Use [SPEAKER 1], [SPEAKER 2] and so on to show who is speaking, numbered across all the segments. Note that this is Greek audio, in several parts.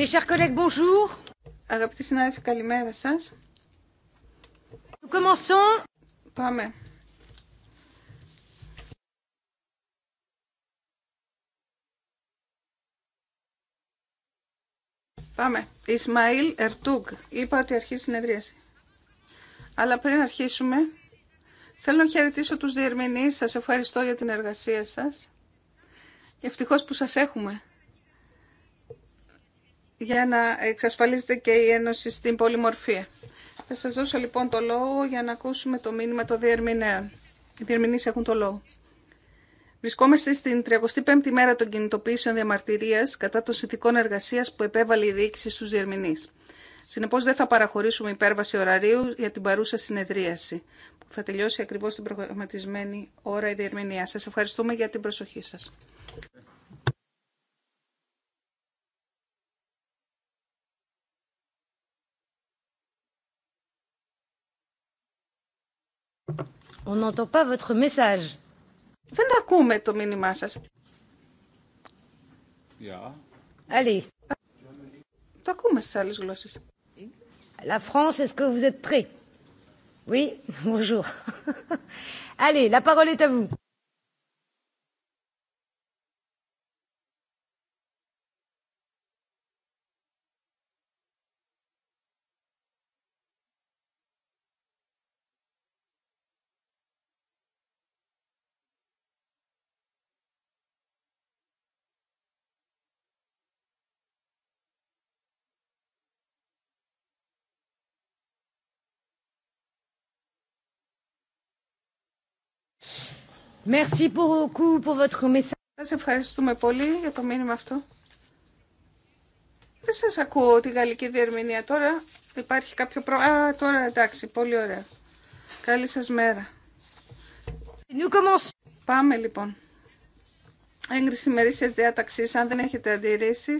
[SPEAKER 1] Mes chers collègues, bonjour. Αγαπητοί συνάδελφοι, καλημέρα σα. Commençons. Πάμε. Πάμε. Ισμαήλ Ερτούγκ. Είπα ότι αρχίζει η συνεδρίαση. Αλλά πριν αρχίσουμε, θέλω να χαιρετήσω τους διερμηνείς. Σας ευχαριστώ για την εργασία σας. Ευτυχώς που σας έχουμε για να εξασφαλίζεται και η Ένωση στην πολυμορφία. Θα σας δώσω λοιπόν το λόγο για να ακούσουμε το μήνυμα των διερμηνέων. Οι διερμηνείς έχουν το λόγο. Βρισκόμαστε στην 35η μέρα των κινητοποιήσεων διαμαρτυρίας κατά των συνθηκών εργασίας που επέβαλε η μερα των κινητοποιησεων διαμαρτυρια κατα των συνθηκων εργασια που επεβαλε η διοικηση στου διερμηνεί. Συνεπώ δεν θα παραχωρήσουμε υπέρβαση ωραρίου για την παρούσα συνεδρίαση που θα τελειώσει ακριβώ την προγραμματισμένη ώρα η διερμηνία. Σα ευχαριστούμε για την προσοχή σα. On n'entend pas votre message. Δεν ακούμε το μήνυμά σας. Yeah. Allez. Το ακούμε στις άλλες γλώσσες. La France, est-ce que vous êtes prêts Oui, bonjour. Allez, la parole est à vous. Merci Σας ευχαριστούμε πολύ για το μήνυμα αυτό. Δεν σας ακούω τη γαλλική διερμηνία τώρα. Υπάρχει κάποιο πρόβλημα. Α, τώρα εντάξει, πολύ ωραία. Καλή σας μέρα. Πάμε λοιπόν. Έγκριση μερίσια διάταξη, Αν δεν έχετε αντιρρήσει.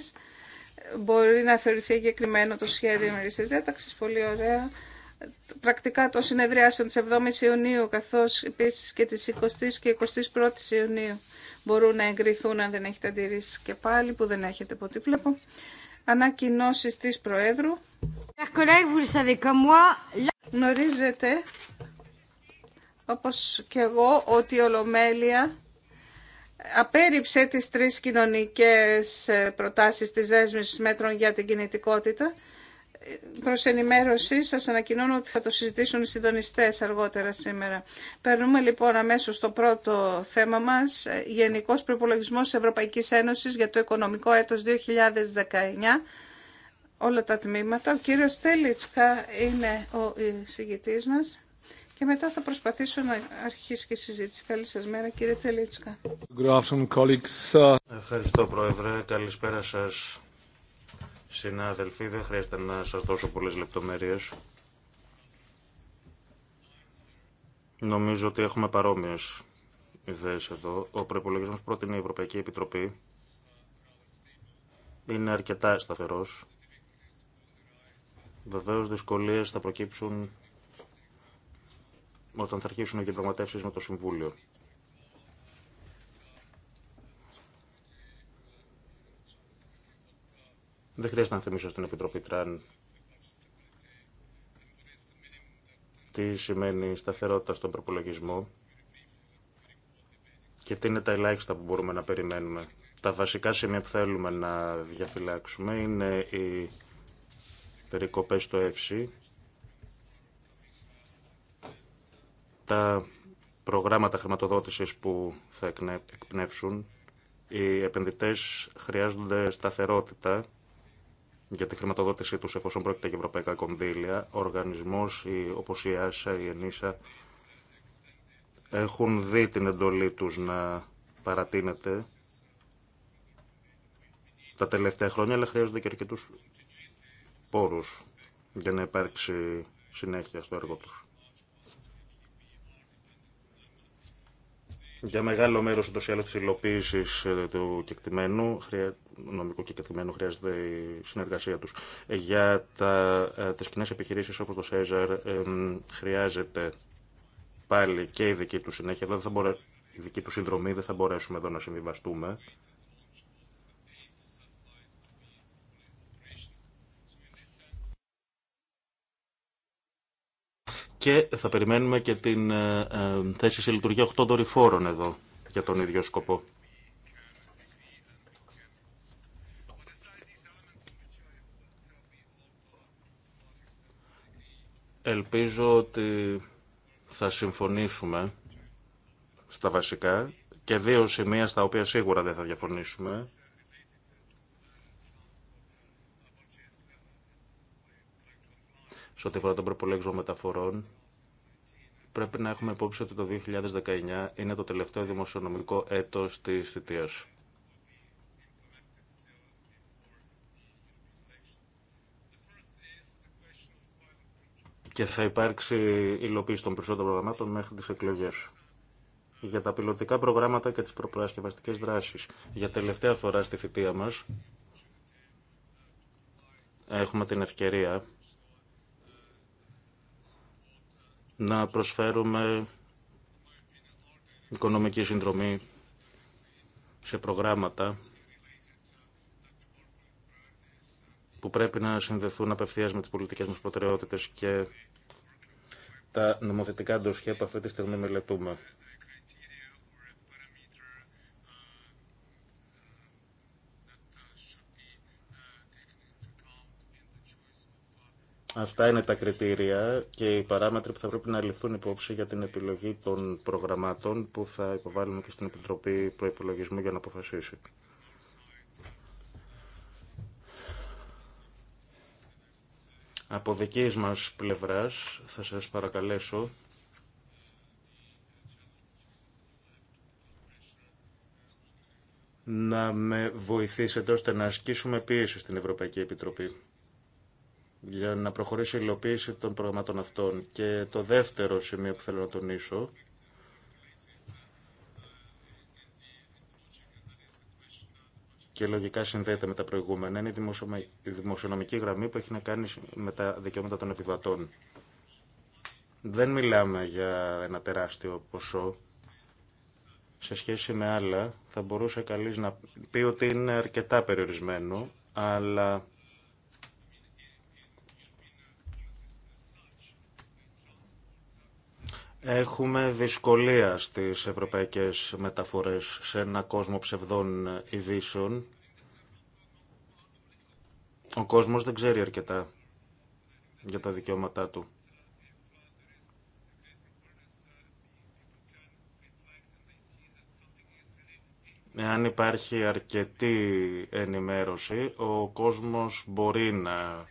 [SPEAKER 1] μπορεί να θεωρηθεί εγκεκριμένο το σχέδιο μερίσια διάταξη, Πολύ ωραία πρακτικά των συνεδριάσεων της 7ης Ιουνίου καθώς επίσης και της 20ης και 21ης Ιουνίου μπορούν να εγκριθούν αν δεν έχετε αντιρρήσει και πάλι που δεν έχετε από ό,τι βλέπω. Ανακοινώσεις της Προέδρου. Γνωρίζετε όπως και εγώ ότι η Ολομέλεια απέριψε τις τρεις κοινωνικές ε, προτάσεις της δέσμευσης μέτρων για την κινητικότητα προς ενημέρωση σας ανακοινώνω ότι θα το συζητήσουν οι συντονιστές αργότερα σήμερα. Περνούμε λοιπόν αμέσως στο πρώτο θέμα μας, Γενικός Προϋπολογισμός της Ευρωπαϊκής Ένωσης για το οικονομικό έτος 2019. Όλα τα τμήματα. Ο κύριος Τέλιτσκα είναι ο συγκητής μας. Και μετά θα προσπαθήσω να αρχίσει και η συζήτηση. Καλή σας μέρα κύριε Τελίτσκα.
[SPEAKER 2] Ευχαριστώ Πρόεδρε. Καλησπέρα σας Συνάδελφοι, δεν χρειάζεται να σας δώσω πολλές λεπτομέρειες. Νομίζω ότι έχουμε παρόμοιες ιδέες εδώ. Ο προπολογισμό που πρότεινε η Ευρωπαϊκή Επιτροπή είναι αρκετά σταθερός. Βεβαίως δυσκολίες θα προκύψουν όταν θα αρχίσουν οι διαπραγματεύσεις με το Συμβούλιο. Δεν χρειάζεται να θυμίσω στην Επιτροπή Τραν τι σημαίνει σταθερότητα στον προπολογισμό και τι είναι τα ελάχιστα που μπορούμε να περιμένουμε. Τα βασικά σημεία που θέλουμε να διαφυλάξουμε είναι οι περικοπές στο ΕΦΣΥ, τα προγράμματα χρηματοδότησης που θα εκπνεύσουν. Οι επενδυτές χρειάζονται σταθερότητα για τη χρηματοδότησή του εφόσον πρόκειται για ευρωπαϊκά κονδύλια, ο οργανισμός η, όπως η ΆΣΑ, η ΕΝΙΣΑ έχουν δει την εντολή τους να παρατείνεται τα τελευταία χρόνια, αλλά χρειάζονται και αρκετού πόρους για να υπάρξει συνέχεια στο έργο τους. Για μεγάλο μέρο ούτω ή άλλω τη υλοποίηση ε, του κεκτημένου, νομικού κεκτημένου, χρειάζεται η συνεργασία του. Ε, για ε, τι κοινέ επιχειρήσει όπω το ΣΕΖΑΡ, χρειάζεται πάλι και η δική του συνέχεια. Δεν θα Η δική του συνδρομή δεν θα μπορέσουμε εδώ να συμβιβαστούμε. Και θα περιμένουμε και την ε, ε, θέση σε λειτουργία 8 δορυφόρων εδώ για τον ίδιο σκοπό. Ελπίζω ότι θα συμφωνήσουμε στα βασικά και δύο σημεία στα οποία σίγουρα δεν θα διαφωνήσουμε. σε ό,τι αφορά τον προπολογισμό μεταφορών, πρέπει να έχουμε υπόψη ότι το 2019 είναι το τελευταίο δημοσιονομικό έτος της θητείας. Και θα υπάρξει υλοποίηση των περισσότερων προγραμμάτων μέχρι τις εκλογές για τα πιλωτικά προγράμματα και τις προπροασκευαστικές δράσεις. Για τελευταία φορά στη θητεία μας έχουμε την ευκαιρία να προσφέρουμε οικονομική συνδρομή σε προγράμματα που πρέπει να συνδεθούν απευθείας με τις πολιτικές μας προτεραιότητες και τα νομοθετικά ντοσχεία που αυτή τη στιγμή μελετούμε. Αυτά είναι τα κριτήρια και οι παράμετροι που θα πρέπει να ληφθούν υπόψη για την επιλογή των προγραμμάτων που θα υποβάλουμε και στην Επιτροπή Προϋπολογισμού για να αποφασίσει. Από δική μας πλευράς θα σας παρακαλέσω να με βοηθήσετε ώστε να ασκήσουμε πίεση στην Ευρωπαϊκή Επιτροπή για να προχωρήσει η υλοποίηση των προγραμμάτων αυτών. Και το δεύτερο σημείο που θέλω να τονίσω και λογικά συνδέεται με τα προηγούμενα είναι η δημοσιονομική γραμμή που έχει να κάνει με τα δικαιώματα των επιβατών. Δεν μιλάμε για ένα τεράστιο ποσό. Σε σχέση με άλλα θα μπορούσε καλής να πει ότι είναι αρκετά περιορισμένο, αλλά Έχουμε δυσκολία στις ευρωπαϊκές μεταφορές σε ένα κόσμο ψευδών ειδήσεων. Ο κόσμος δεν ξέρει αρκετά για τα δικαιώματά του. Εάν υπάρχει αρκετή ενημέρωση, ο κόσμος μπορεί να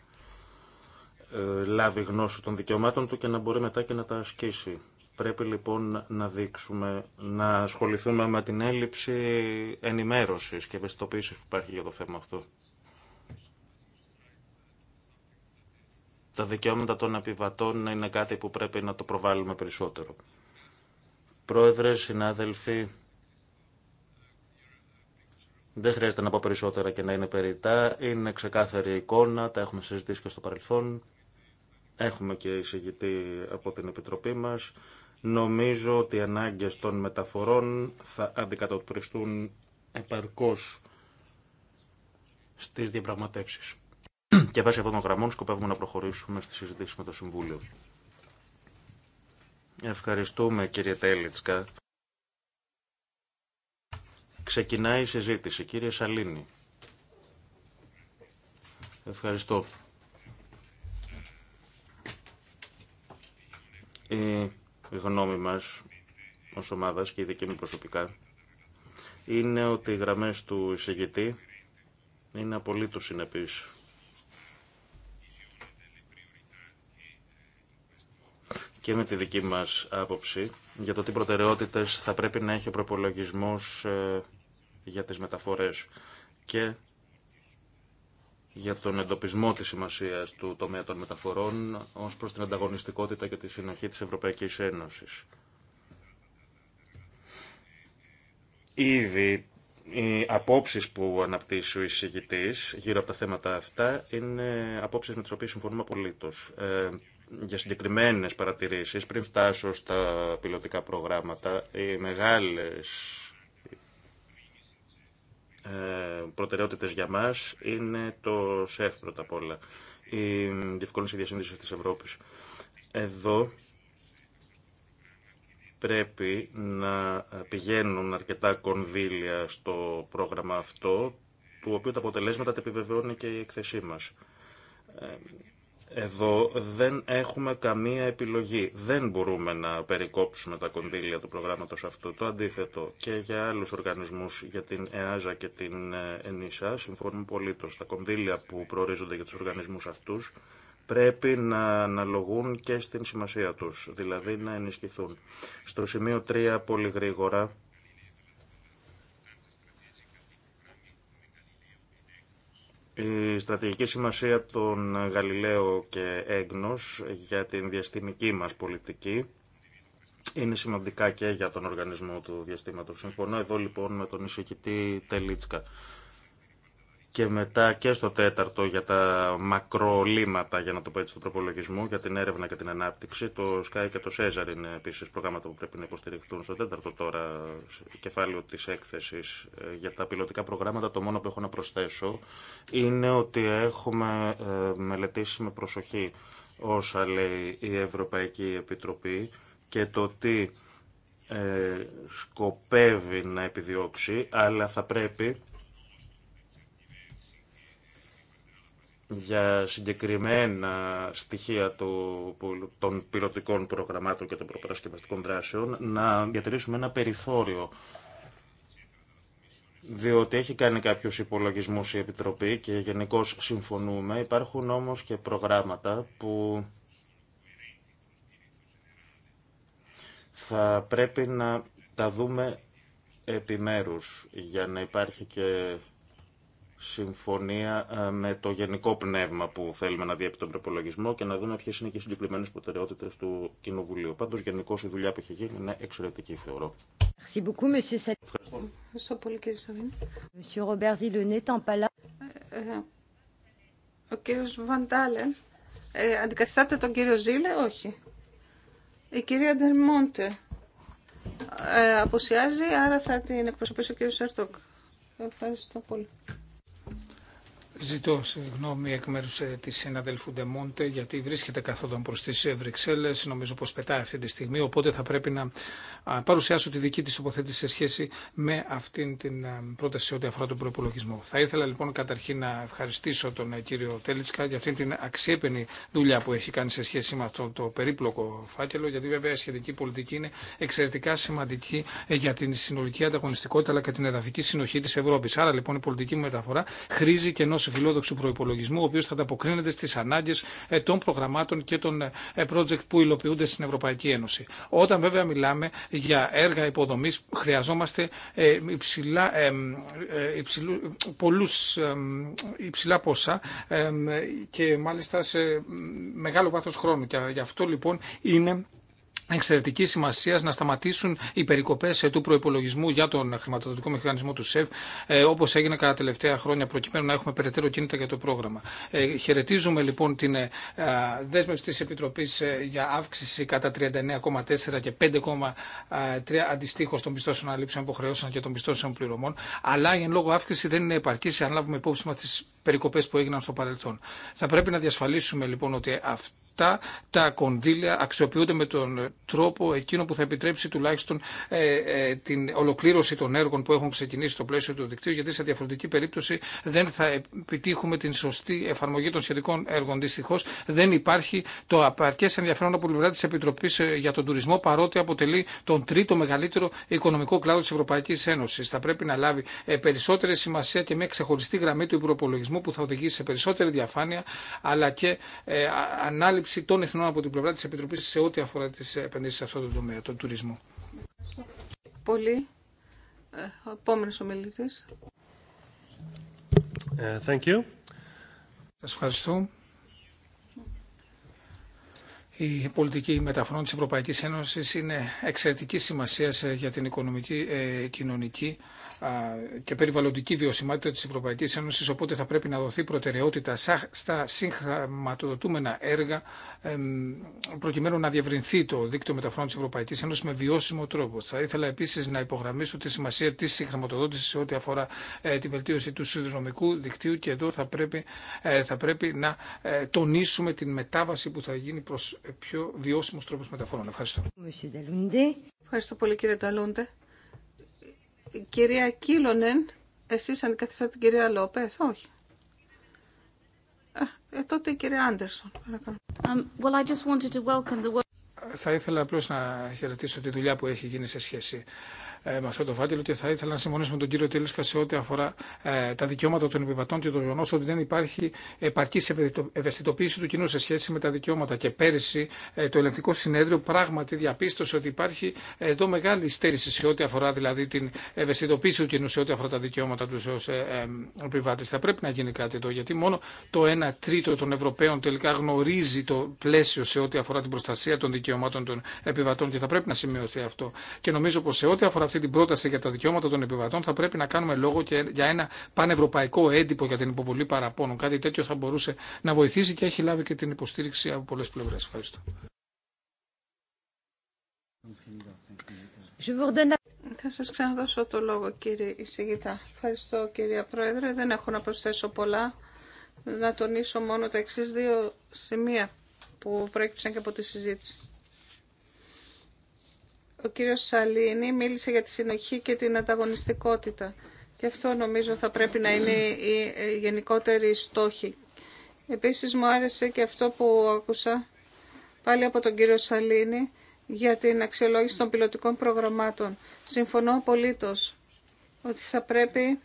[SPEAKER 2] ε, λάβει γνώση των δικαιωμάτων του και να μπορεί μετά και να τα ασκήσει. Πρέπει λοιπόν να δείξουμε, να ασχοληθούμε με την έλλειψη ενημέρωσης και ευαισθητοποίησης που υπάρχει για το θέμα αυτό. Τα δικαιώματα των επιβατών είναι κάτι που πρέπει να το προβάλλουμε περισσότερο. Πρόεδρε, συνάδελφοι, δεν χρειάζεται να πω περισσότερα και να είναι περιτά. Είναι ξεκάθαρη εικόνα, τα έχουμε συζητήσει και στο παρελθόν. Έχουμε και εισηγητή από την Επιτροπή μας. Νομίζω ότι οι ανάγκες των μεταφορών θα αντικατοπτριστούν επαρκώς στις διαπραγματεύσεις. Και βάσει αυτών των γραμμών σκοπεύουμε να προχωρήσουμε στη συζήτηση με το Συμβούλιο. Ευχαριστούμε κύριε Τέλιτσκα. Ξεκινάει η συζήτηση. Κύριε Σαλίνη. Ευχαριστώ. Ε, οι γνώμη μας ως ομάδας και η δική μου προσωπικά είναι ότι οι γραμμές του εισηγητή είναι απολύτως συνεπείς. Και με τη δική μας άποψη για το τι προτεραιότητες θα πρέπει να έχει ο προπολογισμό ε, για τις μεταφορές και για τον εντοπισμό της σημασίας του τομέα των μεταφορών ως προς την ανταγωνιστικότητα και τη συνοχή της Ευρωπαϊκής Ένωσης. Ήδη οι απόψεις που αναπτύσσει ο εισηγητής γύρω από τα θέματα αυτά είναι απόψεις με τις οποίες συμφωνούμε απολύτως. Ε, για συγκεκριμένες παρατηρήσεις, πριν φτάσω στα πιλωτικά προγράμματα, οι μεγάλες ε, προτεραιότητες για μας είναι το ΣΕΦ πρώτα απ' όλα, η διευκόλυνση διασύνδεσης της Ευρώπης. Εδώ πρέπει να πηγαίνουν αρκετά κονδύλια στο πρόγραμμα αυτό, του οποίου τα αποτελέσματα τα επιβεβαιώνει και η εκθεσή μας. Ε, εδώ δεν έχουμε καμία επιλογή. Δεν μπορούμε να περικόψουμε τα κονδύλια του προγράμματος αυτού. Το αντίθετο και για άλλους οργανισμούς, για την ΕΑΖΑ και την ε, ΕΝΙΣΑ, συμφωνούμε το Τα κονδύλια που προορίζονται για τους οργανισμούς αυτούς πρέπει να αναλογούν και στην σημασία τους, δηλαδή να ενισχυθούν. Στο σημείο 3, πολύ γρήγορα, Η στρατηγική σημασία των Γαλιλαίο και Έγνος για την διαστημική μας πολιτική είναι σημαντικά και για τον οργανισμό του διαστήματος. Συμφωνώ εδώ λοιπόν με τον εισηγητή Τελίτσκα και μετά και στο τέταρτο για τα μακρολήματα, για να το πω έτσι, του προπολογισμού, για την έρευνα και την ανάπτυξη. Το Sky και το ΣΕΖΑΡ είναι επίση προγράμματα που πρέπει να υποστηριχθούν. Στο τέταρτο τώρα κεφάλαιο τη έκθεση ε, για τα πιλωτικά προγράμματα, το μόνο που έχω να προσθέσω είναι ότι έχουμε ε, μελετήσει με προσοχή όσα λέει η Ευρωπαϊκή Επιτροπή και το τι ε, σκοπεύει να επιδιώξει, αλλά θα πρέπει για συγκεκριμένα στοιχεία του, των πιλωτικών προγραμμάτων και των προπαρασκευαστικών δράσεων να διατηρήσουμε ένα περιθώριο διότι έχει κάνει κάποιους υπολογισμούς η Επιτροπή και γενικώ συμφωνούμε. Υπάρχουν όμως και προγράμματα που θα πρέπει να τα δούμε επιμέρους για να υπάρχει και συμφωνία ε, με το γενικό πνεύμα που θέλουμε να διέπει τον προπολογισμό και να δούμε ποιε είναι και οι συγκεκριμένε προτεραιότητε του Κοινοβουλίου. Πάντω, γενικώ η δουλειά που έχει γίνει είναι εξαιρετική, θεωρώ.
[SPEAKER 1] Ευχαριστώ πολύ, κύριε ε, ε, Ο κύριο Βαντάλεν. αντικαθιστάτε τον κύριο Ζήλε, όχι. Η κυρία Ντερμόντε αποσιάζει, άρα θα την εκπροσωπήσει ο κύριο Σερτόκ. Ευχαριστώ πολύ.
[SPEAKER 3] Ζητώ συγγνώμη εκ μέρου ε, τη συναδέλφου Ντεμόντε γιατί βρίσκεται καθόλου προ τι ε, Βρυξέλλε. Νομίζω πω πετάει αυτή τη στιγμή. Οπότε θα πρέπει να παρουσιάσω τη δική τη τοποθέτηση σε σχέση με αυτήν την ε, πρόταση ό,τι αφορά τον προπολογισμό. Θα ήθελα λοιπόν καταρχήν να ευχαριστήσω τον κύριο Τέλτσκα για αυτή την αξιέπαινη δουλειά που έχει κάνει σε σχέση με αυτό το περίπλοκο φάκελο. Γιατί βέβαια η σχετική πολιτική είναι εξαιρετικά σημαντική για την συνολική ανταγωνιστικότητα αλλά και την εδαφική συνοχή τη Ευρώπη. Άρα λοιπόν η πολιτική μεταφορά χρήζει και ενό φιλόδοξου προπολογισμού, ο οποίο θα ανταποκρίνεται στι ανάγκε ε, των προγραμμάτων και των ε, project που υλοποιούνται στην Ευρωπαϊκή Ένωση. Όταν βέβαια μιλάμε για έργα υποδομή, χρειαζόμαστε ε, υψηλά, υψηλού, υψηλά ποσά και μάλιστα σε μεγάλο βάθος χρόνου. Και γι' αυτό λοιπόν είναι εξαιρετική σημασία να σταματήσουν οι περικοπέ ε, του προπολογισμού για τον χρηματοδοτικό μηχανισμό του ΣΕΒ, ε, όπω έγινε κατά τελευταία χρόνια, προκειμένου να έχουμε περαιτέρω κίνητα για το πρόγραμμα. Ε, χαιρετίζουμε λοιπόν την δέσμευση τη Επιτροπή για αύξηση κατά 39,4 και 5,3 αντιστοίχω των πιστώσεων αναλήψεων υποχρεώσεων και των πιστώσεων πληρωμών, αλλά η εν λόγω αύξηση δεν είναι επαρκή αν λάβουμε υπόψη μα τι περικοπέ που έγιναν στο παρελθόν. Θα πρέπει να διασφαλίσουμε λοιπόν ότι αυτό αυτά τα κονδύλια αξιοποιούνται με τον τρόπο εκείνο που θα επιτρέψει τουλάχιστον ε, ε, την ολοκλήρωση των έργων που έχουν ξεκινήσει στο πλαίσιο του δικτύου, γιατί σε διαφορετική περίπτωση δεν θα επιτύχουμε την σωστή εφαρμογή των σχετικών έργων. Δυστυχώ δεν υπάρχει το απαρκέ ενδιαφέρον από πλευρά τη Επιτροπή ε, για τον Τουρισμό, παρότι αποτελεί τον τρίτο μεγαλύτερο οικονομικό κλάδο τη Ευρωπαϊκή Ένωση. Θα πρέπει να λάβει ε, περισσότερη σημασία και μια ξεχωριστή γραμμή του υπροπολογισμού που θα οδηγήσει σε περισσότερη διαφάνεια αλλά και ανάληψη των εθνών από την πλευρά τη επιτροπη σε ό,τι αφορά τι επενδυσει σε αυτό το τομέα, τον τουρισμό.
[SPEAKER 1] Πολύ. Ο ε, επόμενο
[SPEAKER 3] ε, Thank ευχαριστώ. Η πολιτική μεταφορών της Ευρωπαϊκής Ένωσης είναι εξαιρετική σημασία για την οικονομική, ε, κοινωνική και περιβαλλοντική βιωσιμότητα της Ευρωπαϊκής Ένωσης, οπότε θα πρέπει να δοθεί προτεραιότητα στα συγχρηματοδοτούμενα έργα προκειμένου να διευρυνθεί το δίκτυο μεταφορών της Ευρωπαϊκής Ένωσης με βιώσιμο τρόπο. Θα ήθελα επίσης να υπογραμμίσω τη σημασία της συγχρηματοδότησης σε ό,τι αφορά ε, την βελτίωση του συνδρομικού δικτύου και εδώ θα πρέπει, ε, θα πρέπει να ε, τονίσουμε την μετάβαση που θα γίνει προς πιο βιώσιμού
[SPEAKER 1] τρόπου μεταφορών. Ευχαριστώ. Κυρία Κίλονεν, εσείς αντικαθιστάτε την κυρία Λόπες, όχι. Ε, τότε η κυρία Άντερσον,
[SPEAKER 3] Θα ήθελα απλώς να χαιρετήσω τη δουλειά που έχει γίνει σε σχέση ε, με αυτό το βάτελο και θα ήθελα να συμφωνήσω με τον κύριο Τελίσκα σε ό,τι αφορά ε, τα δικαιώματα των επιβατών και το γεγονό ότι δεν υπάρχει επαρκή ευαισθητοποίηση του κοινού σε σχέση με τα δικαιώματα. Και πέρυσι ε, το ελεγκτικό συνέδριο πράγματι διαπίστωσε ότι υπάρχει εδώ μεγάλη στέρηση σε ό,τι αφορά δηλαδή την ευαισθητοποίηση του κοινού σε ό,τι αφορά τα δικαιώματα του ω επιβάτε. Θα πρέπει να γίνει κάτι εδώ γιατί μόνο το 1 τρίτο των Ευρωπαίων τελικά γνωρίζει το πλαίσιο σε ό,τι αφορά την προστασία των δικαιωμάτων των επιβατών και θα πρέπει να σημειωθεί αυτό. Και νομίζω πω σε ό,τι αφορά αυτή την πρόταση για τα δικαιώματα των επιβατών θα πρέπει να κάνουμε λόγο και για ένα πανευρωπαϊκό έντυπο για την υποβολή παραπώνων. Κάτι τέτοιο θα μπορούσε να βοηθήσει και έχει λάβει και την υποστήριξη από πολλέ πλευρέ. Ευχαριστώ.
[SPEAKER 1] Θα σα ξαναδώσω το λόγο κύριε Ισηγητά. Ευχαριστώ κύριε Πρόεδρε. Δεν έχω να προσθέσω πολλά. Να τονίσω μόνο τα εξή δύο σημεία που προέκυψαν και από τη συζήτηση. Ο κύριος Σαλίνη μίλησε για τη συνοχή και την ανταγωνιστικότητα. Και αυτό νομίζω θα πρέπει να είναι ε, η γενικότερη στόχη. Επίσης μου άρεσε και αυτό που άκουσα πάλι από τον κύριο Σαλίνη για την αξιολόγηση των πιλωτικών προγραμμάτων. Συμφωνώ απολύτως ότι θα πρέπει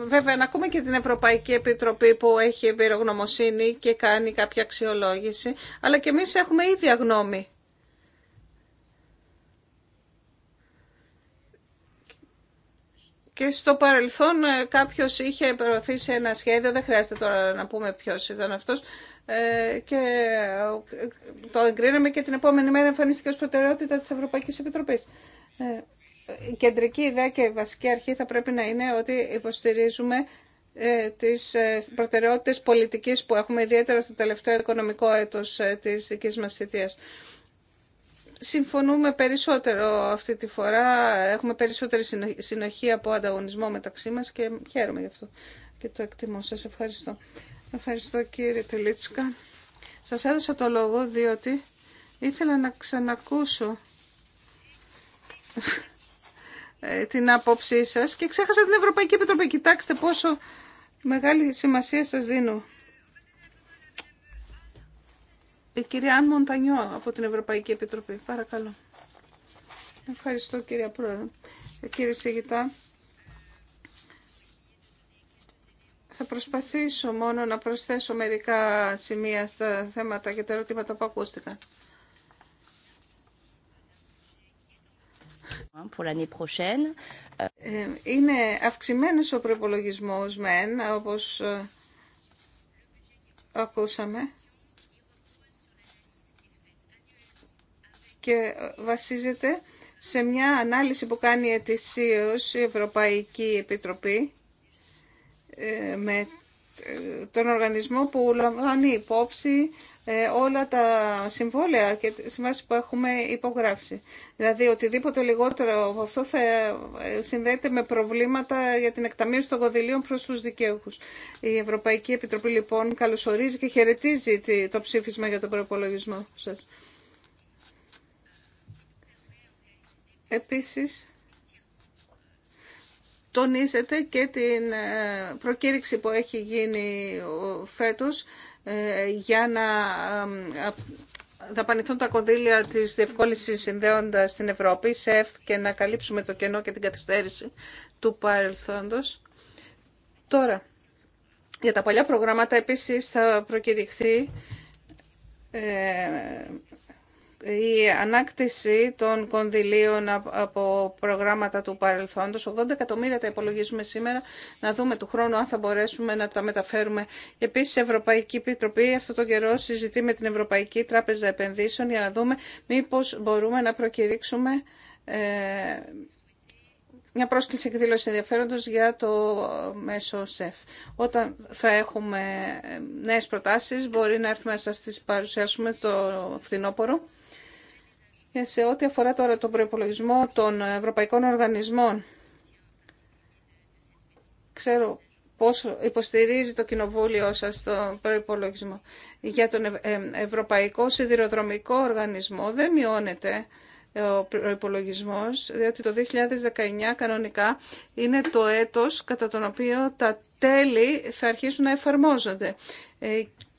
[SPEAKER 1] βέβαια να ακούμε και την Ευρωπαϊκή Επιτροπή που έχει εμπειρογνωμοσύνη και κάνει κάποια αξιολόγηση, αλλά και εμείς έχουμε ίδια γνώμη. Και στο παρελθόν ε, κάποιος είχε προωθήσει ένα σχέδιο, δεν χρειάζεται τώρα να πούμε ποιος ήταν αυτός, ε, και ε, το εγκρίναμε και την επόμενη μέρα εμφανίστηκε ως προτεραιότητα της Ευρωπαϊκής Επιτροπής κεντρική ιδέα και η βασική αρχή θα πρέπει να είναι ότι υποστηρίζουμε ε, τις ε, προτεραιότητες πολιτικής που έχουμε ιδιαίτερα στο τελευταίο οικονομικό έτος ε, της δικής μας θητείας. Συμφωνούμε περισσότερο αυτή τη φορά, έχουμε περισσότερη συνοχή από ανταγωνισμό μεταξύ μας και χαίρομαι γι' αυτό και το εκτιμώ. Σας ευχαριστώ. Ευχαριστώ κύριε Τελίτσκα. Σας έδωσα το λόγο διότι ήθελα να ξανακούσω ε, την άποψή σας και ξέχασα την Ευρωπαϊκή Επιτροπή. Κοιτάξτε πόσο μεγάλη σημασία σας δίνω. Η κυρία Αν από την Ευρωπαϊκή Επιτροπή. Παρακαλώ. Ευχαριστώ κυρία Πρόεδρε. Ε, κύριε Σιγητά, θα προσπαθήσω μόνο να προσθέσω μερικά σημεία στα θέματα και τα ερωτήματα που ακούστηκαν. Ε, είναι αυξημένος ο προϋπολογισμός μεν, όπως ε, ακούσαμε. Και ε, βασίζεται σε μια ανάλυση που κάνει ετησίως η Ευρωπαϊκή Επιτροπή με τον οργανισμό που λαμβάνει υπόψη ε, όλα τα συμβόλαια και τις συμβάσεις που έχουμε υπογράψει. Δηλαδή οτιδήποτε λιγότερο από αυτό θα ε, συνδέεται με προβλήματα για την εκταμείωση των κοδηλίων προς τους δικαίουχους. Η Ευρωπαϊκή Επιτροπή λοιπόν καλωσορίζει και χαιρετίζει το ψήφισμα για τον προπολογισμό σας. Επίσης, τονίζεται και την ε, προκήρυξη που έχει γίνει φέτος ε, για να δαπανηθούν τα κονδύλια της διευκόλυνσης συνδέοντας στην Ευρώπη, και να καλύψουμε το κενό και την καθυστέρηση του παρελθόντος. Τώρα, για τα παλιά προγράμματα επίσης θα προκηρυχθεί ε, η ανάκτηση των κονδυλίων από προγράμματα του παρελθόντος, 80 εκατομμύρια τα υπολογίζουμε σήμερα, να δούμε του χρόνου αν θα μπορέσουμε να τα μεταφέρουμε. Επίσης η Ευρωπαϊκή Επιτροπή αυτό το καιρό συζητεί με την Ευρωπαϊκή Τράπεζα Επενδύσεων για να δούμε μήπως μπορούμε να προκηρύξουμε ε, μια πρόσκληση εκδήλωση ενδιαφέροντος για το μέσο ΣΕΦ. Όταν θα έχουμε ε, νέες προτάσεις μπορεί να έρθουμε να σας τις παρουσιάσουμε το φθινόπωρο. Ε, σε ό,τι αφορά τώρα τον προπολογισμό των ευρωπαϊκών οργανισμών. Ξέρω πόσο υποστηρίζει το κοινοβούλιο σας τον προπολογισμό. Για τον ε, Ευρωπαϊκό Σιδηροδρομικό Οργανισμό δεν μειώνεται ε, ο προπολογισμό, διότι το 2019 κανονικά είναι το έτος κατά τον οποίο τα τέλη θα αρχίσουν να εφαρμόζονται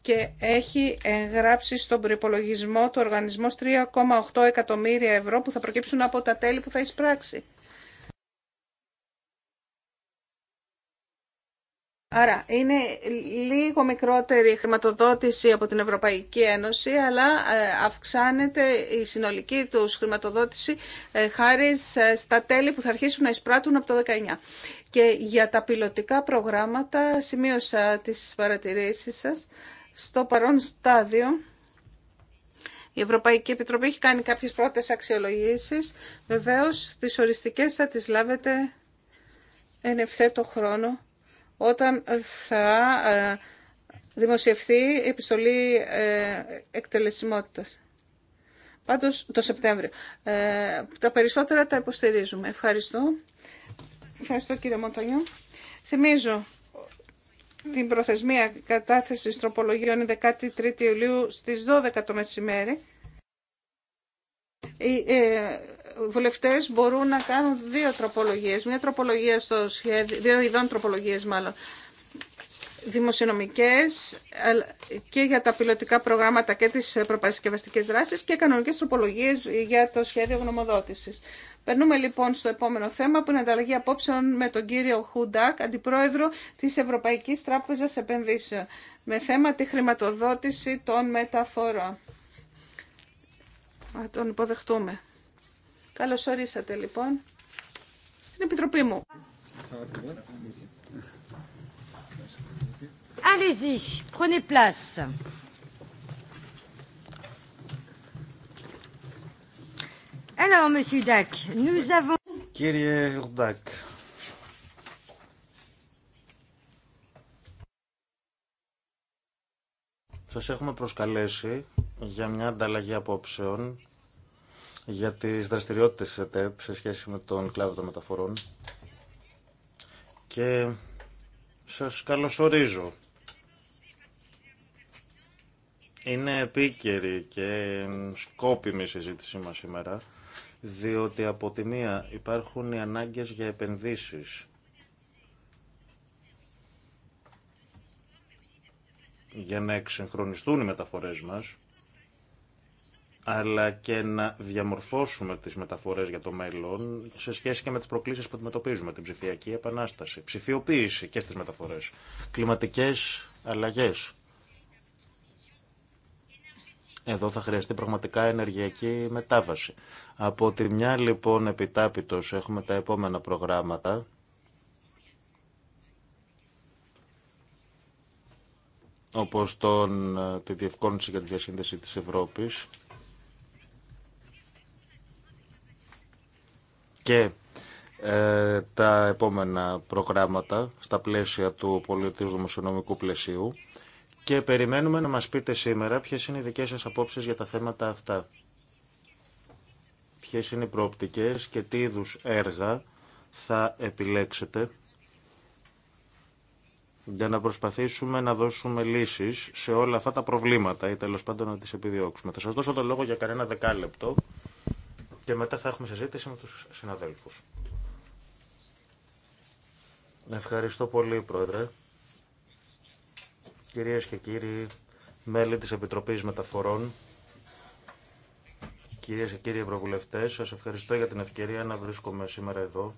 [SPEAKER 1] και έχει εγγράψει στον προπολογισμό του οργανισμού 3,8 εκατομμύρια ευρώ που θα προκύψουν από τα τέλη που θα εισπράξει. Άρα είναι λίγο μικρότερη η χρηματοδότηση από την Ευρωπαϊκή Ένωση, αλλά ε, αυξάνεται η συνολική τους χρηματοδότηση ε, χάρη ε, στα τέλη που θα αρχίσουν να εισπράττουν από το 19. Και για τα πιλωτικά προγράμματα σημείωσα τις παρατηρήσεις σας. Στο παρόν στάδιο, η Ευρωπαϊκή Επιτροπή έχει κάνει κάποιες πρώτες αξιολογήσεις. Βεβαίως, τις οριστικές θα τις λάβετε εν ευθέτω χρόνο, όταν θα ε, δημοσιευθεί η επιστολή ε, εκτελεσιμότητας. Πάντως, το Σεπτέμβριο. Ε, τα περισσότερα τα υποστηρίζουμε. Ευχαριστώ. Ευχαριστώ κύριε Μοντανιό. Θυμίζω την προθεσμία κατάθεσης τροπολογιών 13 Ιουλίου στις 12 το μεσημέρι. Οι ε, βουλευτές μπορούν να κάνουν δύο τροπολογίες, μία τροπολογία στο σχέδιο, δύο ειδών τροπολογίες μάλλον, δημοσιονομικές και για τα πιλωτικά προγράμματα και τις προπαρασκευαστικές δράσεις και κανονικές τροπολογίες για το σχέδιο γνωμοδότησης. Περνούμε λοιπόν στο επόμενο θέμα που είναι ανταλλαγή απόψεων με τον κύριο Χουντάκ, αντιπρόεδρο της Ευρωπαϊκής Τράπεζας Επενδύσεων, με θέμα τη χρηματοδότηση των μεταφορών. Θα τον υποδεχτούμε. Καλώς ορίσατε λοιπόν στην Επιτροπή μου. Allez-y, prenez place. Alors, monsieur Dac, nous avons...
[SPEAKER 2] Κύριε Ουρντάκ, σας έχουμε προσκαλέσει για μια ανταλλαγή απόψεων για τις δραστηριότητες της ΕΤΕΠ σε σχέση με τον κλάδο των μεταφορών και σας καλωσορίζω. Είναι επίκαιρη και σκόπιμη η συζήτησή μας σήμερα διότι από τη μία υπάρχουν οι ανάγκες για επενδύσεις για να εξυγχρονιστούν οι μεταφορές μας, αλλά και να διαμορφώσουμε τις μεταφορές για το μέλλον σε σχέση και με τις προκλήσεις που αντιμετωπίζουμε, την ψηφιακή επανάσταση, ψηφιοποίηση και στις μεταφορές, κλιματικές αλλαγές. Εδώ θα χρειαστεί πραγματικά ενεργειακή μετάβαση. Από τη μια λοιπόν επιτάπητος έχουμε τα επόμενα προγράμματα όπως τον, ε, τη διευκόλυνση για τη διασύνδεση της Ευρώπης και ε, τα επόμενα προγράμματα στα πλαίσια του πολιτικού δημοσιονομικού πλαισίου και περιμένουμε να μας πείτε σήμερα ποιες είναι οι δικές σας απόψεις για τα θέματα αυτά. Ποιες είναι οι προοπτικές και τι είδου έργα θα επιλέξετε για να προσπαθήσουμε να δώσουμε λύσεις σε όλα αυτά τα προβλήματα ή τέλο πάντων να τις επιδιώξουμε. Θα σας δώσω το λόγο για κανένα δεκάλεπτο και μετά θα έχουμε συζήτηση με τους συναδέλφους. Ευχαριστώ πολύ, Πρόεδρε. Κυρίες και κύριοι, μέλη της Επιτροπής Μεταφορών, κυρίες και κύριοι ευρωβουλευτές, σας ευχαριστώ για την ευκαιρία να βρίσκομαι σήμερα εδώ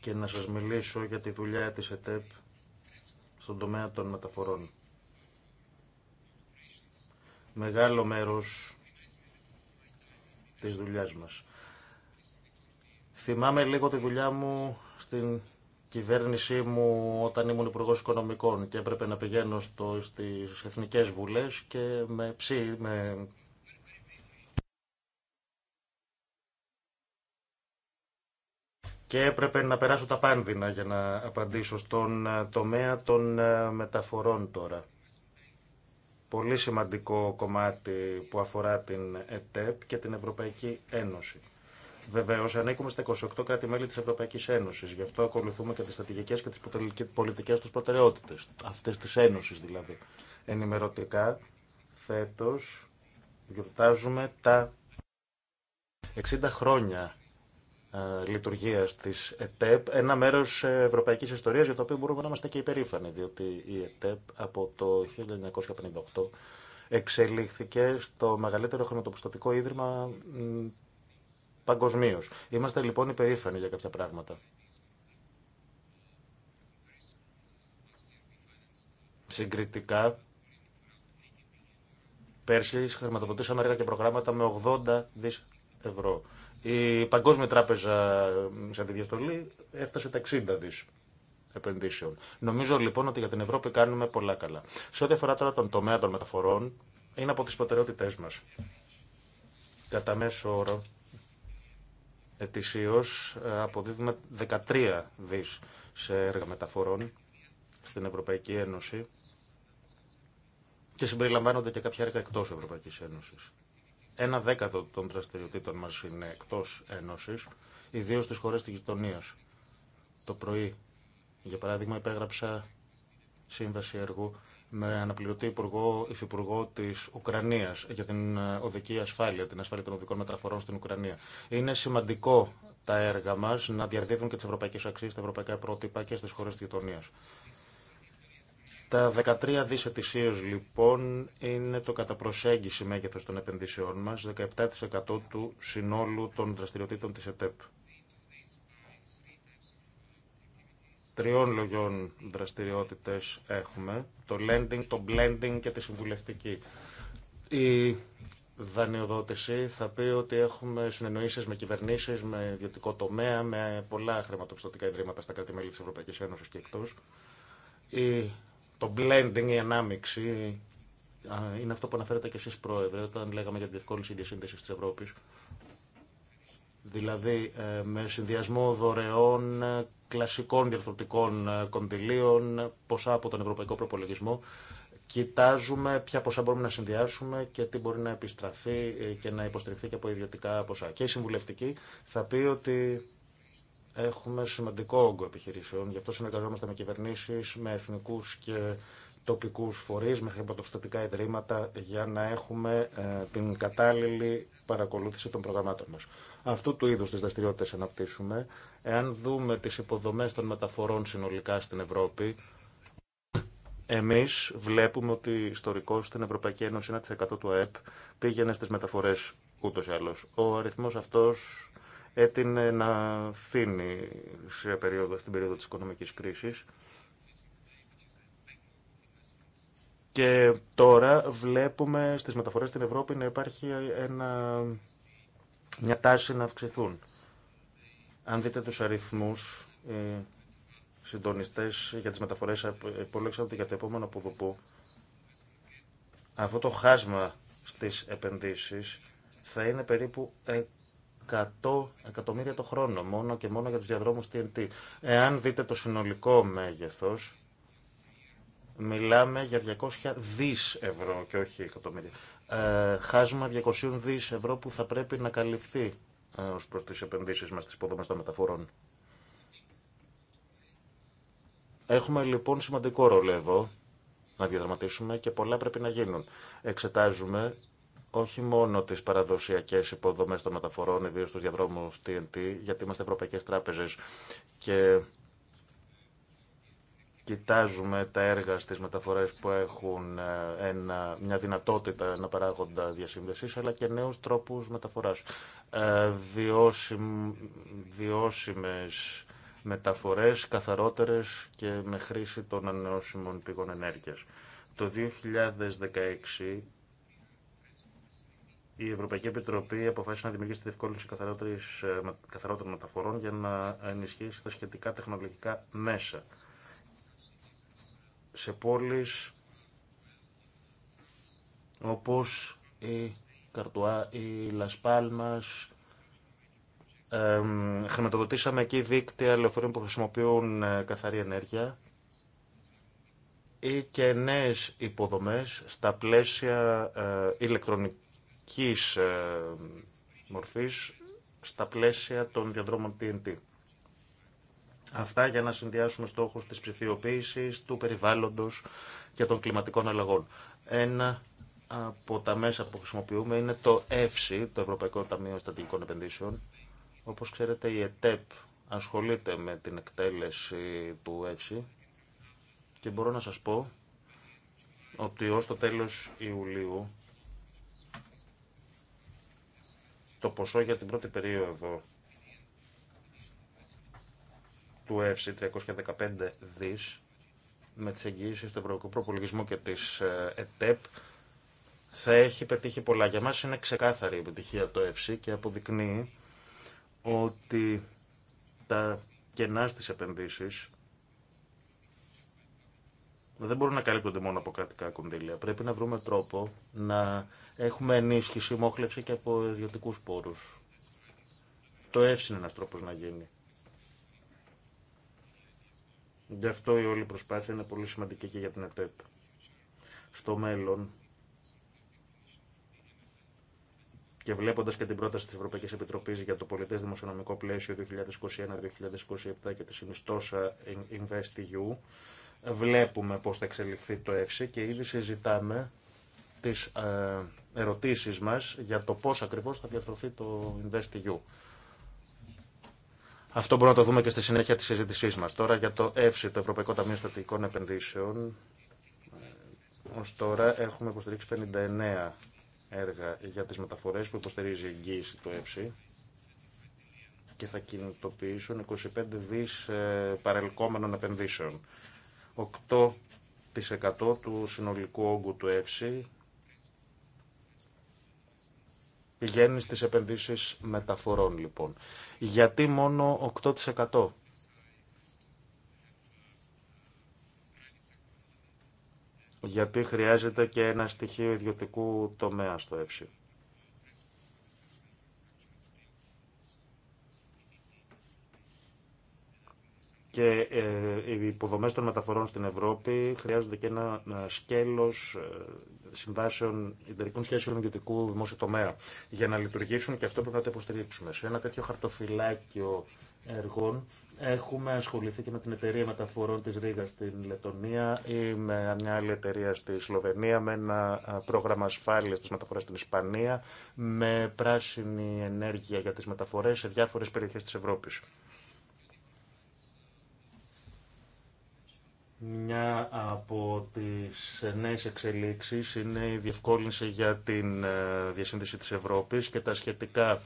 [SPEAKER 2] και να σας μιλήσω για τη δουλειά της ΕΤΕΠ στον τομέα των μεταφορών. Μεγάλο μέρος της δουλειάς μας. Θυμάμαι λίγο τη δουλειά μου στην κυβέρνησή μου όταν ήμουν Υπουργό Οικονομικών και έπρεπε να πηγαίνω στο, στις Εθνικές Βουλές και με, ψή, με και έπρεπε να περάσω τα πάνδυνα για να απαντήσω στον ε, τομέα των ε, μεταφορών τώρα. Πολύ σημαντικό κομμάτι που αφορά την ΕΤΕΠ και την Ευρωπαϊκή Ένωση. Βεβαίω, ανήκουμε στα 28 κράτη-μέλη τη Ευρωπαϊκή Ένωση. Γι' αυτό ακολουθούμε και τι στρατηγικέ και τι πολιτικέ του προτεραιότητε. Αυτέ τη Ένωση δηλαδή. Ενημερωτικά, φέτο γιορτάζουμε τα 60 χρόνια ε, λειτουργία τη ΕΤΕΠ, ένα μέρο ε, ευρωπαϊκή ιστορία για το οποίο μπορούμε να είμαστε και υπερήφανοι, διότι η ΕΤΕΠ από το 1958 εξελίχθηκε στο μεγαλύτερο χρηματοπιστωτικό ίδρυμα παγκοσμίω. Είμαστε λοιπόν υπερήφανοι για κάποια πράγματα. Συγκριτικά, πέρσι χρηματοδοτήσαμε έργα και προγράμματα με 80 δις ευρώ. Η Παγκόσμια Τράπεζα σε τη διαστολή έφτασε τα 60 δις επενδύσεων. Νομίζω λοιπόν ότι για την Ευρώπη κάνουμε πολλά καλά. Σε ό,τι αφορά τώρα τον τομέα των μεταφορών, είναι από τις προτεραιότητές μας. Κατά μέσο όρο, ετησίως ε, αποδίδουμε 13 δις σε έργα μεταφορών στην Ευρωπαϊκή Ένωση και συμπεριλαμβάνονται και κάποια έργα εκτός Ευρωπαϊκής Ένωσης. Ένα δέκατο των δραστηριοτήτων μας είναι εκτός Ένωσης, ιδίω στις χώρες της γειτονία. Το πρωί, για παράδειγμα, υπέγραψα σύμβαση έργου με αναπληρωτή υπουργό, υφυπουργό τη Ουκρανία για την ε, οδική ασφάλεια, την ασφάλεια των οδικών μεταφορών στην Ουκρανία. Είναι σημαντικό τα έργα μα να διαδίδουν και τι ευρωπαϊκέ αξίε, τα ευρωπαϊκά πρότυπα και στι χώρε τη γειτονία. Τα 13 δις λοιπόν είναι το κατά προσέγγιση μέγεθος των επενδύσεών μας, 17% του συνόλου των δραστηριοτήτων της ΕΤΕΠ. τριών λογιών δραστηριότητες έχουμε, το lending, το blending και τη συμβουλευτική. Η δανειοδότηση θα πει ότι έχουμε συνεννοήσεις με κυβερνήσεις, με ιδιωτικό τομέα, με πολλά χρηματοπιστωτικά ιδρύματα στα κράτη-μέλη της Ευρωπαϊκής Ένωσης και εκτός. Η, το blending, η ανάμειξη, είναι αυτό που αναφέρετε και εσείς πρόεδρε, όταν λέγαμε για τη διευκόλυνση διασύνδεσης της Ευρώπης δηλαδή ε, με συνδυασμό δωρεών, ε, κλασικών διαρθρωτικών ε, κονδυλίων, ποσά από τον Ευρωπαϊκό Προπολογισμό. Κοιτάζουμε ποια ποσά μπορούμε να συνδυάσουμε και τι μπορεί να επιστραφεί και να υποστηριχθεί και από ιδιωτικά ποσά. Και η συμβουλευτική θα πει ότι έχουμε σημαντικό όγκο επιχειρήσεων. Γι' αυτό συνεργαζόμαστε με κυβερνήσει, με εθνικού και τοπικού φορεί, με χρηματοπιστωτικά ιδρύματα, για να έχουμε την κατάλληλη παρακολούθηση των προγραμμάτων μα αυτού του είδους τις δραστηριότητε αναπτύσσουμε. Εάν δούμε τις υποδομές των μεταφορών συνολικά στην Ευρώπη, εμείς βλέπουμε ότι ιστορικό στην Ευρωπαϊκή Ένωση 1% του ΑΕΠ πήγαινε στις μεταφορές ούτως ή άλλως. Ο αριθμός αυτός έτεινε να φύνει σε περίοδο, στην περίοδο της οικονομικής κρίσης. Και τώρα βλέπουμε στις μεταφορές στην Ευρώπη να υπάρχει ένα μια τάση να αυξηθούν. Αν δείτε τους αριθμούς, οι συντονιστές για τις μεταφορές υπολέξαν ότι για το επόμενο πουδουπού αυτό το χάσμα στις επενδύσεις θα είναι περίπου 100 εκατομμύρια το χρόνο, μόνο και μόνο για τους διαδρόμους TNT. Εάν δείτε το συνολικό μέγεθος, μιλάμε για 200 δις ευρώ και όχι εκατομμύρια. Ε, χάσμα 200 δις ευρώ που θα πρέπει να καλυφθεί ε, ως προς τις επενδύσεις μας στις υποδομές των μεταφορών. Έχουμε λοιπόν σημαντικό ρόλο εδώ να διαδραματίσουμε και πολλά πρέπει να γίνουν. Εξετάζουμε όχι μόνο τις παραδοσιακές υποδομέ των μεταφορών, ιδίω τους διαδρόμου TNT, γιατί είμαστε ευρωπαϊκές τράπεζες και κοιτάζουμε τα έργα στις μεταφορές που έχουν ε, ένα, μια δυνατότητα να παράγοντα διασύνδεσης, αλλά και νέους τρόπους μεταφοράς. Ε, βιώσιμες μεταφορές, καθαρότερες και με χρήση των ανανεώσιμων πηγών ενέργειας. Το 2016 η Ευρωπαϊκή Επιτροπή αποφάσισε να δημιουργήσει τη διευκόλυνση ε, καθαρότερων μεταφορών για να ενισχύσει τα σχετικά τεχνολογικά μέσα σε πόλεις όπως η Καρτουά, η Λασπάλμας. Ε, χρηματοδοτήσαμε εκεί δίκτυα λεωφορείων που χρησιμοποιούν ε, καθαρή ενέργεια ή και νέες υποδομές στα πλαίσια ε, ηλεκτρονικής ε, μορφής, στα πλαίσια των διαδρόμων TNT. Αυτά για να συνδυάσουμε στόχους της ψηφιοποίησης, του περιβάλλοντος και των κλιματικών αλλαγών. Ένα από τα μέσα που χρησιμοποιούμε είναι το ΕΦΣΥ, το Ευρωπαϊκό Ταμείο Στατικών Επενδύσεων. Όπως ξέρετε η ΕΤΕΠ ασχολείται με την εκτέλεση του ΕΦΣΥ και μπορώ να σας πω ότι ως το τέλος Ιουλίου το ποσό για την πρώτη περίοδο του ΕΦΣΙ 315 δις με τις εγγυήσεις του Ευρωπαϊκού Προπολογισμού και της ε, ΕΤΕΠ θα έχει πετύχει πολλά. Για μας είναι ξεκάθαρη η επιτυχία το ΕΦΣΙ και αποδεικνύει ότι τα κενά στις επενδύσεις δεν μπορούν να καλύπτονται μόνο από κρατικά κονδύλια. Πρέπει να βρούμε τρόπο να έχουμε ενίσχυση, μόχλευση και από ιδιωτικού πόρου. Το ΕΦΣ είναι ένα τρόπο να γίνει. Γι' αυτό η όλη προσπάθεια είναι πολύ σημαντική και για την ΕΤΕΠ. Στο μέλλον και βλέποντας και την πρόταση της Ευρωπαϊκής Επιτροπής για το πολιτές δημοσιονομικό πλαίσιο 2021-2027 και τη συνιστόσα InvestEU, βλέπουμε πώς θα εξελιχθεί το ΕΦΣΙ και ήδη συζητάμε τις ε, ερωτήσεις μας για το πώς ακριβώς θα διαρθρωθεί το InvestEU. Αυτό μπορούμε να το δούμε και στη συνέχεια τη συζήτησή μα. Τώρα για το ΕΦΣΙ, το Ευρωπαϊκό Ταμείο Στατικών Επενδύσεων. Ε, Ω τώρα έχουμε υποστηρίξει 59 έργα για τι μεταφορέ που υποστηρίζει η εγγύηση του ΕΦΣΙ και θα κινητοποιήσουν 25 δις ε, παρελκόμενων επενδύσεων. 8% του συνολικού όγκου του ΕΦΣΙ γέννηση της επενδύσεις μεταφορών λοιπόν. Γιατί μόνο 8%? Γιατί χρειάζεται και ένα στοιχείο ιδιωτικού τομέα στο ΕΦΣΥ. Και ε, οι υποδομέ των μεταφορών στην Ευρώπη χρειάζονται και ένα σκέλο ε, συμβάσεων, εταιρικών σχέσεων ιδιωτικού δημόσιου τομέα. Για να λειτουργήσουν και αυτό πρέπει να το υποστηρίξουμε. Σε ένα τέτοιο χαρτοφυλάκιο έργων έχουμε ασχοληθεί και με την εταιρεία μεταφορών της Ρήγα στην Λετωνία ή με μια άλλη εταιρεία στη Σλοβενία, με ένα ε, πρόγραμμα ασφάλειας της μεταφοράς στην Ισπανία, με πράσινη ενέργεια για τις μεταφορές σε διάφορες περιοχές της Ευρώπης. Μια από τις νέες εξελίξεις είναι η διευκόλυνση για την ε, διασύνδεση της Ευρώπης και τα σχετικά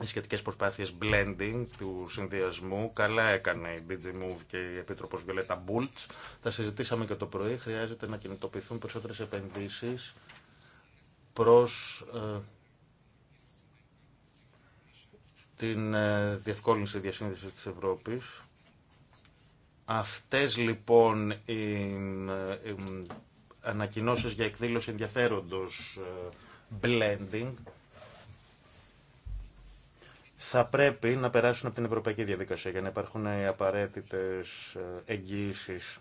[SPEAKER 2] οι σχετικές προσπάθειες blending του συνδυασμού. Καλά έκανε η Move και η Επίτροπος Βιολέτα Μπούλτς. Τα συζητήσαμε και το πρωί. Χρειάζεται να κινητοποιηθούν περισσότερες επενδύσεις προς ε, την ε, διευκόλυνση διασύνδεσης της Ευρώπης Αυτές λοιπόν οι ανακοινώσεις για εκδήλωση ενδιαφέροντος ε, blending θα πρέπει να περάσουν από την ευρωπαϊκή διαδικασία για να υπάρχουν οι απαραίτητες ε, εγγύησεις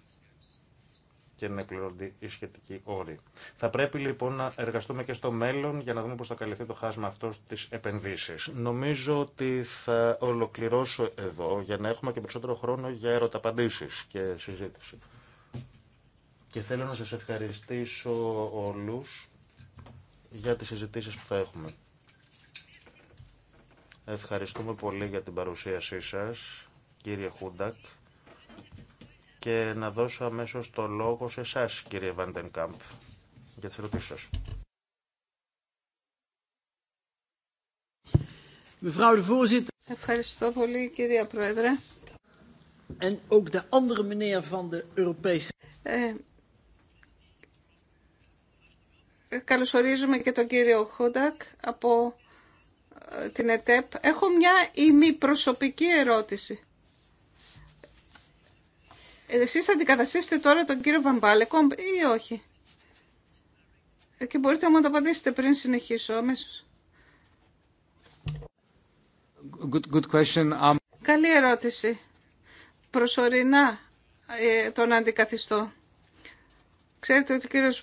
[SPEAKER 2] και να πληρώνται οι σχετικοί όροι. Θα πρέπει λοιπόν να εργαστούμε και στο μέλλον για να δούμε πώ θα καλυφθεί το χάσμα αυτό στι επενδύσει. Νομίζω ότι θα ολοκληρώσω εδώ για να έχουμε και περισσότερο χρόνο για ερωταπαντήσει και συζήτηση. Και θέλω να σας ευχαριστήσω όλους για τις συζητήσεις που θα έχουμε. Ευχαριστούμε πολύ για την παρουσίασή σας, κύριε Χούντακ και να δώσω αμέσως το λόγο σε εσά, κύριε Βαντενκάμπ, για τις ερωτήσεις σας.
[SPEAKER 1] Ευχαριστώ πολύ, κυρία Πρόεδρε. En ook de andere meneer ε, καλωσορίζουμε και τον κύριο Χούντακ από ε, την ΕΤΕΠ. Έχω μια ημιπροσωπική ερώτηση. Ε, εσείς θα αντικαταστήσετε τώρα τον κύριο Βαμπάλεκομπ ή όχι. Ε, και μπορείτε να μου το απαντήσετε πριν συνεχίσω αμέσως.
[SPEAKER 3] Good, good question. Um,
[SPEAKER 1] Καλή ερώτηση. Προσωρινά ε, τον αντικαθιστώ. Ξέρετε ότι ο κύριος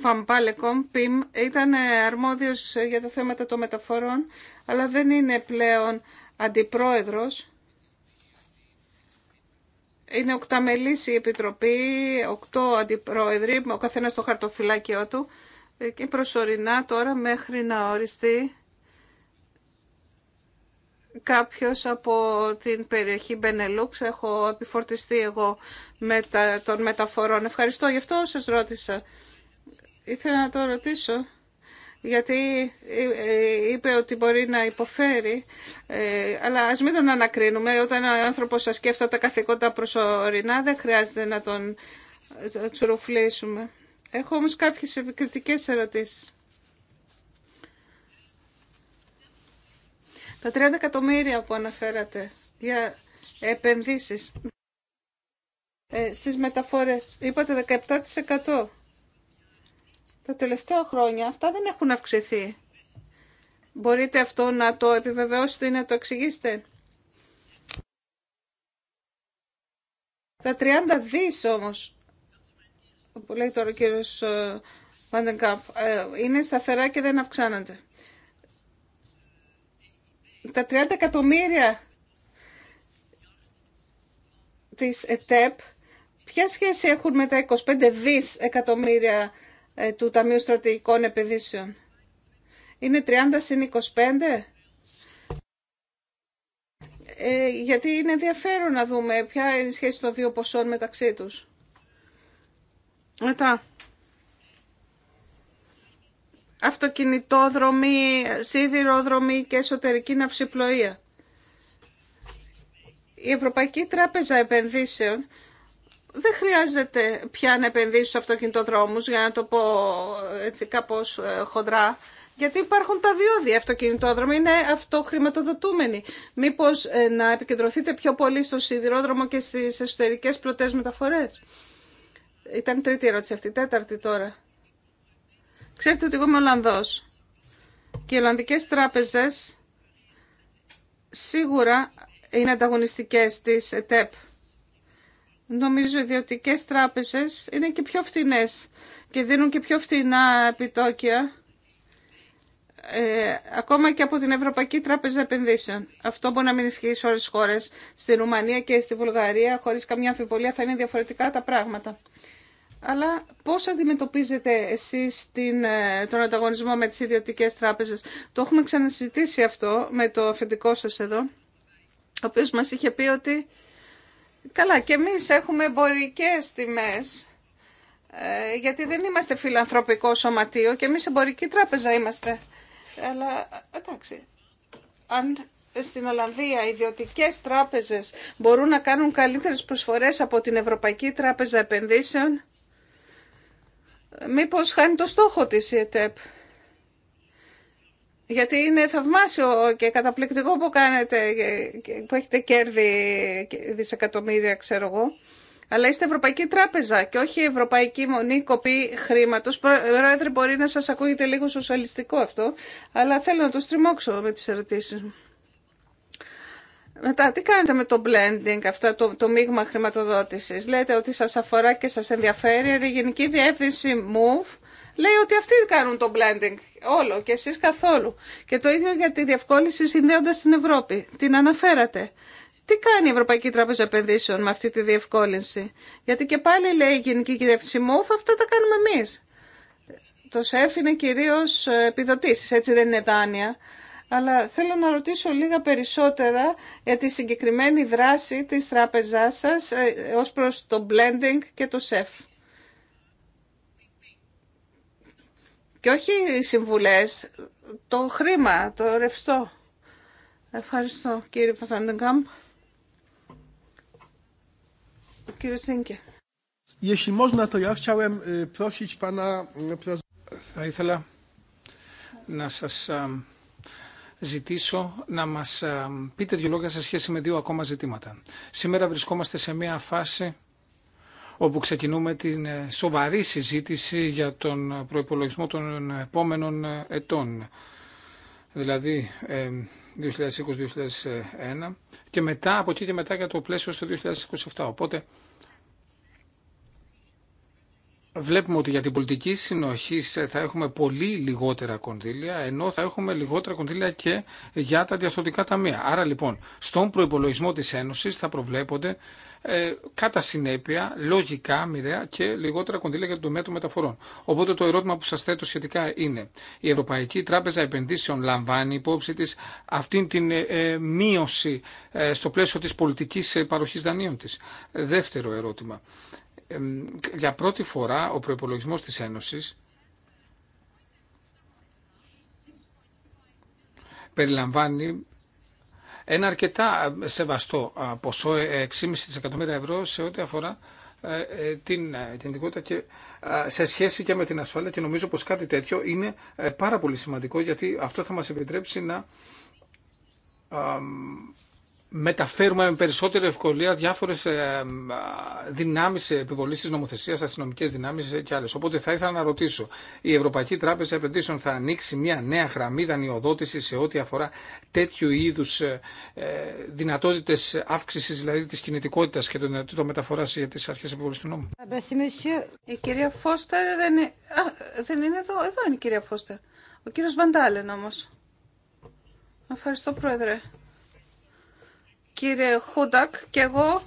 [SPEAKER 1] Φαμπάλεκομ Πιμ ήταν αρμόδιος για τα θέματα των μεταφορών, αλλά δεν είναι πλέον αντιπρόεδρος είναι Οκταμελή η Επιτροπή, οκτώ αντιπρόεδροι, ο καθένας στο χαρτοφυλάκιό του και προσωρινά τώρα μέχρι να οριστεί κάποιος από την περιοχή Μπενελούξ. Έχω επιφορτιστεί εγώ με τα, των μεταφορών. Ευχαριστώ, γι' αυτό σας ρώτησα. Ήθελα να το ρωτήσω γιατί είπε ότι μπορεί να υποφέρει, ε, αλλά ας μην τον ανακρίνουμε. Όταν ο άνθρωπος σας σκέφτεται τα καθήκοντα προσωρινά, δεν χρειάζεται να τον ε, τσουρουφλήσουμε. Έχω όμως κάποιες επικριτικές ερωτήσεις. Τα 30 εκατομμύρια που αναφέρατε για επενδύσεις ε, στις μεταφορές, είπατε 17%. Τα τελευταία χρόνια αυτά δεν έχουν αυξηθεί. Μπορείτε αυτό να το επιβεβαιώσετε ή να το εξηγήσετε. Τα 30 δις όμως, που λέει τώρα ο κύριος ε, Βαντεγκάπ, ε, είναι σταθερά και δεν αυξάνονται. Τα 30 εκατομμύρια της ΕΤΕΠ, ποια σχέση έχουν με τα 25 δις εκατομμύρια ε, του Ταμείου Στρατηγικών Επενδύσεων. Είναι 30 συν 25. Ε, γιατί είναι ενδιαφέρον να δούμε ποια είναι η σχέση των δύο ποσών μεταξύ τους. Μετά. Αυτοκινητόδρομη, σίδηροδρομη και εσωτερική ναυσιπλοεία. Η Ευρωπαϊκή Τράπεζα Επενδύσεων δεν χρειάζεται πια να επενδύσει στου αυτοκινητοδρόμους, για να το πω ε, έτσι κάπως ε, χοντρά, γιατί υπάρχουν τα διόδια αυτοκινητόδρομοι, είναι αυτοχρηματοδοτούμενοι. Μήπως ε, να επικεντρωθείτε πιο πολύ στο σιδηρόδρομο και στις εσωτερικές πλωτές μεταφορές. Ήταν τρίτη ερώτηση αυτή, τέταρτη τώρα. Ξέρετε ότι εγώ είμαι Ολλανδός και οι Ολλανδικές τράπεζες σίγουρα είναι ανταγωνιστικές της ΕΤΕΠ. Νομίζω ιδιωτικέ τράπεζες είναι και πιο φθηνέ και δίνουν και πιο φθηνά επιτόκια ε, ακόμα και από την Ευρωπαϊκή Τράπεζα Επενδύσεων. Αυτό μπορεί να μην ισχύει σε όλε τι χώρες. Στη Ρουμανία και στη Βουλγαρία, χωρίς καμιά αμφιβολία, θα είναι διαφορετικά τα πράγματα. Αλλά πώ αντιμετωπίζετε εσείς ε, τον ανταγωνισμό με τι ιδιωτικέ τράπεζε, Το έχουμε ξανασυζητήσει αυτό με το αφεντικό σα εδώ, ο οποίο μα είχε πει ότι Καλά, και εμείς έχουμε εμπορικές τιμές, ε, γιατί δεν είμαστε φιλανθρωπικό σωματείο και εμείς εμπορική τράπεζα είμαστε. Αλλά, εντάξει, αν στην Ολλανδία ιδιωτικέ τράπεζες μπορούν να κάνουν καλύτερες προσφορές από την Ευρωπαϊκή Τράπεζα Επενδύσεων, μήπως χάνει το στόχο της η ΕΤΕΠ. Γιατί είναι θαυμάσιο και καταπληκτικό που κάνετε, που έχετε κέρδη δισεκατομμύρια, ξέρω εγώ. Αλλά είστε Ευρωπαϊκή Τράπεζα και όχι Ευρωπαϊκή Μονή Κοπή Χρήματο. Πρόεδρε, μπορεί να σα ακούγεται λίγο σοσιαλιστικό αυτό, αλλά θέλω να το στριμώξω με τι ερωτήσει μου. Μετά, τι κάνετε με το blending, αυτό το, το μείγμα χρηματοδότηση. Λέτε ότι σα αφορά και σα ενδιαφέρει. Η Γενική Διεύθυνση MOVE λέει ότι αυτοί κάνουν το blending όλο και εσείς καθόλου. Και το ίδιο για τη διευκόλυνση συνδέοντας την Ευρώπη. Την αναφέρατε. Τι κάνει η Ευρωπαϊκή Τράπεζα Επενδύσεων με αυτή τη διευκόλυνση. Γιατί και πάλι λέει η Γενική Κυρίευση Μόφ, αυτά τα κάνουμε εμείς. Το ΣΕΦ είναι κυρίως ε, επιδοτήσεις, έτσι δεν είναι δάνεια. Αλλά θέλω να ρωτήσω λίγα περισσότερα για τη συγκεκριμένη δράση της τράπεζάς σας ε, ως προς το blending και το ΣΕΦ. Και όχι οι συμβουλές, το χρήμα, το ρευστό. Ευχαριστώ κύριε Παφαντεγκάμπ. Κύριε Σίνκε.
[SPEAKER 3] Θα ήθελα να σας ζητήσω να μας πείτε δύο λόγια σε σχέση με δύο ακόμα ζητήματα. Σήμερα βρισκόμαστε σε μια φάση όπου ξεκινούμε την ε, σοβαρή συζήτηση για τον προϋπολογισμό των επόμενων ε, ετών, δηλαδή 2020-2001 ε, και μετά, από εκεί και μετά για το πλαίσιο στο 2027. Οπότε βλέπουμε ότι για την πολιτική συνοχή θα έχουμε πολύ λιγότερα κονδύλια, ενώ θα έχουμε λιγότερα κονδύλια και για τα διαφθορτικά ταμεία. Άρα λοιπόν, στον προπολογισμό της Ένωσης θα προβλέπονται ε, κατά συνέπεια, λογικά, μοιραία και λιγότερα κονδύλια για το τομέα των μεταφορών. Οπότε το ερώτημα που σα θέτω σχετικά είναι, η Ευρωπαϊκή Τράπεζα Επενδύσεων λαμβάνει υπόψη τη αυτήν την ε, ε, μείωση στο πλαίσιο της πολιτικής παροχή δανείων της. Δεύτερο ερώτημα για πρώτη φορά ο προϋπολογισμός της Ένωσης περιλαμβάνει ένα αρκετά ε, σεβαστό ε, ποσό, 6,5 ε, δισεκατομμύρια ευρώ σε ό,τι αφορά την κινητικότητα και σε σχέση και με την ασφάλεια και νομίζω πως κάτι τέτοιο είναι πάρα πολύ σημαντικό γιατί αυτό θα μας επιτρέψει να μεταφέρουμε με περισσότερη ευκολία διάφορε δυνάμει επιβολή τη νομοθεσία, αστυνομικέ δυνάμει και άλλε. Οπότε θα ήθελα να ρωτήσω, η Ευρωπαϊκή Τράπεζα Επενδύσεων θα ανοίξει μια νέα γραμμή δανειοδότηση σε ό,τι αφορά τέτοιου είδου ε, ε, δυνατότητε αύξηση δηλαδή τη κινητικότητα και των δυνατοτήτων μεταφορά για τι αρχέ επιβολή του νόμου.
[SPEAKER 1] Η κυρία Φώστερ δεν είναι, δεν είναι εδώ. Εδώ είναι η κυρία Φώστερ. Ο κύριο Βαντάλεν όμω. Ευχαριστώ, Πρόεδρε κύριε Χούντακ και εγώ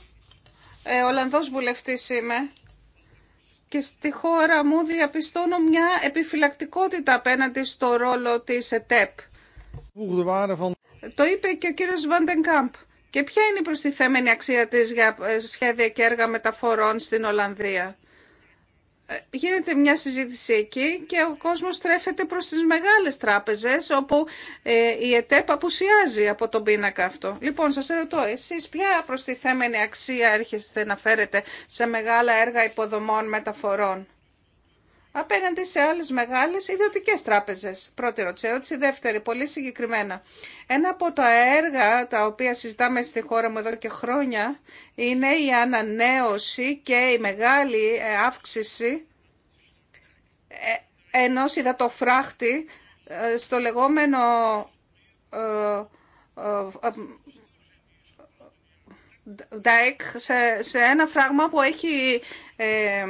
[SPEAKER 1] ε, Ολλανδός βουλευτής είμαι και στη χώρα μου διαπιστώνω μια επιφυλακτικότητα απέναντι στο ρόλο της ΕΤΕΠ. Το είπε και ο κύριος Βαντενκάμπ. Και ποια είναι η προστιθέμενη αξία της για ε, σχέδια και έργα μεταφορών στην Ολλανδία. Ε, γίνεται μια συζήτηση εκεί και ο κόσμος στρέφεται προς τις μεγάλες τράπεζες όπου ε, η ΕΤΕΠ απουσιάζει από τον πίνακα αυτό. Λοιπόν, σας ερωτώ, εσείς ποια προστιθέμενη αξία έρχεστε να φέρετε σε μεγάλα έργα υποδομών μεταφορών απέναντι σε άλλες μεγάλες ιδιωτικές τράπεζες. Πρώτη ερώτηση. Δεύτερη, πολύ συγκεκριμένα. Ένα από τα έργα τα οποία συζητάμε στη χώρα μου εδώ και χρόνια είναι η ανανέωση και η μεγάλη ε, αύξηση ε, ενό υδατοφράχτη ε, στο λεγόμενο σε, σε ένα φράγμα που έχει ε,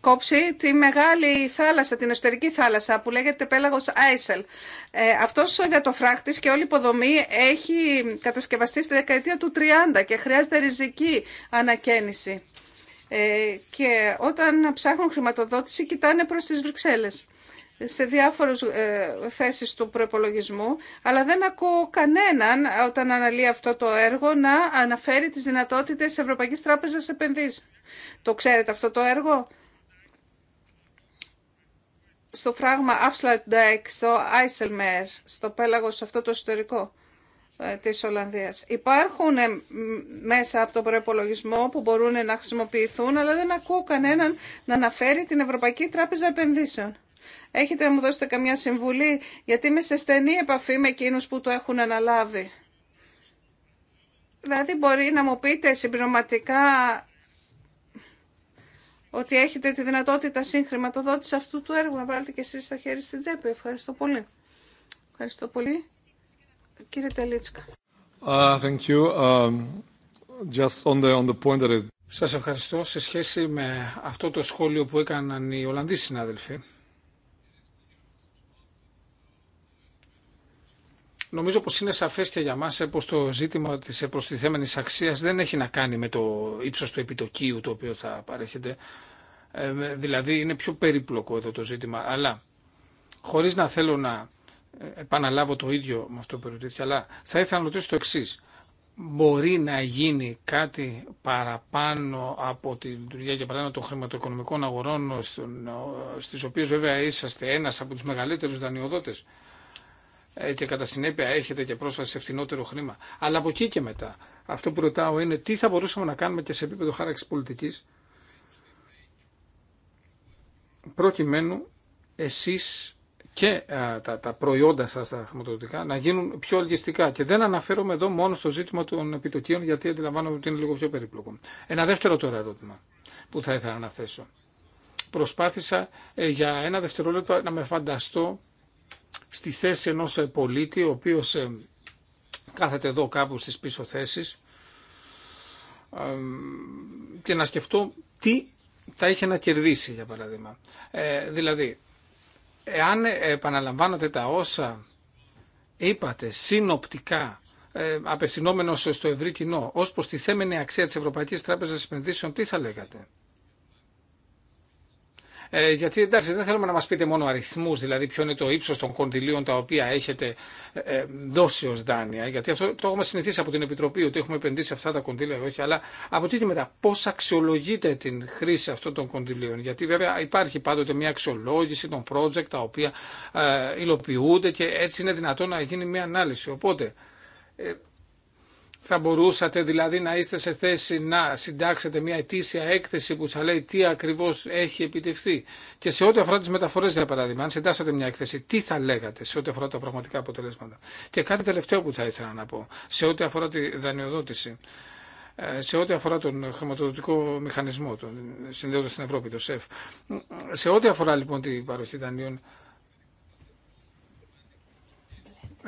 [SPEAKER 1] κόψει τη μεγάλη θάλασσα, την εσωτερική θάλασσα που λέγεται πέλαγος Άισελ. Ε, αυτός ο υδατοφράχτης και όλη η υποδομή έχει κατασκευαστεί στη δεκαετία του 30 και χρειάζεται ριζική ανακαίνιση. Ε, και όταν ψάχνουν χρηματοδότηση κοιτάνε προς τις Βρυξέλλες σε διάφορες ε, θέσεις του προπολογισμού, αλλά δεν ακούω κανέναν όταν αναλύει αυτό το έργο να αναφέρει τις δυνατότητες της Ευρωπαϊκής Τράπεζας Επενδύσεων. Το ξέρετε αυτό το έργο? Στο φράγμα Αυσλαντέκ, στο Άισελμερ, στο πέλαγος αυτό το ιστορικό ε, της Ολλανδίας. Υπάρχουν ε, μέσα από τον προπολογισμό που μπορούν να χρησιμοποιηθούν, αλλά δεν ακούω κανέναν να αναφέρει την Ευρωπαϊκή Τράπεζα Επενδύσεων. Έχετε να μου δώσετε καμιά συμβουλή, γιατί είμαι σε στενή επαφή με εκείνους που το έχουν αναλάβει. Δηλαδή μπορεί να μου πείτε συμπληρωματικά ότι έχετε τη δυνατότητα συγχρηματοδότηση αυτού του έργου. Να βάλετε και εσείς τα χέρια στην τσέπη. Ευχαριστώ πολύ. Ευχαριστώ πολύ. Κύριε Τελίτσκα.
[SPEAKER 3] thank you. just on the, on the point that is... Σας ευχαριστώ σε σχέση με αυτό το σχόλιο που έκαναν οι Ολλανδοί συνάδελφοι. Νομίζω πως είναι σαφές και για μας ε, πως το ζήτημα της προστιθέμενης αξίας δεν έχει να κάνει με το ύψος του επιτοκίου το οποίο θα παρέχεται. Ε, δηλαδή είναι πιο περίπλοκο εδώ το ζήτημα. Αλλά χωρίς να θέλω να ε, επαναλάβω το ίδιο με αυτό που ρωτήθηκε, αλλά θα ήθελα να ρωτήσω το εξή. Μπορεί να γίνει κάτι παραπάνω από τη λειτουργία για παράδειγμα των χρηματοοικονομικών αγορών στις οποίες βέβαια είσαστε ένας από τους μεγαλύτερους δανειοδότες. Ε, και κατά συνέπεια έχετε και πρόσβαση σε φθηνότερο χρήμα. Αλλά από εκεί και μετά, αυτό που ρωτάω είναι τι θα μπορούσαμε να κάνουμε και σε επίπεδο χάραξη πολιτική, προκειμένου εσεί και τα, τα προϊόντα σας τα χρηματοδοτικά να γίνουν πιο ελκυστικά. Και δεν αναφέρομαι εδώ μόνο στο ζήτημα των επιτοκίων, γιατί αντιλαμβάνομαι ότι είναι λίγο πιο περίπλοκο. Ένα δεύτερο τώρα ερώτημα που θα ήθελα να θέσω. Προσπάθησα ε, για ένα δευτερόλεπτο να με φανταστώ στη θέση ενός ε, πολίτη ο οποίος ε, κάθεται εδώ κάπου στις πίσω θέσεις και να σκεφτώ τι τα είχε να κερδίσει για παράδειγμα. Ε, δηλαδή, εάν επαναλαμβάνατε τα όσα είπατε συνοπτικά ε, στο ευρύ κοινό ως προς τη θέμενη αξία της Ευρωπαϊκής Τράπεζας Επενδύσεων, τι θα λέγατε. Ε, γιατί εντάξει δεν θέλουμε να μα πείτε μόνο αριθμού δηλαδή ποιο είναι το ύψο των κοντιλίων τα οποία έχετε ε, ε, δώσει ω δάνεια, γιατί αυτό το έχουμε συνηθίσει από την Επιτροπή ότι έχουμε επενδύσει αυτά τα κοντιλία ή όχι, αλλά από τί και μετά πώ αξιολογείτε την χρήση αυτών των κοντιλίων, γιατί βέβαια υπάρχει πάντοτε μια αξιολόγηση των project τα οποία υλοποιούνται και έτσι είναι δυνατόν να γίνει μια ανάλυση. Οπότε, θα μπορούσατε δηλαδή να είστε σε θέση να συντάξετε μια ετήσια έκθεση που θα λέει τι ακριβώ έχει επιτευχθεί. Και σε ό,τι αφορά τι μεταφορέ, για παράδειγμα, αν συντάσσετε μια έκθεση, τι θα λέγατε σε ό,τι αφορά τα πραγματικά αποτελέσματα. Και κάτι τελευταίο που θα ήθελα να πω, σε ό,τι αφορά τη δανειοδότηση, ε, σε ό,τι αφορά τον χρηματοδοτικό μηχανισμό, τον συνδέοντα στην Ευρώπη, το ΣΕΦ. Ε, σε ό,τι αφορά λοιπόν την παροχή δανείων,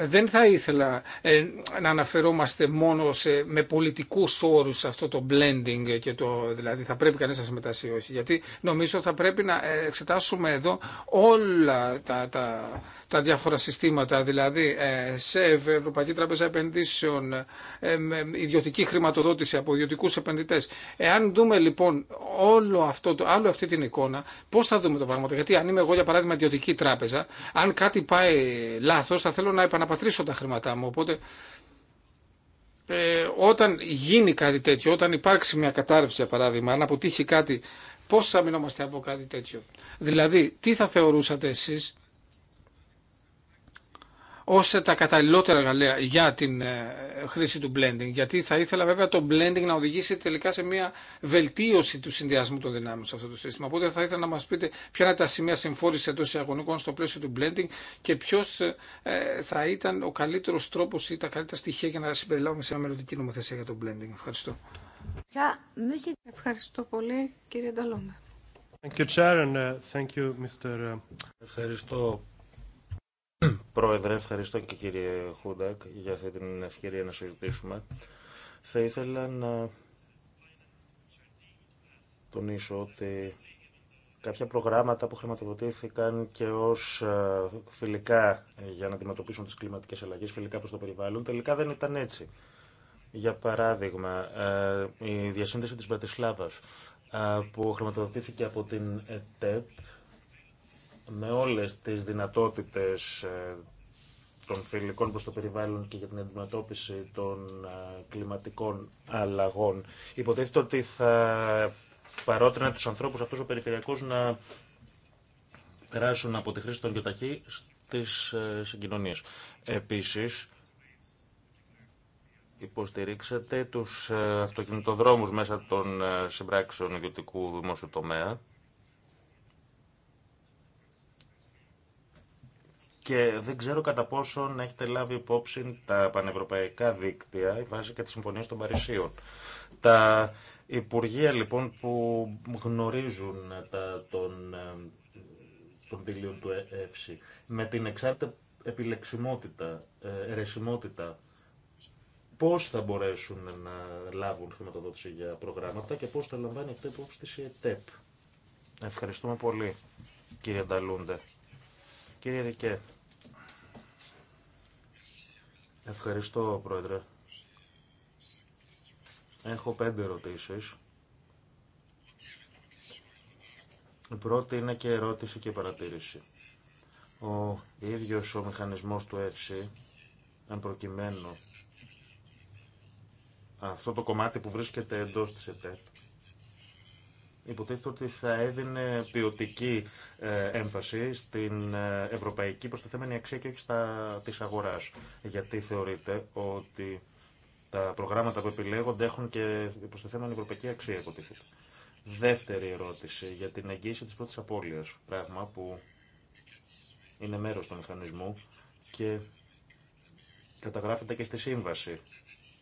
[SPEAKER 3] δεν θα ήθελα ε, να αναφερόμαστε μόνο σε, με πολιτικούς όρους σε αυτό το blending και το, δηλαδή θα πρέπει κανείς να συμμετάσχει ή όχι. Γιατί νομίζω θα πρέπει να ε, εξετάσουμε εδώ όλα τα, τα, τα διάφορα συστήματα, δηλαδή ε, σε Ευρωπαϊκή Τράπεζα Επενδύσεων, με ιδιωτική χρηματοδότηση από ιδιωτικούς επενδυτές. Εάν δούμε λοιπόν όλο αυτό, το, άλλο αυτή την εικόνα, πώς θα δούμε το πράγμα. Γιατί αν είμαι εγώ για παράδειγμα ιδιωτική τράπεζα, αν κάτι πάει λάθος θα θέλω να επαναπτύξω πατρίσω τα χρήματά μου. Οπότε ε, όταν γίνει κάτι τέτοιο, όταν υπάρξει μια κατάρρευση για παράδειγμα, αν αποτύχει κάτι, πώς θα μείνομαστε από κάτι τέτοιο. Δηλαδή, τι θα θεωρούσατε εσείς ως τα καταλληλότερα εργαλεία για την ε, χρήση του blending. Γιατί θα ήθελα βέβαια το blending να οδηγήσει τελικά σε μια βελτίωση του συνδυασμού των δυνάμεων σε αυτό το σύστημα. Οπότε θα ήθελα να μας πείτε ποια είναι τα σημεία συμφόρηση εντό εισαγωνικών στο πλαίσιο του blending και ποιο ε, ε, θα ήταν ο καλύτερο τρόπο ή τα καλύτερα στοιχεία για να συμπεριλάβουμε σε μια μελλοντική νομοθεσία για το blending. Ευχαριστώ.
[SPEAKER 1] Ευχαριστώ πολύ κύριε Νταλόνα.
[SPEAKER 3] Uh,
[SPEAKER 2] uh, Ευχαριστώ Πρόεδρε, ευχαριστώ και κύριε Χούντακ για αυτή την ευκαιρία να συζητήσουμε. Θα ήθελα να τονίσω ότι κάποια προγράμματα που χρηματοδοτήθηκαν και ως ε, φιλικά για να αντιμετωπίσουν τις κλιματικές αλλαγές, φιλικά προς το περιβάλλον, τελικά δεν ήταν έτσι. Για παράδειγμα, ε, η διασύνδεση της Μπρατισλάβας ε, που χρηματοδοτήθηκε από την ΕΤΕΠ με όλες τις δυνατότητες ε, των φιλικών προς το περιβάλλον και για την αντιμετώπιση των ε, κλιματικών αλλαγών. Υποτίθεται ότι θα παρότρινα τους ανθρώπους αυτούς ο περιφερειακός να περάσουν από τη χρήση των γιοταχή στις ε, συγκοινωνίες. Επίσης, υποστηρίξατε τους αυτοκινητοδρόμους μέσα των συμπράξεων ιδιωτικού δημόσιου τομέα Και δεν ξέρω κατά πόσον έχετε λάβει υπόψη τα πανευρωπαϊκά δίκτυα βάση και τη Συμφωνία των Παρισίων. Τα Υπουργεία λοιπόν που γνωρίζουν τα, των, τον ε, του ΕΦΣΥ με την εξάρτητα επιλεξιμότητα, ερεσιμότητα πώς θα μπορέσουν να λάβουν χρηματοδότηση για προγράμματα και πώς θα λαμβάνει αυτή υπόψη της ΕΤΕΠ. Ευχαριστούμε πολύ κύριε Νταλούντε. Κύριε Ρικέ, Ευχαριστώ, Πρόεδρε. Έχω πέντε ερωτήσεις. Η πρώτη είναι και ερώτηση και παρατήρηση. Ο ίδιος ο μηχανισμός του F.C. εν προκειμένου αυτό το κομμάτι που βρίσκεται εντός της ΕΤΕΠ, υποτίθεται ότι θα έδινε ποιοτική ε, έμφαση στην ε, ευρωπαϊκή προστιθέμενη αξία και όχι στα της αγοράς. Γιατί θεωρείται ότι τα προγράμματα που επιλέγονται έχουν και προστιθέμενη ευρωπαϊκή αξία υποτίθεται. Δεύτερη ερώτηση για την εγγύηση της πρώτης απώλειας, πράγμα που είναι μέρος του μηχανισμού και καταγράφεται και στη σύμβαση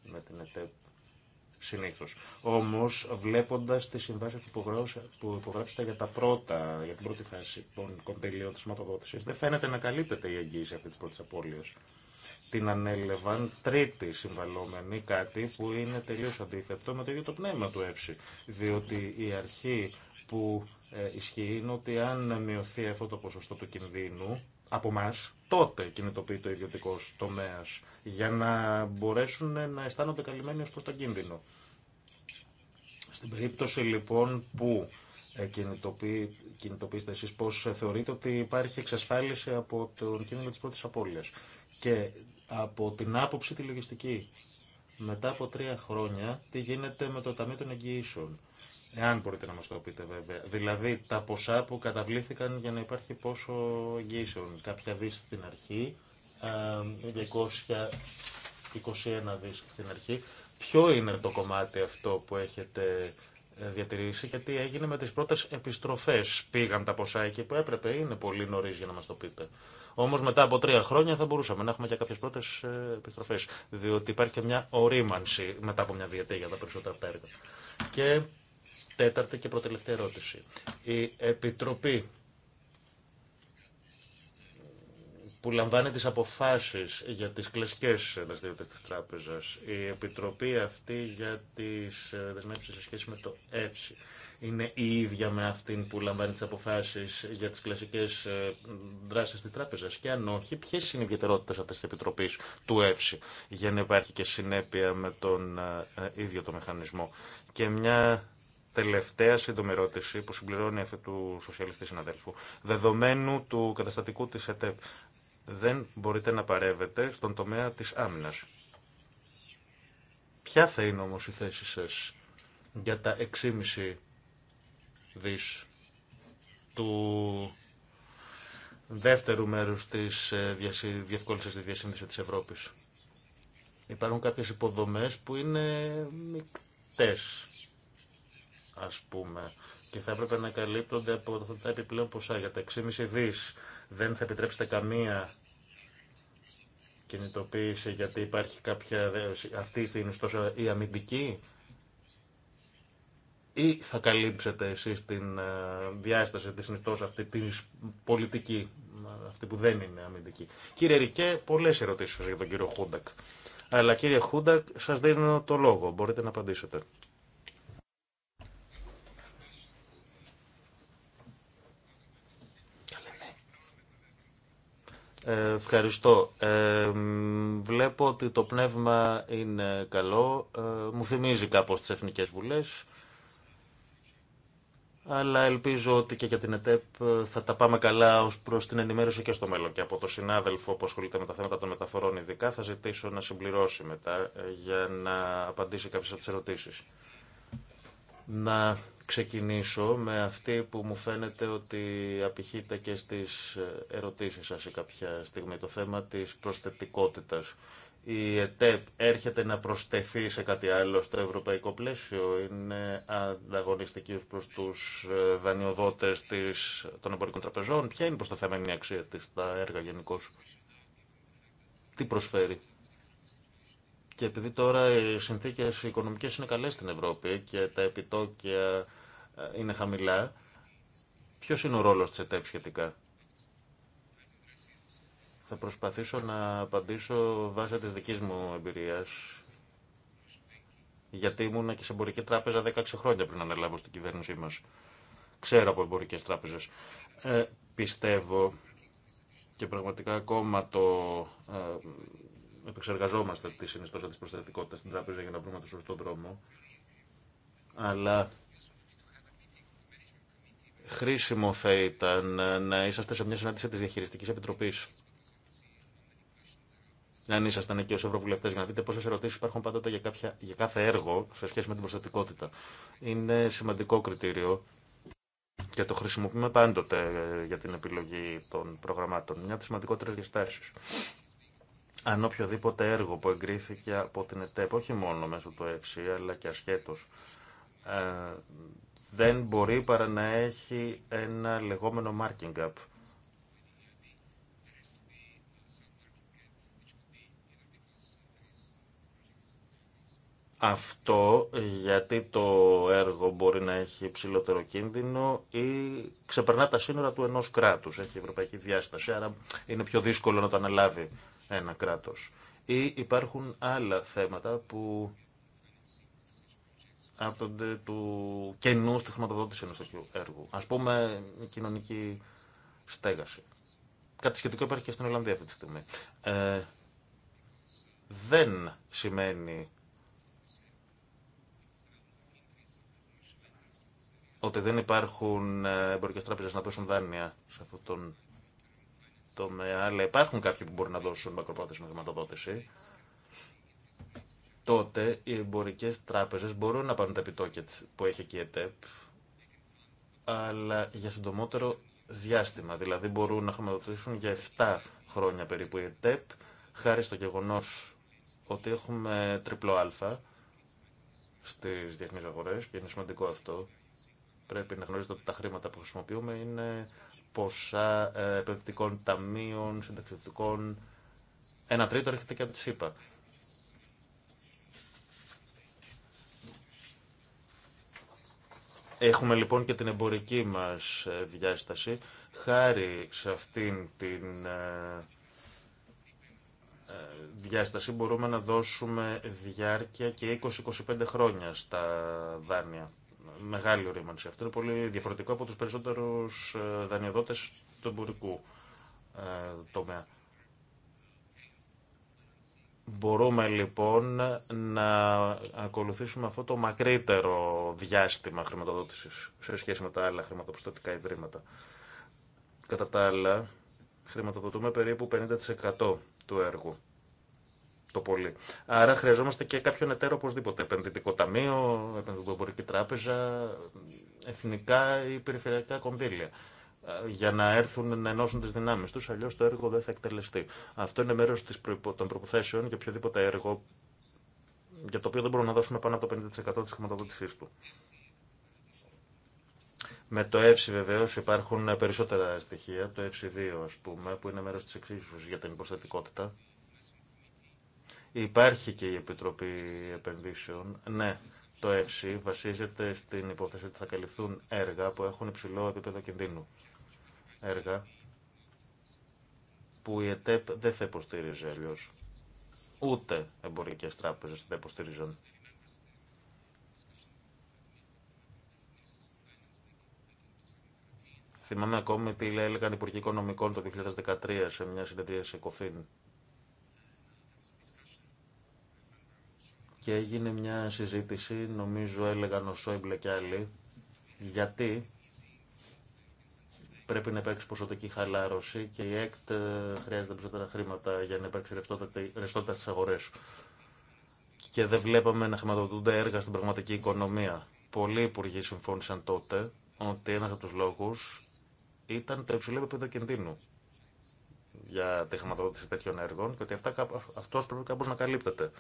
[SPEAKER 2] με την ΕΤΕΠ συνήθω. Όμω, βλέποντα τι συμβάσει που υπογράψατε για, τα πρώτα, για την πρώτη φάση των κοντελίων τη σηματοδότηση, δεν φαίνεται να καλύπτεται η εγγύηση αυτή τη πρώτη απώλεια. Την ανέλευαν τρίτη συμβαλόμενη, κάτι που είναι τελείω αντίθετο με το ίδιο το πνεύμα του ΕΦΣΥ. Διότι η αρχή που ε, ισχύει είναι ότι αν μειωθεί αυτό το ποσοστό του κινδύνου από εμά, τότε κινητοποιεί το ιδιωτικό τομέα για να μπορέσουν να αισθάνονται καλυμμένοι ως προ τον κίνδυνο. Στην περίπτωση λοιπόν που ε, κινητοποιεί, κινητοποιήσετε εσείς πώς ε, θεωρείτε ότι υπάρχει εξασφάλιση από τον κίνδυνο της πρώτης απώλειας. Και από την άποψη τη λογιστική, μετά από τρία χρόνια, τι γίνεται με το Ταμείο των Εγγυήσεων. Εάν μπορείτε να μα το πείτε βέβαια. Δηλαδή τα ποσά που καταβλήθηκαν για να υπάρχει πόσο εγγύσεων. Κάποια δι στην αρχή, 221 ε, δι στην αρχή. Ποιο είναι το κομμάτι αυτό που έχετε ε, διατηρήσει και τι έγινε με τις πρώτες επιστροφές. Πήγαν τα ποσά εκεί που έπρεπε, είναι πολύ νωρί για να μας το πείτε. Όμω μετά από τρία χρόνια θα μπορούσαμε να έχουμε και κάποιε πρώτε επιστροφέ. Διότι υπάρχει και μια ορίμανση μετά από μια διετία για τα περισσότερα από τα έργα. Και Τέταρτη και προτελευταία ερώτηση. Η Επιτροπή που λαμβάνει τις αποφάσεις για τις κλασικές δραστηριότητες της τράπεζας, η Επιτροπή αυτή για τις ε, δεσμεύσεις σε σχέση με το ΕΦΣΙ, είναι η ίδια με αυτήν που λαμβάνει τις αποφάσεις για τις κλασικές ε, δράσεις της τράπεζας και αν όχι, ποιες είναι οι ιδιαιτερότητες αυτής της Επιτροπής του ΕΦΣΙ για να υπάρχει και συνέπεια με τον ε, ίδιο το μηχανισμό. Και μια τελευταία σύντομη ερώτηση που συμπληρώνει αυτή του σοσιαλιστή συναδέλφου. Δεδομένου του καταστατικού της ΕΤΕΠ, δεν μπορείτε να παρεύετε στον τομέα της άμυνας. Ποια θα είναι όμως η θέση σας για τα 6,5 δις του δεύτερου μέρους της ε, διευκόλυνσης της διασύνδεσης της Ευρώπης. Υπάρχουν κάποιες υποδομές που είναι μικτές ας πούμε, και θα έπρεπε να καλύπτονται από αυτά τα επιπλέον ποσά για τα 6,5 δις. Δεν θα επιτρέψετε καμία κινητοποίηση γιατί υπάρχει κάποια αυτή στιγμή τόσο η αμυντική ή θα καλύψετε εσείς την ε, διάσταση της συνιστός αυτή την πολιτική, αυτή που δεν είναι αμυντική. Κύριε Ρικέ, πολλές ερωτήσεις για τον κύριο Χούντακ. Αλλά κύριε Χούντακ, σας δίνω το λόγο. Μπορείτε να απαντήσετε. Ευχαριστώ. Ε, βλέπω ότι το πνεύμα είναι καλό. Ε, μου θυμίζει κάπως τις Εθνικές Βουλές. Αλλά ελπίζω ότι και για την ΕΤΕΠ θα τα πάμε καλά ως προς την ενημέρωση και στο μέλλον. Και από το συνάδελφο που ασχολείται με τα θέματα των μεταφορών ειδικά θα ζητήσω να συμπληρώσει μετά ε, για να απαντήσει κάποιες από τις ερωτήσεις. Να ξεκινήσω με αυτή που μου φαίνεται ότι απηχείται και στις ερωτήσεις σας σε κάποια στιγμή, το θέμα της προσθετικότητας. Η ΕΤΕΠ έρχεται να προσθεθεί σε κάτι άλλο στο ευρωπαϊκό πλαίσιο, είναι ανταγωνιστική προς τους ε, δανειοδότες της, των εμπορικών τραπεζών. Ποια είναι η αξία της τα έργα γενικώ. Τι προσφέρει. Και επειδή τώρα οι συνθήκες οικονομικέ οικονομικές είναι καλές στην Ευρώπη και τα επιτόκια ε, είναι χαμηλά, ποιος είναι ο ρόλος της ΕΤΕΠ σχετικά. Θα προσπαθήσω να απαντήσω βάσει της δικής μου εμπειρίας, γιατί ήμουν και σε εμπορική τράπεζα 16 χρόνια πριν αναλάβω στην κυβέρνησή μας. Ξέρω από εμπορικέ τράπεζες. Ε, πιστεύω και πραγματικά ακόμα το ε, επεξεργαζόμαστε τη συνιστόσα τη προστατικότητας στην τράπεζα για να βρούμε το σωστό δρόμο. Αλλά χρήσιμο θα ήταν να είσαστε σε μια συνάντηση τη διαχειριστική επιτροπή. Αν ήσασταν εκεί ω Ευρωβουλευτέ, για να δείτε πόσε ερωτήσει υπάρχουν πάντοτε για, κάποια, για κάθε έργο σε σχέση με την προστατικότητα. Είναι σημαντικό κριτήριο και το χρησιμοποιούμε πάντοτε για την επιλογή των προγραμμάτων. Μια από τι σημαντικότερε διαστάσει αν οποιοδήποτε έργο που εγκρίθηκε από την ΕΤΕΠ, όχι μόνο μέσω του ΕΦΣΥ, αλλά και ασχέτως, ε, δεν μπορεί παρά να έχει ένα λεγόμενο marking up. Αυτό γιατί το έργο μπορεί να έχει ψηλότερο κίνδυνο ή ξεπερνά τα σύνορα του ενός κράτους, έχει ευρωπαϊκή διάσταση, άρα είναι πιο δύσκολο να το αναλάβει ένα κράτος. Ή υπάρχουν άλλα θέματα που άπτονται του κενού στη χρηματοδότηση ενός τέτοιου έργου. Ας πούμε, η κοινωνική στέγαση. Κάτι σχετικό υπάρχει και στην Ολλανδία αυτή τη στιγμή. Ε, δεν σημαίνει ότι δεν υπάρχουν ε, εμπορικές τράπεζες να δώσουν δάνεια σε αυτόν τον αλλά υπάρχουν κάποιοι που μπορούν να δώσουν μακροπρόθεσμη χρηματοδότηση, τότε οι εμπορικέ τράπεζε μπορούν να πάρουν τα επιτόκια που έχει και η ΕΤΕΠ, αλλά για συντομότερο διάστημα. Δηλαδή μπορούν να χρηματοδοτήσουν για 7 χρόνια περίπου η ΕΤΕΠ, χάρη στο γεγονό ότι έχουμε τριπλό Α στις διεθνείς αγορές και είναι σημαντικό αυτό. Πρέπει να γνωρίζετε ότι τα χρήματα που χρησιμοποιούμε είναι ποσά ε, επενδυτικών ταμείων, συνταξιδοτικών. Ένα τρίτο έρχεται και από τη ΣΥΠΑ. Έχουμε λοιπόν και την εμπορική μας ε, διάσταση. Χάρη σε αυτήν την ε, διάσταση μπορούμε να δώσουμε διάρκεια και 20-25 χρόνια στα δάνεια μεγάλη ορίμανση. Αυτό είναι πολύ διαφορετικό από τους περισσότερους ε, δανειοδότες του εμπορικού ε, τομέα. Μπορούμε λοιπόν να ακολουθήσουμε αυτό το μακρύτερο διάστημα χρηματοδότησης σε σχέση με τα άλλα χρηματοπιστωτικά ιδρύματα. Κατά τα άλλα, χρηματοδοτούμε περίπου 50% του έργου πολύ. Άρα χρειαζόμαστε και κάποιον εταίρο οπωσδήποτε. Επενδυτικό ταμείο, επενδυτοπορική τράπεζα, εθνικά ή περιφερειακά κονδύλια ε, για να έρθουν να ενώσουν τις δυνάμεις τους, αλλιώς το έργο δεν θα εκτελεστεί. Αυτό είναι μέρος των προποθέσεων για οποιοδήποτε έργο για το οποίο δεν μπορούμε να δώσουμε πάνω από το 50% της χρηματοδότησής του. Με το ΕΦΣΙ βεβαίω υπάρχουν περισσότερα στοιχεία. Το ΕΦΣΙ 2, α πούμε, που είναι μέρο τη εξίσωση για την υποστατικότητα. Υπάρχει και η Επιτροπή Επενδύσεων. Ναι, το ΕΦΣΥ βασίζεται στην υπόθεση ότι θα καλυφθούν έργα που έχουν υψηλό επίπεδο κινδύνου. Έργα που η ΕΤΕΠ δεν θα υποστήριζε αλλιώ. Ούτε εμπορικές τράπεζες δεν υποστήριζαν. Θυμάμαι ακόμη τι έλεγαν οι Υπουργοί Οικονομικών το 2013 σε μια συνεδρία σε Κοφίν και έγινε μια συζήτηση, νομίζω έλεγαν ο Σόιμπλε και άλλοι, γιατί πρέπει να υπάρξει ποσοτική χαλάρωση και η ΕΚΤ ε, χρειάζεται περισσότερα χρήματα για να υπάρξει ρευστότητα στι αγορέ. Και δεν βλέπαμε να χρηματοδοτούνται έργα στην πραγματική οικονομία. Πολλοί υπουργοί συμφώνησαν τότε ότι ένα από του λόγου ήταν το υψηλό επίπεδο κινδύνου για τη χρηματοδότηση τέτοιων έργων και ότι αυτό πρέπει κάπω να καλύπτεται.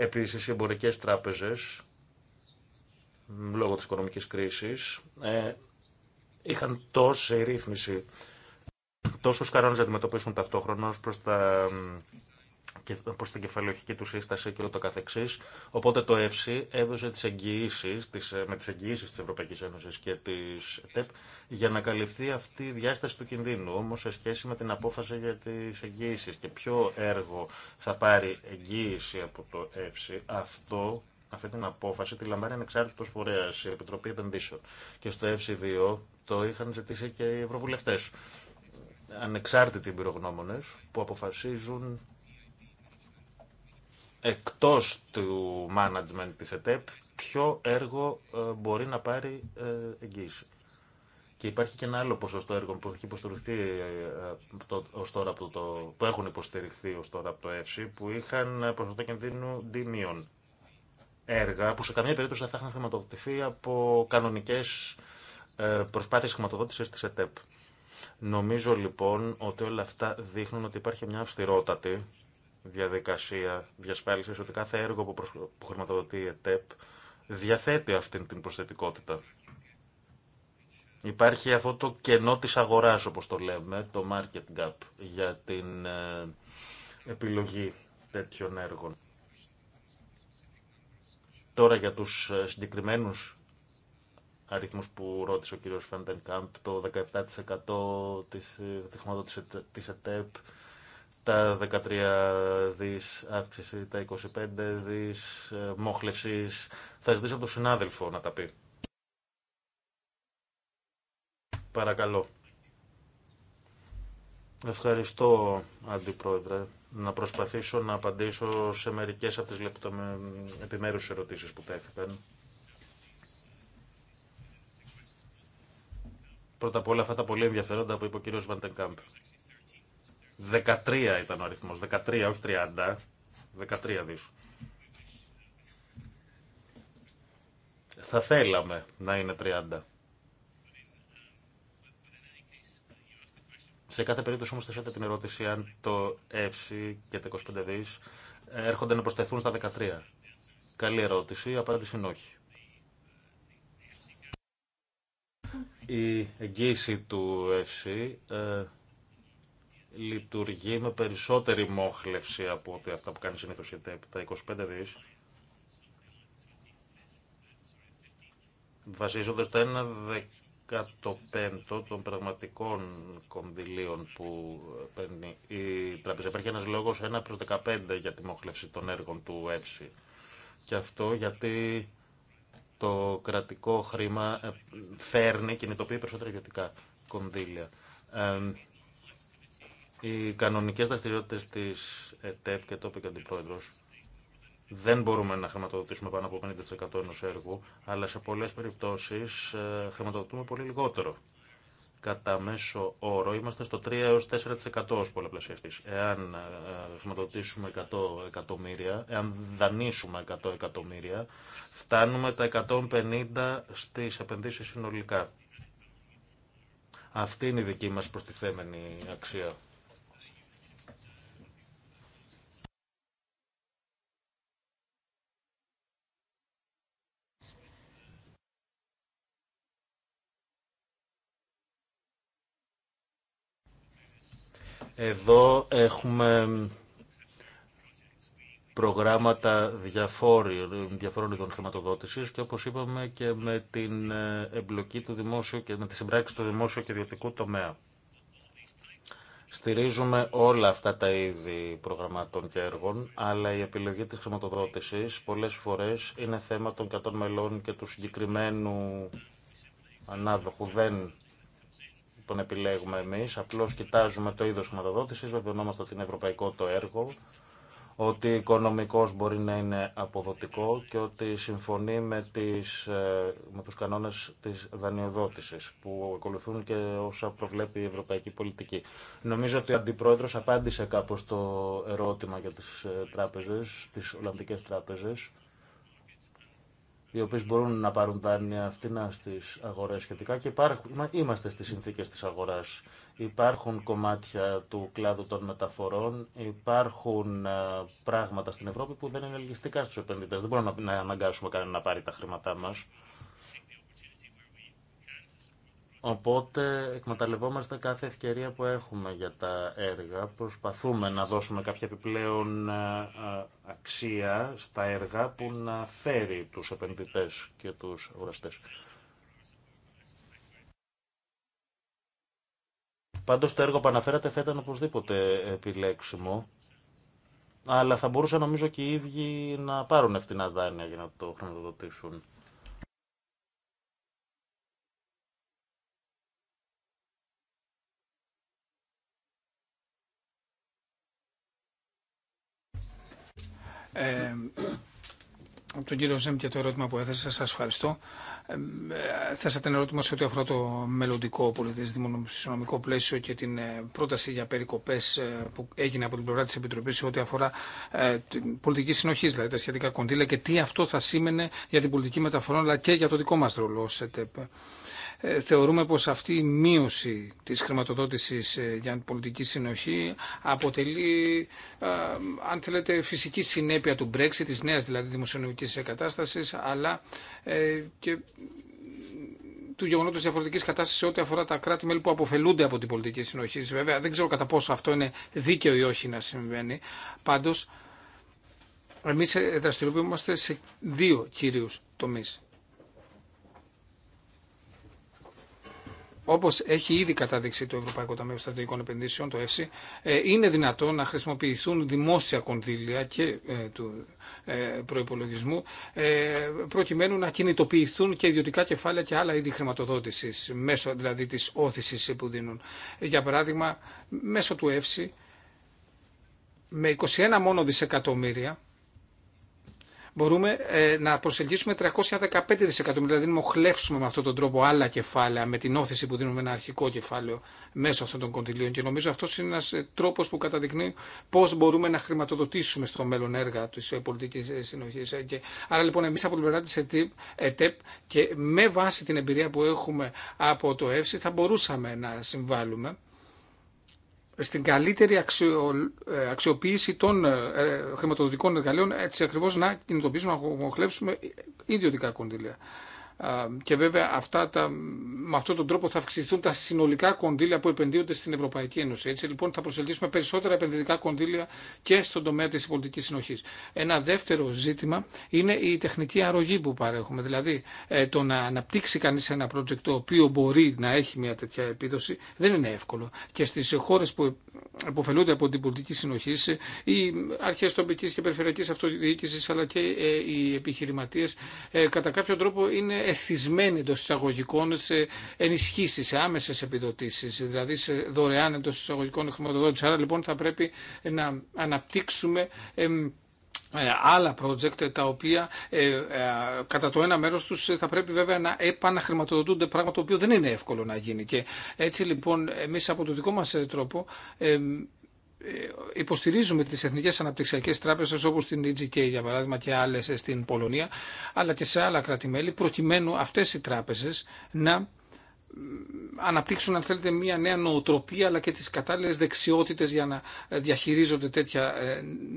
[SPEAKER 2] Επίσης, οι εμπορικές τράπεζες, λόγω της οικονομικής κρίσης, ε, είχαν τόση ρύθμιση, τόσους κανόνες να αντιμετωπίσουν ταυτόχρονα προς τα προς την κεφαλαιοχική του σύσταση και ούτω καθεξής. Οπότε το ΕΦΣΥ έδωσε τις εγγυήσεις, ε, με τις εγγυήσεις της Ευρωπαϊκής Ένωσης και της ΕΤΕΠ για να καλυφθεί αυτή η διάσταση του κινδύνου. Όμως σε σχέση με την απόφαση για τις εγγυήσεις και ποιο έργο θα πάρει εγγύηση από το ΕΦΣΥ, αυτό αυτή την απόφαση τη λαμβάνει ανεξάρτητο φορέα, η Επιτροπή Επενδύσεων. Και στο FC2 το είχαν ζητήσει και οι ευρωβουλευτέ. Ανεξάρτητοι εμπειρογνώμονε που αποφασίζουν εκτός του management της ΕΤΕΠ ποιο έργο ε, μπορεί να πάρει ε, εγγύηση. Και υπάρχει και ένα άλλο ποσοστό έργων που, έχει υποστηριχθεί, ε, το, ως το, που έχουν υποστηριχθεί ως τώρα από το ΕΦΣΥ που είχαν ποσοστό κινδύνου δίμιον έργα που σε καμία περίπτωση δεν θα είχαν χρηματοδοτηθεί από κανονικές προσπάθειες χρηματοδότησης της ΕΤΕΠ. Νομίζω λοιπόν ότι όλα αυτά δείχνουν ότι υπάρχει μια αυστηρότατη διαδικασία διασφάλιση ότι κάθε έργο που, προσ... χρηματοδοτεί η ΕΤΕΠ διαθέτει αυτήν την προσθετικότητα. Υπάρχει αυτό το κενό της αγοράς, όπως το λέμε, το market gap, για την ε, επιλογή τέτοιων έργων. Τώρα για τους ε, συγκεκριμένους αριθμούς που ρώτησε ο κύριος Κάμπ, το 17% ε, της χρηματοδότησης της ΕΤΕΠ, τα 13 δις αύξηση, τα 25 δις ε, μόχλευσης. Θα ζητήσω από τον συνάδελφο να τα πει. Παρακαλώ. Ευχαριστώ, Αντιπρόεδρε. Να προσπαθήσω να απαντήσω σε μερικές από τις λεπτομε... επιμέρους ερωτήσεις που τέθηκαν. Πρώτα απ' όλα αυτά τα πολύ ενδιαφέροντα που είπε ο κύριος Βαντεγκάμπ. 13 ήταν ο αριθμό, 13 όχι 30, 13 δι. Θα θέλαμε να είναι 30. Σε κάθε περίπτωση όμως θέσατε την ερώτηση αν το ΕΦΣΙ και τα 25 δις έρχονται να προσθεθούν στα 13. Καλή ερώτηση, απάντηση είναι όχι. Η εγγύηση του ΕΦΣΙ λειτουργεί με περισσότερη μόχλευση από ότι αυτά που κάνει συνήθω η ΤΕΠ. Τα 25 δις βασίζονται στο 1 δεκατοπέμπτο των πραγματικών κονδυλίων που παίρνει η τραπεζα. Υπάρχει ένας λόγος 1 προς 15 για τη μόχλευση των έργων του ΕΨΗ. Και αυτό γιατί το κρατικό χρήμα ε, φέρνει, κινητοποιεί περισσότερα ιδιωτικά κονδύλια. Ε, οι κανονικές δραστηριότητε τη ΕΤΕΠ και το είπε και δεν μπορούμε να χρηματοδοτήσουμε πάνω από 50% ενός έργου, αλλά σε πολλές περιπτώσεις ε, χρηματοδοτούμε πολύ λιγότερο. Κατά μέσο όρο είμαστε στο 3 έω 4% ω πολλαπλασιαστής. Εάν ε, χρηματοδοτήσουμε 100 εκατομμύρια, εάν δανείσουμε 100 εκατομμύρια, φτάνουμε τα 150 στι επενδύσεις συνολικά. Αυτή είναι η δική μας προστιθέμενη αξία. Εδώ έχουμε προγράμματα διαφόρων ειδών χρηματοδότηση και όπω είπαμε και με την ε, εμπλοκή του δημόσιου και με τη συμπράξη του δημόσιου και ιδιωτικού τομέα. Στηρίζουμε όλα αυτά τα είδη προγραμμάτων και έργων, αλλά η επιλογή της χρηματοδότησης πολλές φορές είναι θέμα των κατών μελών και του συγκεκριμένου ανάδοχου. Δεν τον επιλέγουμε εμεί. Απλώ κοιτάζουμε το είδο χρηματοδότηση, βεβαιωνόμαστε ότι είναι ευρωπαϊκό το έργο, ότι οικονομικός μπορεί να είναι αποδοτικό και ότι συμφωνεί με, τις, ε, με τους κανόνες της δανειοδότησης που ακολουθούν και όσα προβλέπει η ευρωπαϊκή πολιτική. Νομίζω ότι ο Αντιπρόεδρος απάντησε κάπως το ερώτημα για τι ε, τράπεζε, τι Ολλανδικέ τράπεζε οι οποίε μπορούν να πάρουν δάνεια φτηνά στι αγορέ σχετικά και υπάρχουν, είμαστε στι συνθήκε τη αγορά. Υπάρχουν κομμάτια του κλάδου των μεταφορών, υπάρχουν ε, πράγματα στην Ευρώπη που δεν είναι ελκυστικά στου επενδυτέ. Δεν μπορούμε να αναγκάσουμε κανέναν να πάρει τα χρήματά μα. Οπότε εκμεταλλευόμαστε κάθε ευκαιρία που έχουμε για τα έργα. Προσπαθούμε να δώσουμε κάποια επιπλέον ε, ε, αξία στα έργα που να φέρει τους επενδυτές και τους αγοραστές. Πάντως το έργο που αναφέρατε θα ήταν οπωσδήποτε επιλέξιμο. Αλλά θα μπορούσαν νομίζω και οι ίδιοι να πάρουν ευθυνά δάνεια για να το χρηματοδοτήσουν.
[SPEAKER 3] Ε, τον κύριο Ζέμ και το ερώτημα που έθεσα, σα ευχαριστώ. Ε, θέσατε ένα ερώτημα σε ό,τι αφορά το μελλοντικό πολιτισμικό δημοσιονομικό πλαίσιο και την ε, πρόταση για περικοπέ ε, που έγινε από την πλευρά τη Επιτροπή σε ό,τι αφορά ε, την πολιτική συνοχή, δηλαδή τα σχετικά κοντήλα και τι αυτό θα σήμαινε για την πολιτική μεταφορά αλλά και για το δικό μα ρόλο ω ΕΤΕΠ. Ε, θεωρούμε πως αυτή η μείωση της χρηματοδότησης ε, για την πολιτική συνοχή αποτελεί, ε, αν θέλετε, φυσική συνέπεια του Brexit, της νέας δηλαδή δημοσιονομικής κατάστασης, αλλά και του γεγονότο διαφορετική κατάσταση ό,τι αφορά τα κράτη-μέλη που αποφελούνται από την πολιτική συνοχή. Βέβαια, δεν ξέρω κατά πόσο αυτό είναι δίκαιο ή όχι να συμβαίνει. Πάντω, εμεί δραστηριοποιούμαστε σε δύο κυρίου τομεί. όπως έχει ήδη καταδείξει το Ευρωπαϊκό Ταμείο Στρατηγικών Επενδύσεων, το ΕΦΣΥ, ε, είναι δυνατόν να χρησιμοποιηθούν δημόσια κονδύλια και ε, του ε, προϋπολογισμού προκειμένου να κινητοποιηθούν και ιδιωτικά κεφάλαια και άλλα είδη χρηματοδότησης μέσω δηλαδή της όθησης που δίνουν. Για παράδειγμα, μέσω του ΕΦΣΥ με 21 μόνο δισεκατομμύρια μπορούμε ε, να προσελκύσουμε 315 δισεκατομμύρια, δηλαδή να μοχλεύσουμε με αυτόν τον τρόπο άλλα κεφάλαια, με την όθηση που δίνουμε ένα αρχικό κεφάλαιο μέσω αυτών των κοντιλίων. Και νομίζω αυτό είναι ένα ε, τρόπο που καταδεικνύει πώ μπορούμε να χρηματοδοτήσουμε στο μέλλον έργα τη ε, πολιτική συνοχή. Άρα λοιπόν, εμεί από την πλευρά τη ΕΤΕΠ και με βάση την εμπειρία που έχουμε από το ΕΦΣΙ θα μπορούσαμε να συμβάλλουμε στην καλύτερη αξιο, ε, αξιοποίηση των ε, ε, χρηματοδοτικών εργαλείων, έτσι ακριβώς να κινητοποιήσουμε, να απομοχλεύσουμε ιδιωτικά κονδύλια. Και βέβαια αυτά τα, με αυτόν τον τρόπο θα αυξηθούν τα συνολικά κονδύλια που επενδύονται στην Ευρωπαϊκή Ένωση. Έτσι λοιπόν θα προσελκύσουμε περισσότερα επενδυτικά κονδύλια και στον τομέα της πολιτικής συνοχής. Ένα δεύτερο ζήτημα είναι η τεχνική αρρωγή που παρέχουμε. Δηλαδή ε, το να αναπτύξει κανείς ένα project το οποίο μπορεί να έχει μια τέτοια επίδοση δεν είναι εύκολο. Και στις χώρες που αποφελούνται από την πολιτική συνοχή, οι αρχέ τοπική και περιφερειακή αυτοδιοίκηση αλλά και ε, οι επιχειρηματίε ε, κατά κάποιο τρόπο είναι εθισμένοι εντό εισαγωγικών σε ενισχύσει, σε άμεσε επιδοτήσει, δηλαδή σε δωρεάν εντό εισαγωγικών χρηματοδότηση. Άρα λοιπόν θα πρέπει να αναπτύξουμε ε, άλλα project τα οποία ε, ε, κατά το ένα μέρος τους θα πρέπει βέβαια να επαναχρηματοδοτούνται πράγμα το οποίο δεν είναι εύκολο να γίνει και έτσι λοιπόν εμείς από το δικό μας τρόπο υποστηρίζουμε τις εθνικές αναπτυξιακές τράπεζες όπως την EGK για παράδειγμα και άλλες στην Πολωνία αλλά και σε άλλα κράτη-μέλη προκειμένου αυτές οι τράπεζες να αναπτύξουν αν θέλετε μια νέα νοοτροπία αλλά και τις κατάλληλες δεξιότητες για να διαχειρίζονται τέτοια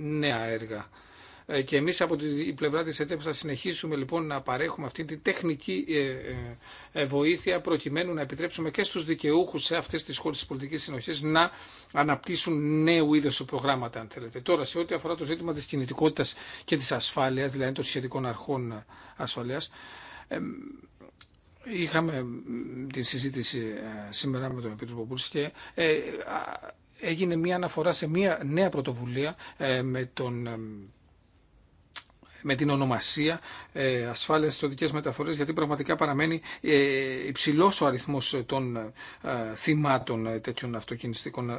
[SPEAKER 3] νέα έργα. Ε, και εμείς από την πλευρά της ΕΤΕΠ θα συνεχίσουμε λοιπόν να παρέχουμε αυτή τη τεχνική ε, ε, βοήθεια προκειμένου να επιτρέψουμε και στους δικαιούχους σε αυτές τις χώρες της πολιτικής συνοχής να αναπτύσσουν νέου είδους προγράμματα αν θέλετε. Τώρα σε ό,τι αφορά το ζήτημα της κινητικότητας και της ασφάλειας, δηλαδή των σχετικών αρχών ασφαλείας, Είχαμε τη συζήτηση σήμερα με τον Επίτροπο Πούρση και έγινε μια αναφορά σε μια νέα πρωτοβουλία με τον με την ονομασία ε, ασφάλεια στι οδικέ μεταφορέ, γιατί πραγματικά παραμένει ε, υψηλό ο αριθμό των ε, θυμάτων ε, τέτοιων αυτοκινηστικών ε,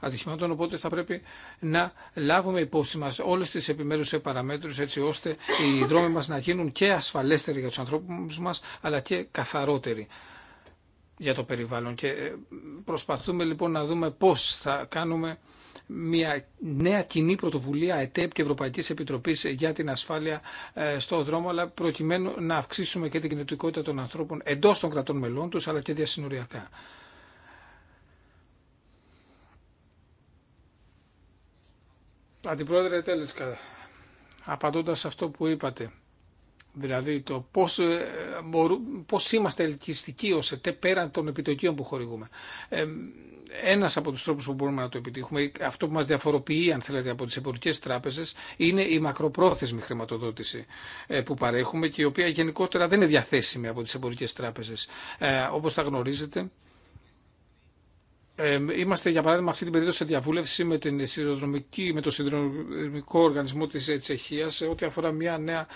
[SPEAKER 3] ατυχημάτων. Οπότε θα πρέπει να λάβουμε υπόψη μα όλε τι επιμέρου παραμέτρου, έτσι ώστε οι δρόμοι μα να γίνουν και ασφαλέστεροι για του ανθρώπου μα, αλλά και καθαρότεροι για το περιβάλλον. Και προσπαθούμε λοιπόν να δούμε πώς θα κάνουμε μια νέα κοινή πρωτοβουλία ΕΤΕΠ και Ευρωπαϊκή Επιτροπή για την ασφάλεια ε, στο δρόμο, αλλά προκειμένου να αυξήσουμε και την κινητικότητα των ανθρώπων εντό των κρατών μελών του αλλά και διασυνοριακά. Αντιπρόεδρε Τέλεσκα, απαντώντας σε αυτό που είπατε, Δηλαδή το πώς, ε, πώς είμαστε ελκυστικοί ως ΕΤΕ πέραν των επιτοκίων που χορηγούμε. Ε, ένας από τους τρόπους που μπορούμε να το επιτύχουμε, αυτό που μας διαφοροποιεί αν θέλετε από τις εμπορικές τράπεζες, είναι η μακροπρόθεσμη χρηματοδότηση ε, που παρέχουμε και η οποία γενικότερα δεν είναι διαθέσιμη από τις εμπορικές τράπεζες. όπως θα γνωρίζετε, είμαστε για παράδειγμα αυτή την περίοδο σε διαβούλευση με, την με το Συνδρομικό Οργανισμό της ε, Τσεχίας σε ό,τι αφορά μια νέα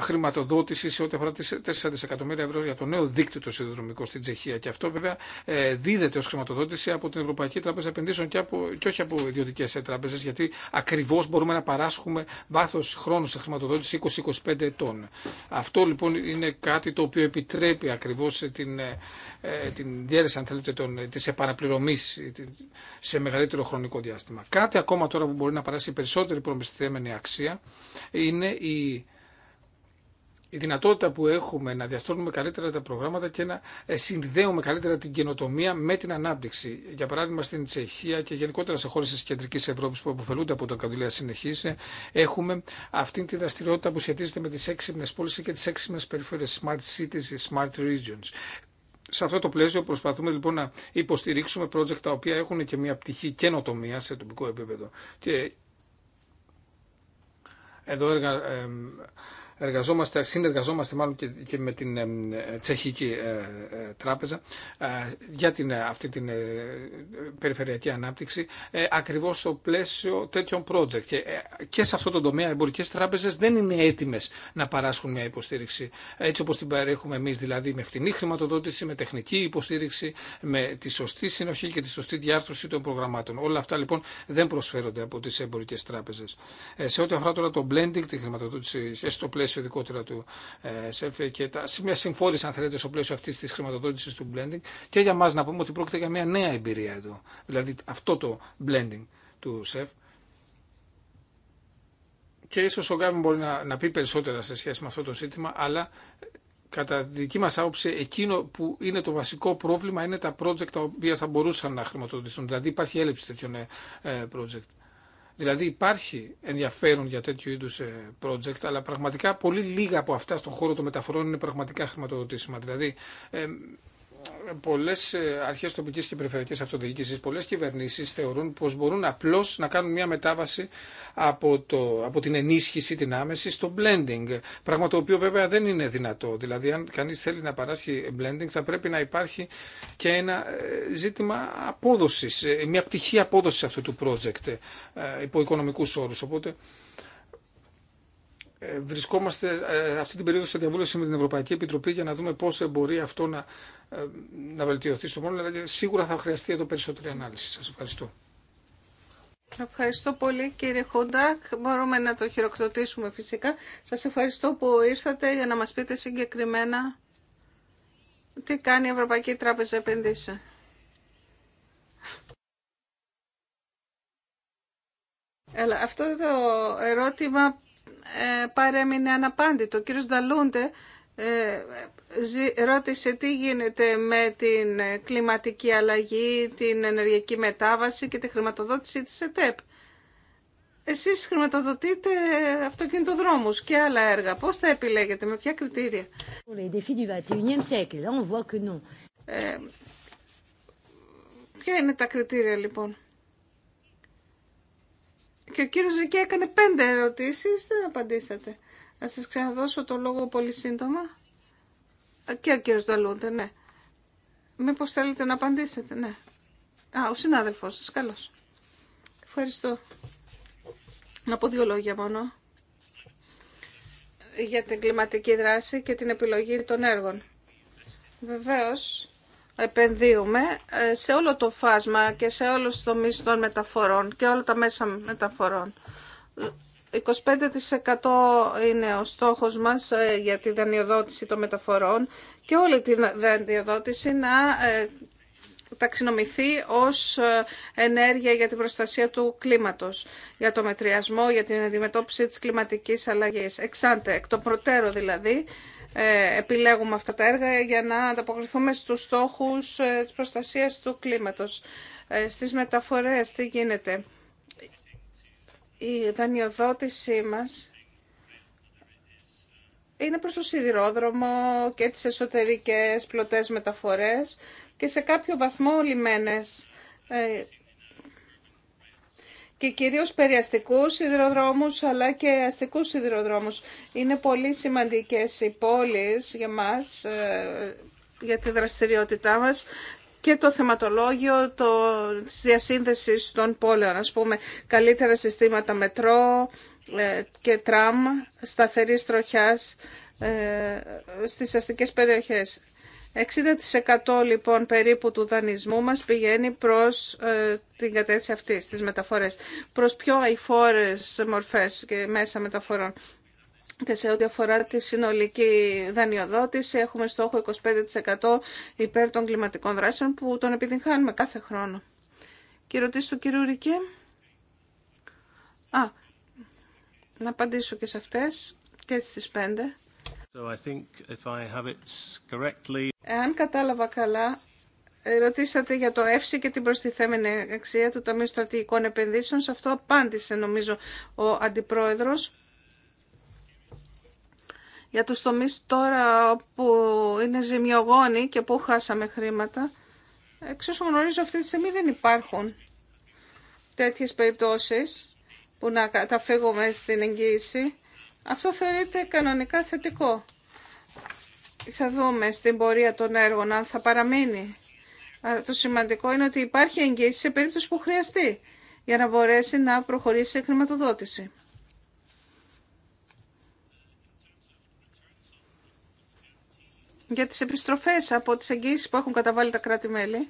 [SPEAKER 3] χρηματοδότηση σε ό,τι αφορά τι 4 δισεκατομμύρια ευρώ για το νέο δίκτυο το συνδρομικό στην Τσεχία και αυτό βέβαια ε, δίδεται ως χρηματοδότηση από την Ευρωπαϊκή Τράπεζα Επενδύσεων και, από, και όχι από ιδιωτικέ ε, τράπεζες γιατί ακριβώ μπορούμε να παράσχουμε βάθο χρόνου σε χρηματοδότηση 20-25 ετών. Αυτό λοιπόν είναι κάτι το οποίο επιτρέπει ακριβώ την ε, την διέρεση αν θέλετε τη ε, της επαναπληρωμής ε, σε μεγαλύτερο χρονικό διάστημα. Κάτι ακόμα τώρα που μπορεί να παράσει περισσότερη προμεστηθέμενη αξία είναι η η δυνατότητα που έχουμε να διαστρώνουμε καλύτερα τα προγράμματα και να συνδέουμε καλύτερα την καινοτομία με την ανάπτυξη. Για παράδειγμα, στην Τσεχία και γενικότερα σε χώρε τη Κεντρική Ευρώπη που αποφελούνται από το καδουλία συνεχή, έχουμε αυτή τη δραστηριότητα που σχετίζεται με τι έξυπνε πόλει και τι έξυπνε περιφέρειε, smart cities, smart regions σε αυτό το πλαίσιο προσπαθούμε λοιπόν να υποστηρίξουμε project τα οποία έχουν και μια πτυχή καινοτομία σε τοπικό επίπεδο. Και εδώ εργαζόμαστε, συνεργαζόμαστε μάλλον και, και με την ε, Τσεχική ε, ε, Τράπεζα για την, αυτή την περιφερειακή ανάπτυξη ακριβώς στο πλαίσιο τέτοιων project. Και, και σε αυτό το τομέα οι εμπορικές τράπεζες δεν είναι έτοιμες να παράσχουν μια υποστήριξη έτσι όπως την παρέχουμε εμείς δηλαδή με φτηνή χρηματοδότηση, με τεχνική υποστήριξη, με τη σωστή συνοχή και τη σωστή διάρθρωση των προγραμμάτων. Όλα αυτά λοιπόν δεν προσφέρονται από τις εμπορικέ τράπεζες. σε ό,τι αφορά τώρα το blending, τη χρηματοδότηση στο πλαίσιο ειδικότερα του ε, ΣΕΦ και τα σημεία συμφόρηση, αν θέλετε, στο πλαίσιο αυτή τη χρηματοδότηση του blending. Και για μα να πούμε ότι πρόκειται για μια νέα εμπειρία εδώ. Δηλαδή αυτό το blending του ΣΕΦ. Και ίσω ο Γκάβιν μπορεί να, πει περισσότερα σε σχέση με αυτό το ζήτημα, αλλά ε, κατά τη δική μας άποψη εκείνο που είναι το βασικό πρόβλημα είναι τα project τα οποία θα μπορούσαν να χρηματοδοτηθούν. Δηλαδή υπάρχει έλλειψη τέτοιων ε, project. Δηλαδή υπάρχει ενδιαφέρον για τέτοιου είδου ε, project, αλλά πραγματικά πολύ λίγα από αυτά στον χώρο των μεταφορών είναι πραγματικά χρηματοδοτήσιμα. Δηλαδή ε, πολλέ ε, αρχέ τοπική και περιφερειακή αυτοδιοίκηση, πολλέ κυβερνήσει θεωρούν πω μπορούν απλώ να κάνουν μια μετάβαση από, το, από την ενίσχυση, την άμεση, στο blending. Πράγμα το οποίο βέβαια δεν είναι δυνατό. Δηλαδή, αν κανεί θέλει να παράσχει blending, θα πρέπει να υπάρχει και ένα ε, ζήτημα απόδοση, ε, μια πτυχή απόδοση αυτού του project υπό οικονομικού όρου. Οπότε ε, βρισκόμαστε ε, αυτή την περίοδο σε διαβούλευση με την Ευρωπαϊκή Επιτροπή για να δούμε πώ μπορεί αυτό να, ε, να βελτιωθεί στο μόνο, δηλαδή σίγουρα θα χρειαστεί εδώ περισσότερη ανάλυση. Σας ευχαριστώ.
[SPEAKER 1] Ευχαριστώ πολύ κύριε Χοντάκ. Μπορούμε να το χειροκροτήσουμε φυσικά. Σας ευχαριστώ που ήρθατε για να μας πείτε συγκεκριμένα τι κάνει η Ευρωπαϊκή Τράπεζα Επενδύσεων. Έλα, αυτό το ερώτημα ε, παρέμεινε αναπάντητο. Ο κύριος Νταλούντε ε, ρώτησε τι γίνεται με την κλιματική αλλαγή, την ενεργειακή μετάβαση και τη χρηματοδότηση της ΕΤΕΠ. Εσείς χρηματοδοτείτε αυτοκινητοδρόμους και άλλα έργα. Πώς θα επιλέγετε, με ποια κριτήρια. Ε, ποια είναι τα κριτήρια λοιπόν. Και ο κύριος Ζεκέ έκανε πέντε ερωτήσεις, δεν απαντήσατε. Να σας ξαναδώσω το λόγο πολύ σύντομα. Και ο κύριος Δαλούντε, ναι. Μήπως θέλετε να απαντήσετε, ναι. Α, ο συνάδελφός σας, καλώς. Ευχαριστώ. Να πω δύο λόγια μόνο για την κλιματική δράση και την επιλογή των έργων. Βεβαίως, επενδύουμε ε, σε όλο το φάσμα και σε όλους τους τομείς των μεταφορών και όλα τα μέσα μεταφορών. 25% είναι ο στόχος μας ε, για τη δανειοδότηση των μεταφορών και όλη τη δανειοδότηση να ε, ταξινομηθεί ως ενέργεια για την προστασία του κλίματος, για το μετριασμό, για την αντιμετώπιση της κλιματικής αλλαγής. Εξάντε, εκ των προτέρων δηλαδή, ε, επιλέγουμε αυτά τα έργα για να ανταποκριθούμε στους στόχους ε, της προστασίας του κλίματος. Ε, στις μεταφορές τι γίνεται. Η δανειοδότησή μας είναι προς το σιδηρόδρομο και τις εσωτερικές πλωτές μεταφορές και σε κάποιο βαθμό λιμένες και κυρίως περιαστικούς σιδηροδρόμους αλλά και αστικούς σιδηροδρόμους. Είναι πολύ σημαντικές οι πόλεις για μας, ε, για τη δραστηριότητά μας και το θεματολόγιο το, της διασύνδεσης των πόλεων, ας πούμε καλύτερα συστήματα μετρό ε, και τραμ σταθερής τροχιάς ε, στις αστικές περιοχές. 60% λοιπόν περίπου του δανεισμού μας πηγαίνει προς ε, την κατεύθυνση αυτή, στις μεταφορές, προς πιο αηφόρες μορφές και μέσα μεταφορών. Και σε ό,τι αφορά τη συνολική δανειοδότηση έχουμε στόχο 25% υπέρ των κλιματικών δράσεων που τον επιτυγχάνουμε κάθε χρόνο. Και ρωτήσω του κύριου Ρικέ. Α, να απαντήσω και σε αυτές και στις 5. So I think if I have it correctly... Εάν κατάλαβα καλά, ρωτήσατε για το ΕΦΣΙ και την προστιθέμενη αξία του Ταμείου Στρατηγικών Επενδύσεων. Σε αυτό απάντησε νομίζω ο Αντιπρόεδρος. Για τους τομείς τώρα που είναι ζημιογόνοι και που χάσαμε χρήματα, εξ γνωρίζω αυτή τη στιγμή δεν υπάρχουν τέτοιες περιπτώσεις που να καταφύγουμε στην εγγύηση. Αυτό θεωρείται κανονικά θετικό. Θα δούμε στην πορεία των έργων αν θα παραμείνει. το σημαντικό είναι ότι υπάρχει εγγύηση σε περίπτωση που χρειαστεί για να μπορέσει να προχωρήσει η χρηματοδότηση. Για τις επιστροφές από τις εγγύησεις που έχουν καταβάλει τα κράτη-μέλη,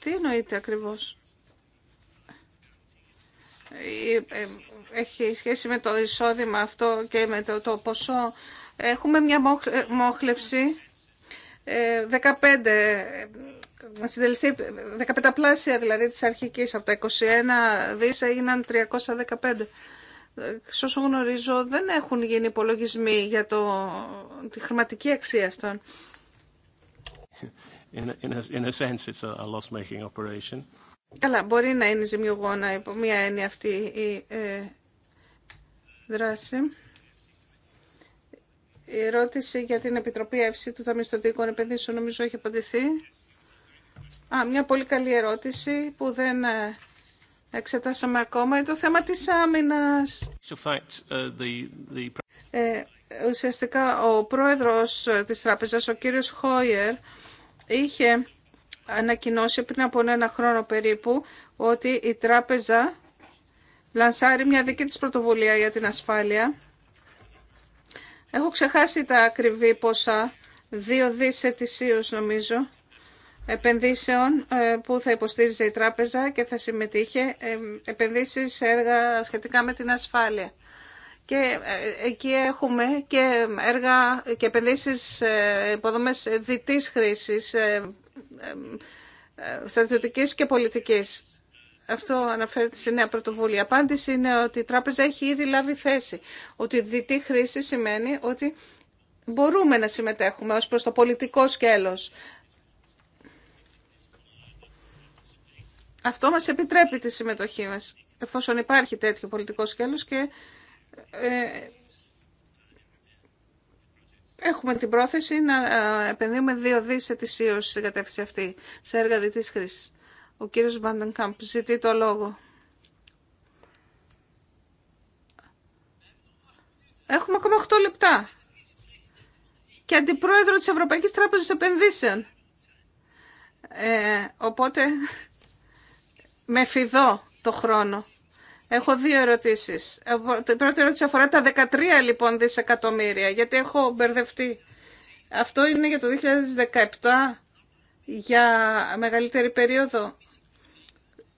[SPEAKER 1] τι εννοείται ακριβώς. Ε, ε, ε, έχει σχέση με το εισόδημα αυτό και με το, το ποσό Έχουμε μια ε, μόχλευση 15 ε, 15 πλάσια δηλαδή της αρχικής από τα 21 δις έγιναν 315 σε γνωρίζω δεν έχουν γίνει υπολογισμοί για το, τη χρηματική αξία αυτών in Καλά, μπορεί να είναι ζημιογόνα υπό μία έννοια αυτή η ε, δράση. Η ερώτηση για την Επιτροπή Εύση του Ταμιστοτήκων Επενδύσεων νομίζω έχει απαντηθεί. Α, μια πολύ καλή ερώτηση που δεν ε, εξετάσαμε ακόμα. Είναι το θέμα της άμυνας. Uh, ε, ουσιαστικά ο πρόεδρος ε, της τράπεζας, ο κύριος Χόιερ, είχε ανακοινώσει πριν από ένα χρόνο περίπου ότι η τράπεζα λανσάρει μια δική της πρωτοβουλία για την ασφάλεια Έχω ξεχάσει τα ακριβή ποσά, δύο δις νομίζω, επενδύσεων ε, που θα υποστήριζε η τράπεζα και θα συμμετείχε, ε, επενδύσεις έργα σχετικά με την ασφάλεια. Και ε, εκεί έχουμε και έργα και επενδύσεις υποδομές διτής χρήσης, στρατιωτικής και πολιτικής. Αυτό αναφέρεται σε νέα πρωτοβουλία. Η απάντηση είναι ότι η τράπεζα έχει ήδη λάβει θέση. Ότι διτή χρήση σημαίνει ότι μπορούμε να συμμετέχουμε ως προς το πολιτικό σκέλος. Αυτό μας επιτρέπει τη συμμετοχή μας, εφόσον υπάρχει τέτοιο πολιτικό σκέλος και ε, έχουμε την πρόθεση να ε, επενδύουμε δύο δις ετησίως στην κατεύθυνση αυτή, σε έργα διτής χρήσης. Ο κύριος Βαντενκάμπ ζητεί το λόγο. Έχουμε ακόμα 8 λεπτά. Και αντιπρόεδρο της Ευρωπαϊκής Τράπεζας Επενδύσεων. Ε, οπότε με φιδώ το χρόνο. Έχω δύο ερωτήσεις. Η πρώτη ερώτηση αφορά τα 13 λοιπόν δισεκατομμύρια, γιατί έχω μπερδευτεί. Αυτό είναι για το 2017, για μεγαλύτερη περίοδο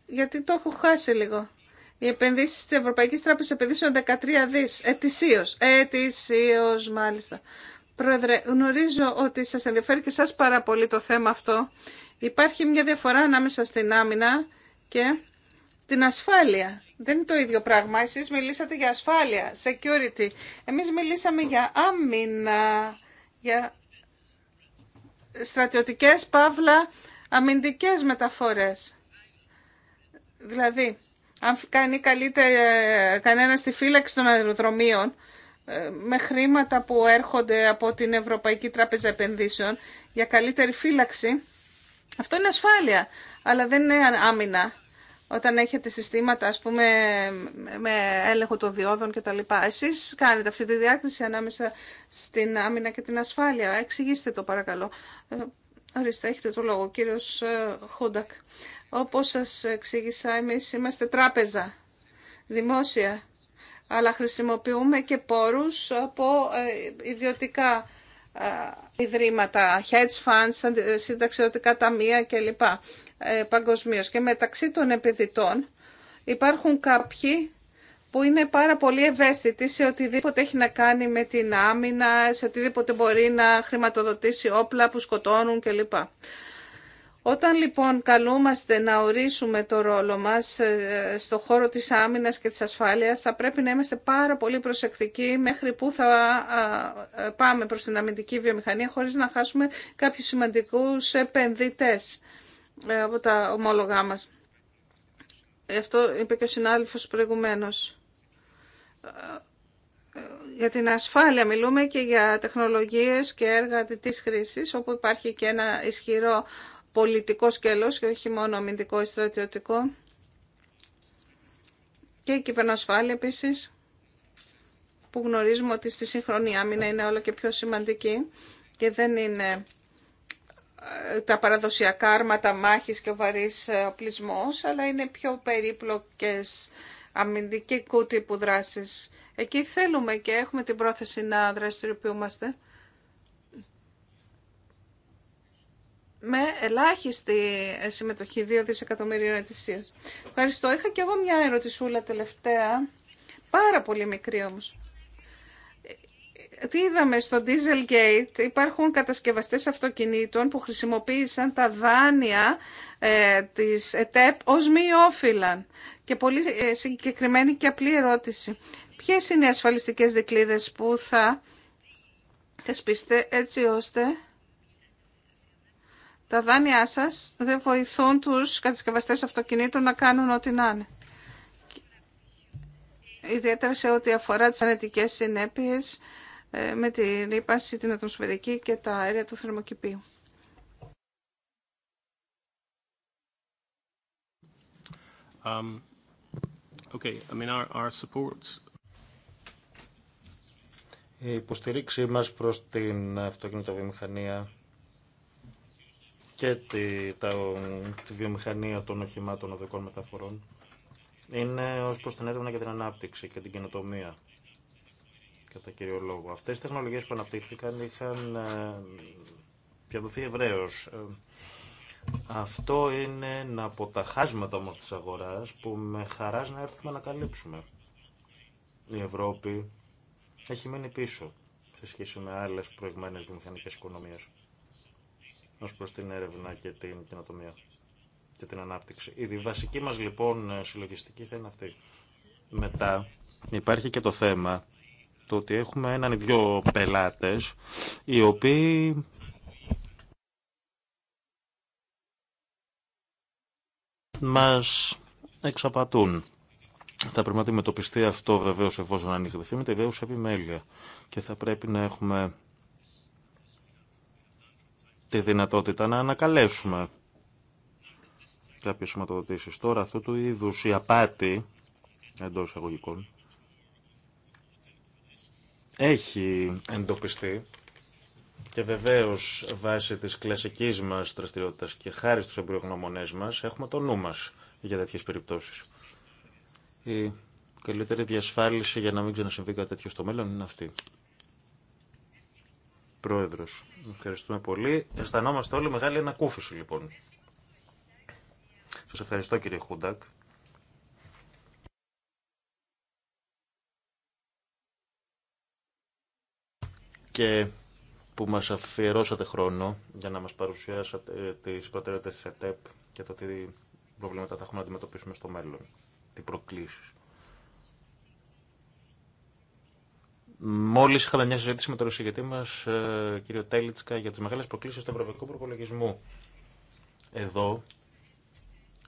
[SPEAKER 1] γιατί το έχω χάσει λίγο. Οι επενδύσεις τη ευρωπαικη Τράπεζας επενδύσεων 13 δις, Ετησίω. Ετησίω, μάλιστα. Πρόεδρε, γνωρίζω ότι σας ενδιαφέρει και σας πάρα πολύ το θέμα αυτό. Υπάρχει μια διαφορά ανάμεσα στην άμυνα και την ασφάλεια. Δεν είναι το ίδιο πράγμα. Εσεί, μιλήσατε για ασφάλεια, security. Εμεί μιλήσαμε για άμυνα, για στρατιωτικέ παύλα, αμυντικές μεταφορέ. Δηλαδή, αν κάνει καλύτερα ε, κανένα στη φύλαξη των αεροδρομίων ε, με χρήματα που έρχονται από την Ευρωπαϊκή Τράπεζα Επενδύσεων για καλύτερη φύλαξη, αυτό είναι ασφάλεια, αλλά δεν είναι άμυνα όταν έχετε συστήματα, ας πούμε, με έλεγχο των διόδων και τα λοιπά. Εσείς κάνετε αυτή τη διάκριση ανάμεσα στην άμυνα και την ασφάλεια. Εξηγήστε το παρακαλώ. Ε, ορίστε, έχετε το λόγο, κύριος Χούντακ. Όπως σας εξήγησα, εμείς είμαστε τράπεζα δημόσια, αλλά χρησιμοποιούμε και πόρους από ε, ιδιωτικά ε, ιδρύματα, hedge funds, συνταξιδοτικά ταμεία κλπ. Ε, Παγκοσμίω. Και μεταξύ των επενδυτών υπάρχουν κάποιοι που είναι πάρα πολύ ευαίσθητοι σε οτιδήποτε έχει να κάνει με την άμυνα, σε οτιδήποτε μπορεί να χρηματοδοτήσει όπλα που σκοτώνουν κλπ. Όταν λοιπόν καλούμαστε να ορίσουμε το ρόλο μας ε, στο χώρο της άμυνας και της ασφάλειας, θα πρέπει να είμαστε πάρα πολύ προσεκτικοί μέχρι που θα πάμε προς την αμυντική βιομηχανία χωρίς να χάσουμε κάποιους σημαντικούς επενδυτές ε, από τα ομόλογά μας. Αυτό είπε και ο συνάδελφος προηγουμένως. Ε, για την ασφάλεια μιλούμε και για τεχνολογίες και έργα της χρήσης, όπου υπάρχει και ένα ισχυρό πολιτικό σκέλος και όχι μόνο αμυντικό ή στρατιωτικό. Και η κυβερνοασφάλεια επίσης, που γνωρίζουμε ότι στη σύγχρονη άμυνα είναι όλο και πιο σημαντική και δεν είναι ε, τα παραδοσιακά άρματα μάχης και ο βαρύς ε, οπλισμός, αλλά είναι πιο περίπλοκες αμυντικοί που δράσεις. Εκεί θέλουμε και έχουμε την πρόθεση να δραστηριοποιούμαστε. με ελάχιστη συμμετοχή 2 δισεκατομμύρια ετησίω. Ευχαριστώ. Είχα και εγώ μια ερωτησούλα τελευταία, πάρα πολύ μικρή όμω. Τι είδαμε στο Dieselgate, υπάρχουν κατασκευαστές αυτοκινήτων που χρησιμοποίησαν τα δάνεια ε, της ΕΤΕΠ ως μη όφυλαν. Και πολύ ε, συγκεκριμένη και απλή ερώτηση. Ποιες είναι οι ασφαλιστικές δικλείδες που θα θεσπίστε έτσι ώστε τα δάνειά σας δεν βοηθούν τους κατασκευαστέ αυτοκινήτων να κάνουν ό,τι να είναι. Ιδιαίτερα σε ό,τι αφορά τις ανετικές συνέπειες ε, με την ρήπαση, την ατμοσφαιρική και τα αέρια του θερμοκηπίου.
[SPEAKER 2] Um, okay. I mean, our, our supports... Η υποστηρίξή μας προς την αυτοκινητοβιομηχανία και τη, τα, βιομηχανία των οχημάτων οδικών μεταφορών είναι ω προ την έρευνα και την ανάπτυξη και την καινοτομία. Κατά κύριο λόγο. Αυτέ οι τεχνολογίε που αναπτύχθηκαν είχαν ε, διαδοθεί ευρέω. Ε, αυτό είναι ένα από τα χάσματα όμω τη αγορά που με χαρά να έρθουμε να καλύψουμε. Η Ευρώπη έχει μείνει πίσω σε σχέση με άλλε προηγμένε βιομηχανικέ οικονομίες. Ω προ την έρευνα και την καινοτομία και την ανάπτυξη. Η βασική μας λοιπόν συλλογιστική θα είναι αυτή. Μετά υπάρχει και το θέμα το ότι έχουμε έναν ή δυο πελάτες οι οποίοι μας εξαπατούν. Θα πρέπει να αντιμετωπιστεί αυτό βεβαίως εφόσον ανοιχτηθεί με τη δέουσα επιμέλεια και θα πρέπει να έχουμε τη δυνατότητα να ανακαλέσουμε κάποιες σηματοδοτήσεις. Τώρα αυτού του είδους η απάτη εντό εισαγωγικών έχει εντοπιστεί και βεβαίως βάσει της κλασικής μας δραστηριότητα και χάρη στους εμπειρογνωμονές μας έχουμε το νου μα για τέτοιες περιπτώσεις. Η καλύτερη διασφάλιση για να μην ξανασυμβεί κάτι τέτοιο στο μέλλον είναι αυτή. Πρόεδρος, ευχαριστούμε πολύ. Αισθανόμαστε όλοι μεγάλη ανακούφιση λοιπόν. Σας ευχαριστώ κύριε Χούντακ. Και που μας αφιερώσατε χρόνο για να μας παρουσιάσετε τις προτεραιότητες της ΕΤΕΠ και το τι προβλήματα θα έχουμε να αντιμετωπίσουμε στο μέλλον, τι προκλήσεις. Μόλις είχαμε μια συζήτηση με τον εισηγητή μας, ε, κύριο Τέλιτσκα, για τις μεγάλες προκλήσεις του ευρωπαϊκού προπολογισμού. Εδώ,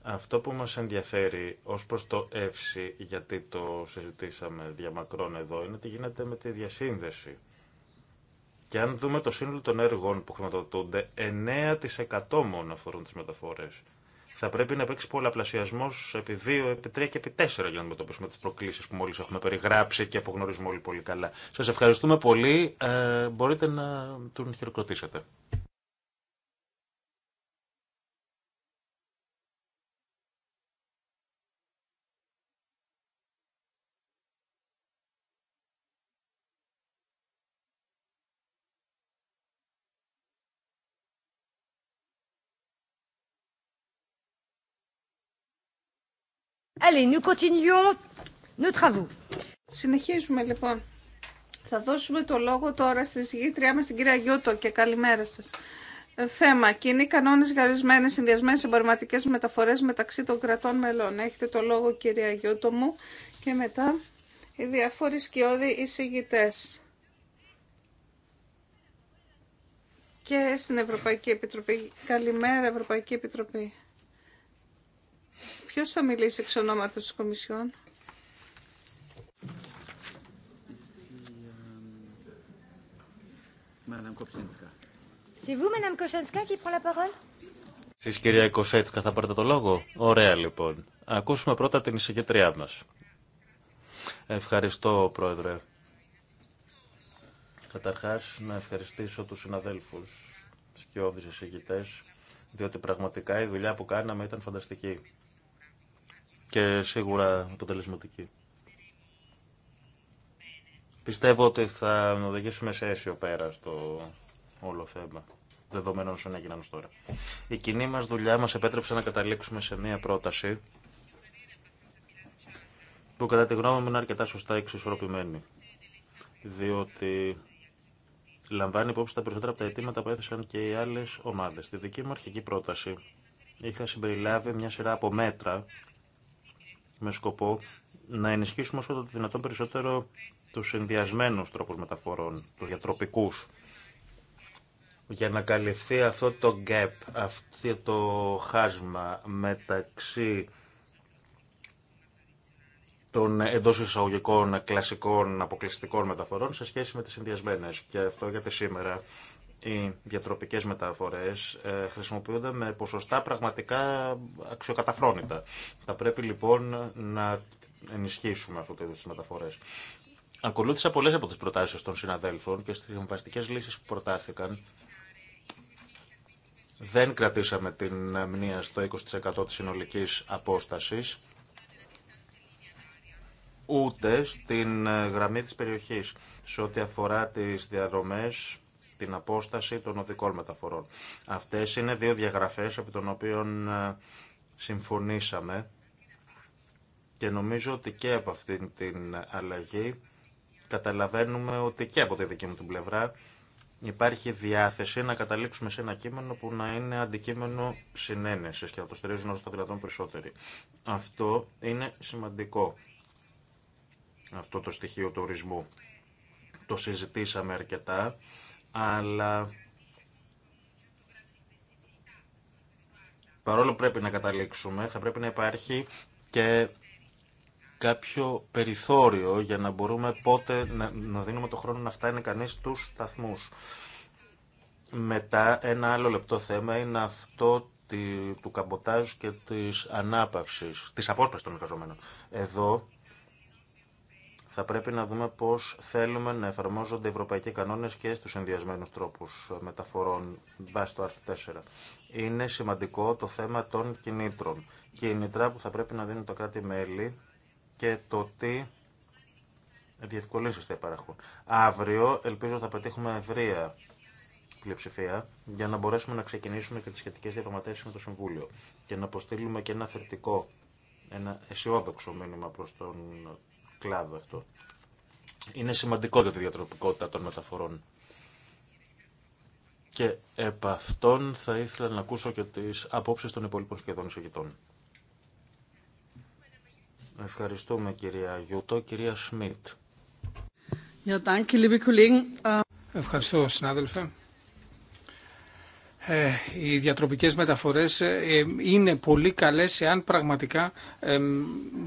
[SPEAKER 2] αυτό που μας ενδιαφέρει ως προς το έύση, γιατί το συζητήσαμε διαμακρόν εδώ, είναι τι γίνεται με τη διασύνδεση. Και αν δούμε το σύνολο των έργων που χρηματοδοτούνται, 9% μόνο αφορούν τι μεταφορέ. Θα πρέπει να υπάρξει πολλαπλασιασμό επί 2, επί 3 και επί 4 για να αντιμετωπίσουμε τι προκλήσει που μόλι έχουμε περιγράψει και που γνωρίζουμε όλοι πολύ καλά. Σα ευχαριστούμε πολύ. Ε, μπορείτε να τον χειροκροτήσετε.
[SPEAKER 1] Allez, nous continuons nos travaux. Συνεχίζουμε λοιπόν. Θα δώσουμε το λόγο τώρα στη συγγήτριά μα την κυρία Γιώτο και καλημέρα σα. Ε, θέμα. Κοινοί κανόνε για ορισμένε συνδυασμένε εμπορευματικέ μεταφορέ μεταξύ των κρατών μελών. Έχετε το λόγο, κυρία Γιώτο μου, και μετά οι διάφοροι σκιώδη εισηγητέ. Και στην Ευρωπαϊκή Επιτροπή. Καλημέρα, Ευρωπαϊκή Επιτροπή. Ποιος θα μιλήσει εξ ονόματος της Κομισιόν.
[SPEAKER 2] Εσείς κυρία Κοσέτσκα θα πάρετε το λόγο. Ωραία λοιπόν. Ακούσουμε πρώτα την εισηγητριά μας. Ευχαριστώ πρόεδρε. Καταρχάς να ευχαριστήσω τους συναδέλφους, τους κοιόδης εισηγητές, διότι πραγματικά η δουλειά που κάναμε ήταν φανταστική και σίγουρα αποτελεσματική. Πιστεύω ότι θα οδηγήσουμε σε αίσιο πέρα στο όλο θέμα, δεδομένων όσων έγιναν τώρα. Η κοινή μας δουλειά μας επέτρεψε να καταλήξουμε σε μία πρόταση που κατά τη γνώμη μου είναι αρκετά σωστά εξισορροπημένη, διότι λαμβάνει υπόψη τα περισσότερα από τα αιτήματα που έθεσαν και οι άλλες ομάδες. Στη δική μου αρχική πρόταση είχα συμπεριλάβει μια σειρά από μέτρα με σκοπό να ενισχύσουμε όσο το δυνατόν περισσότερο τους συνδυασμένου τρόπους μεταφορών, τους διατροπικούς, για να καλυφθεί αυτό το gap, αυτό το χάσμα μεταξύ των εντό εισαγωγικών κλασικών αποκλειστικών μεταφορών σε σχέση με τις συνδυασμένε. Και αυτό γιατί σήμερα οι διατροπικές μεταφορές ε, χρησιμοποιούνται με ποσοστά πραγματικά αξιοκαταφρόνητα. Θα πρέπει λοιπόν να ενισχύσουμε αυτό το είδο τις μεταφορές. Ακολούθησα πολλές από τις προτάσεις των συναδέλφων και στι συμβαστικέ λύσει που προτάθηκαν δεν κρατήσαμε την μνήμα στο 20% της συνολικής απόστασης ούτε στην ε, γραμμή της περιοχής. Σε ό,τι αφορά τις διαδρομές την απόσταση των οδικών μεταφορών. Αυτές είναι δύο διαγραφές από τον οποίον ε, συμφωνήσαμε και νομίζω ότι και από αυτήν την αλλαγή καταλαβαίνουμε ότι και από τη δική μου την πλευρά υπάρχει διάθεση να καταλήξουμε σε ένα κείμενο που να είναι αντικείμενο συνένεσης και να το στηρίζουν όσο τα δυνατόν περισσότεροι. Αυτό είναι σημαντικό, αυτό το στοιχείο του ορισμού. Το συζητήσαμε αρκετά αλλά παρόλο που πρέπει να καταλήξουμε, θα πρέπει να υπάρχει και κάποιο περιθώριο για να μπορούμε πότε να, δίνουμε το χρόνο να φτάνει κανείς στους σταθμούς. Μετά ένα άλλο λεπτό θέμα είναι αυτό του καμποτάζ και της ανάπαυσης, της απόσπασης των εργαζομένων. Εδώ θα πρέπει να δούμε πώ θέλουμε να εφαρμόζονται οι ευρωπαϊκοί κανόνες και στου ενδιασμένου τρόπου μεταφορών Μπα στο άρθρο 4. Είναι σημαντικό το θέμα των κινήτρων. Κινητρά που θα πρέπει να δίνουν τα κράτη-μέλη και το τι διευκολύνσει θα υπάρχουν. Αύριο ελπίζω θα πετύχουμε ευρεία πλειοψηφία για να μπορέσουμε να ξεκινήσουμε και τι σχετικέ διαπραγματεύσει με το Συμβούλιο και να αποστείλουμε και ένα θερτικό, ένα αισιόδοξο μήνυμα προς τον κλάδο αυτό. Είναι σημαντικό για τη διατροπικότητα των μεταφορών. Και επ' αυτών θα ήθελα να ακούσω και τις απόψεις των υπόλοιπων σχεδόν εισηγητών. Ευχαριστούμε κυρία Γιούτο. Κυρία
[SPEAKER 3] Σμιτ. Ευχαριστώ συνάδελφε. Ε, οι διατροπικές μεταφορές ε, είναι πολύ καλές εάν πραγματικά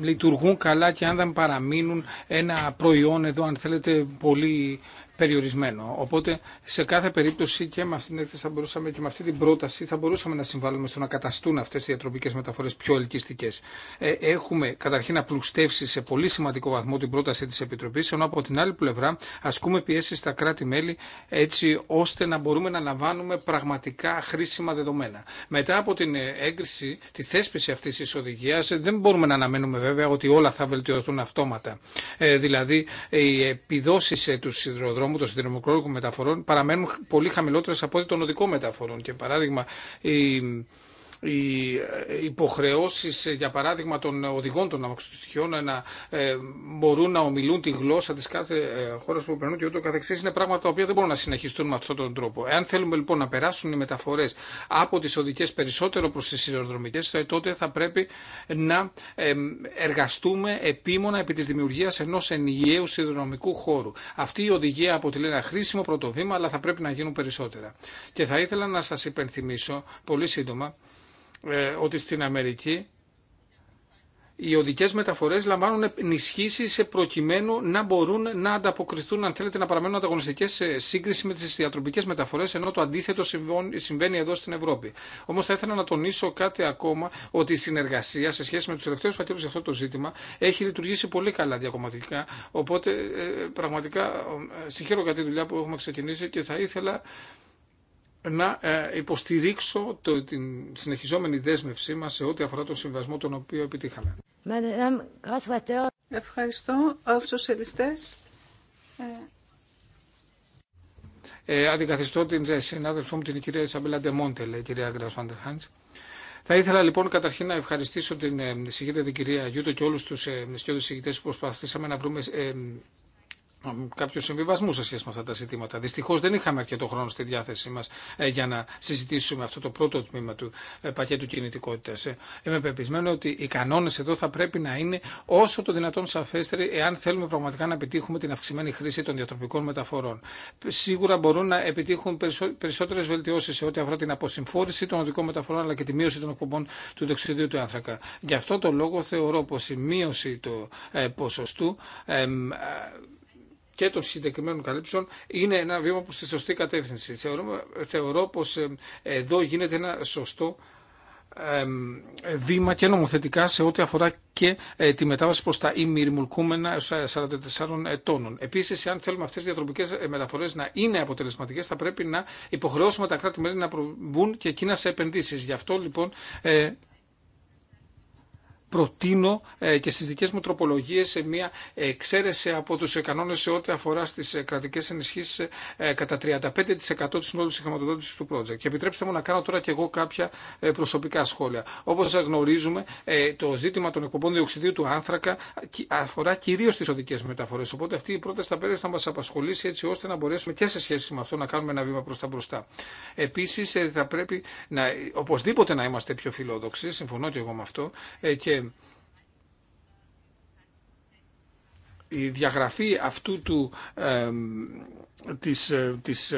[SPEAKER 3] λειτουργούν καλά και αν δεν παραμείνουν ένα προϊόν εδώ αν θέλετε πολύ περιορισμένο. Οπότε σε κάθε περίπτωση και με αυτήν την θα μπορούσαμε και με αυτή την πρόταση θα μπορούσαμε να συμβάλλουμε στο να καταστούν αυτέ οι διατροπικέ μεταφορέ πιο ελκυστικέ. Ε, έχουμε καταρχήν απλουστεύσει σε πολύ σημαντικό βαθμό την πρόταση τη Επιτροπή, ενώ από την άλλη πλευρά ασκούμε πιέσει στα κράτη-μέλη έτσι ώστε να μπορούμε να λαμβάνουμε πραγματικά χρήσιμα δεδομένα. Μετά από την έγκριση, τη θέσπιση αυτή τη οδηγία δεν μπορούμε να αναμένουμε βέβαια ότι όλα θα βελτιωθούν αυτόματα. Ε, δηλαδή οι επιδόσει του σιδηροδρόμου δρόμου των σιδηρομικρόλογων μεταφορών παραμένουν πολύ χαμηλότερε από ό,τι των οδικών μεταφορών. Και παράδειγμα, η οι υποχρεώσει, ε, για παράδειγμα των οδηγών των αμαξιστοιχειών ε, να ε, μπορούν να ομιλούν τη γλώσσα τη κάθε χώρα που περνούν και ούτω καθεξή είναι πράγματα τα οποία δεν μπορούν να συνεχιστούν με αυτόν τον τρόπο. Εάν θέλουμε λοιπόν να περάσουν οι μεταφορέ από τι οδικέ περισσότερο προ τι σιδηροδρομικέ, τότε θα πρέπει να εργαστούμε επίμονα επί τη δημιουργία ενό ενιαίου σιδηροδρομικού χώρου. Αυτή η οδηγία αποτελεί ένα χρήσιμο πρωτοβήμα, αλλά θα πρέπει να γίνουν περισσότερα. Και θα ήθελα να σα υπενθυμίσω πολύ σύντομα ε, ότι στην Αμερική οι οδικέ μεταφορέ λαμβάνουν ενισχύσει προκειμένου να μπορούν να ανταποκριθούν, αν θέλετε, να παραμένουν ανταγωνιστικέ σε σύγκριση με τι διατροπικέ μεταφορέ ενώ το αντίθετο συμβαίνει εδώ στην Ευρώπη. Όμω θα ήθελα να τονίσω κάτι ακόμα, ότι η συνεργασία σε σχέση με του τελευταίου φακέλου για αυτό το ζήτημα έχει λειτουργήσει πολύ καλά διακομματικά, οπότε ε, πραγματικά ε, συγχαίρω για τη δουλειά που έχουμε ξεκινήσει και θα ήθελα να ε, υποστηρίξω το, την συνεχιζόμενη δέσμευσή μας σε ό,τι αφορά τον συμβασμό τον οποίο επιτύχαμε.
[SPEAKER 1] Ευχαριστώ. Όλους σοσιαλιστές. Ε,
[SPEAKER 3] ε, αντικαθιστώ την συνάδελφό μου την κυρία Ισαμπέλα Ντεμόντελ, η κυρία Γκρασφάντερ Βαντερχάντς. Θα ήθελα λοιπόν καταρχήν να ευχαριστήσω την ε, συγκέντρια την κυρία Γιούτο και όλου του εισηγητέ που προσπαθήσαμε να βρούμε κάποιου συμβιβασμού σε σχέση με αυτά τα ζητήματα. Δυστυχώ δεν είχαμε αρκετό χρόνο στη διάθεσή μα ε, για να συζητήσουμε αυτό το πρώτο τμήμα του ε, πακέτου κινητικότητα. Ε, είμαι πεπισμένο ότι οι κανόνε εδώ θα πρέπει να είναι όσο το δυνατόν σαφέστεροι εάν θέλουμε πραγματικά να επιτύχουμε την αυξημένη χρήση των διατροπικών μεταφορών. Σίγουρα μπορούν να επιτύχουν περισσότερε βελτιώσει σε ό,τι αφορά την αποσυμφόρηση των οδικών μεταφορών αλλά και τη μείωση των εκπομπών του δεξιδίου του άνθρακα. Γι' αυτό το λόγο θεωρώ πω η μείωση του ποσοστού και των συγκεκριμένων καλύψεων είναι ένα βήμα που στη σωστή κατεύθυνση. Θεωρώ, θεωρώ πως ε, εδώ γίνεται ένα σωστό βήμα και νομοθετικά σε ό,τι αφορά και ε, τη μετάβαση προς τα ημιρμουλκούμενα 44 ετών. Επίσης, αν θέλουμε αυτές οι διατροπικές ε, μεταφορές να είναι αποτελεσματικές, θα πρέπει να υποχρεώσουμε τα κράτη-μέλη να προβούν και εκείνα σε επενδύσεις. Γι' αυτό, λοιπόν, προτείνω ε, και στις δικές μου τροπολογίες σε μια εξαίρεση από τους κανόνες σε ό,τι αφορά στις ε, κρατικές ενισχύσεις ε, κατά 35% της συνόλου χρηματοδότησης του project. Και επιτρέψτε μου να κάνω τώρα και εγώ κάποια προσωπικά σχόλια. Όπως γνωρίζουμε, το ζήτημα των εκπομπών διοξιδίου του άνθρακα αφορά κυρίως τις οδικές μεταφορές. Οπότε αυτή η πρόταση θα πρέπει να μας απασχολήσει έτσι ώστε να μπορέσουμε και σε σχέση με αυτό να κάνουμε ένα βήμα προς τα μπροστά. Επίσης θα πρέπει να, οπωσδήποτε να είμαστε πιο φιλόδοξοι, συμφωνώ και εγώ με αυτό, και η διαγραφή αυτού του της, ε, της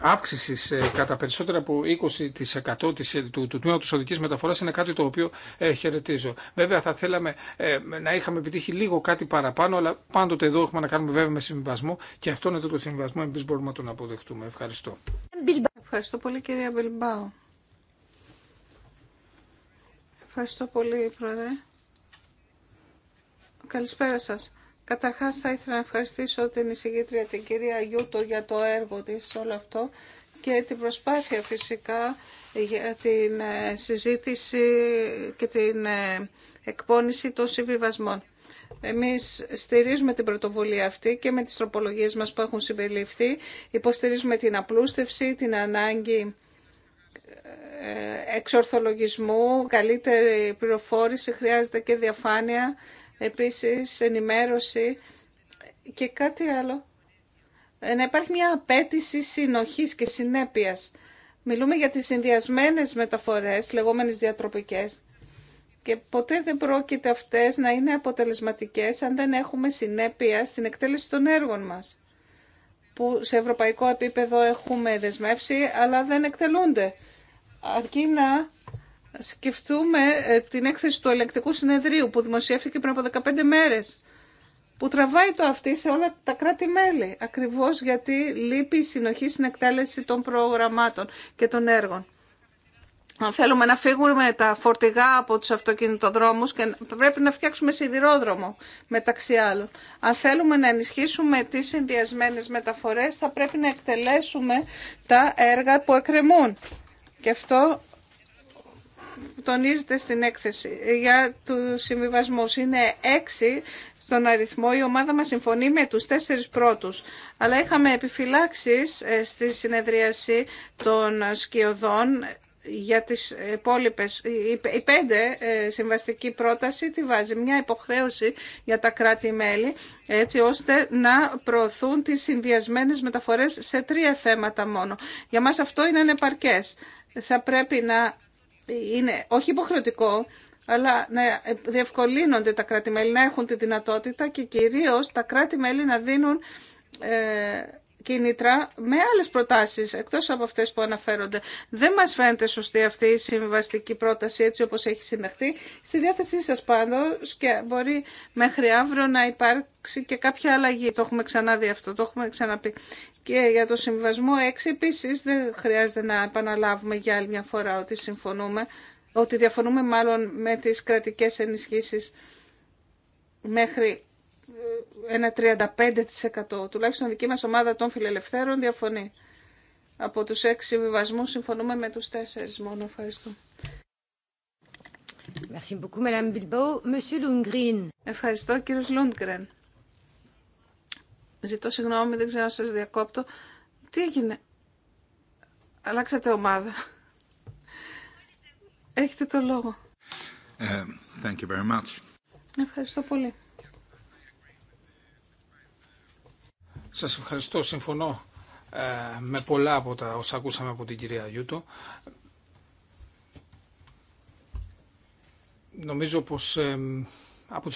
[SPEAKER 3] αύξησης ε, κατά περισσότερα από 20% της, ε, του, του τμήματος οδικής μεταφοράς είναι κάτι το οποίο ε, χαιρετίζω. Βέβαια θα θέλαμε να είχαμε επιτύχει λίγο κάτι παραπάνω, αλλά πάντοτε εδώ έχουμε να κάνουμε βέβαια με συμβιβασμό και αυτό είναι το συμβιβασμό εμεί μπορούμε να τον αποδεχτούμε. Ευχαριστώ.
[SPEAKER 1] Ευχαριστώ πολύ κυρία Μπελμπάου. Ευχαριστώ πολύ, Πρόεδρε. Καλησπέρα σας. Καταρχάς θα ήθελα να ευχαριστήσω την εισηγήτρια την κυρία Γιούτο για το έργο της όλο αυτό και την προσπάθεια φυσικά για την ε, συζήτηση και την ε, εκπόνηση των συμβιβασμών. Εμείς στηρίζουμε την πρωτοβουλία αυτή και με τις τροπολογίες μας που έχουν συμπεριληφθεί. Υποστηρίζουμε την απλούστευση, την ανάγκη εξορθολογισμού, καλύτερη πληροφόρηση, χρειάζεται και διαφάνεια, επίσης ενημέρωση και κάτι άλλο. Ε, να υπάρχει μια απέτηση συνοχής και συνέπειας. Μιλούμε για τις συνδυασμένες μεταφορές, λεγόμενες διατροπικές, και ποτέ δεν πρόκειται αυτές να είναι αποτελεσματικές αν δεν έχουμε συνέπεια στην εκτέλεση των έργων μας που σε ευρωπαϊκό επίπεδο έχουμε δεσμεύσει, αλλά δεν εκτελούνται. Αρκεί να σκεφτούμε ε, την έκθεση του ελεκτικού συνεδρίου που δημοσιεύτηκε πριν από 15 μέρες, που τραβάει το αυτή σε όλα τα κράτη-μέλη, ακριβώς γιατί λείπει η συνοχή στην εκτέλεση των προγραμμάτων και των έργων αν θέλουμε να φύγουμε τα φορτηγά από τους αυτοκινητοδρόμους και πρέπει να φτιάξουμε σιδηρόδρομο μεταξύ άλλων. Αν θέλουμε να ενισχύσουμε τις συνδυασμένε μεταφορές θα πρέπει να εκτελέσουμε τα έργα που εκκρεμούν. Και αυτό τονίζεται στην έκθεση για του συμβιβασμού. Είναι έξι στον αριθμό. Η ομάδα μας συμφωνεί με τους τέσσερις πρώτους. Αλλά είχαμε επιφυλάξεις ε, στη συνεδρίαση των σκιωδών για τις υπόλοιπε. η πέντε ε, συμβαστική πρόταση τη βάζει μια υποχρέωση για τα κράτη-μέλη έτσι ώστε να προωθούν τις συνδυασμένες μεταφορές σε τρία θέματα μόνο. Για μας αυτό είναι ανεπαρκές. Θα πρέπει να είναι όχι υποχρεωτικό, αλλά να διευκολύνονται τα κράτη-μέλη να έχουν τη δυνατότητα και κυρίως τα κράτη-μέλη να δίνουν ε, κίνητρα με άλλες προτάσεις εκτός από αυτές που αναφέρονται. Δεν μας φαίνεται σωστή αυτή η συμβαστική πρόταση έτσι όπως έχει συνταχθεί. Στη διάθεσή σας πάντως και μπορεί μέχρι αύριο να υπάρξει και κάποια αλλαγή. Το έχουμε ξαναδεί αυτό, το έχουμε ξαναπεί. Και για το συμβασμό 6 επίσης δεν χρειάζεται να επαναλάβουμε για άλλη μια φορά ότι συμφωνούμε, ότι διαφωνούμε μάλλον με τις κρατικές ενισχύσεις μέχρι ένα 35% τουλάχιστον δική μας ομάδα των φιλελευθέρων διαφωνεί. Από τους έξι βιβασμούς συμφωνούμε με τους τέσσερις μόνο. Ευχαριστώ. Merci beaucoup, Madame Bilbao. Monsieur Ευχαριστώ, κύριος Λούντγκρεν. Ζητώ συγγνώμη, δεν ξέρω αν σας διακόπτω. Τι έγινε. Αλλάξατε ομάδα. Έχετε το λόγο.
[SPEAKER 3] Ε, thank you very much.
[SPEAKER 1] Ευχαριστώ πολύ.
[SPEAKER 3] Σας ευχαριστώ. Συμφωνώ ε, με πολλά από τα όσα ακούσαμε από την κυρία Γιούτο. Νομίζω πως ε, από ε,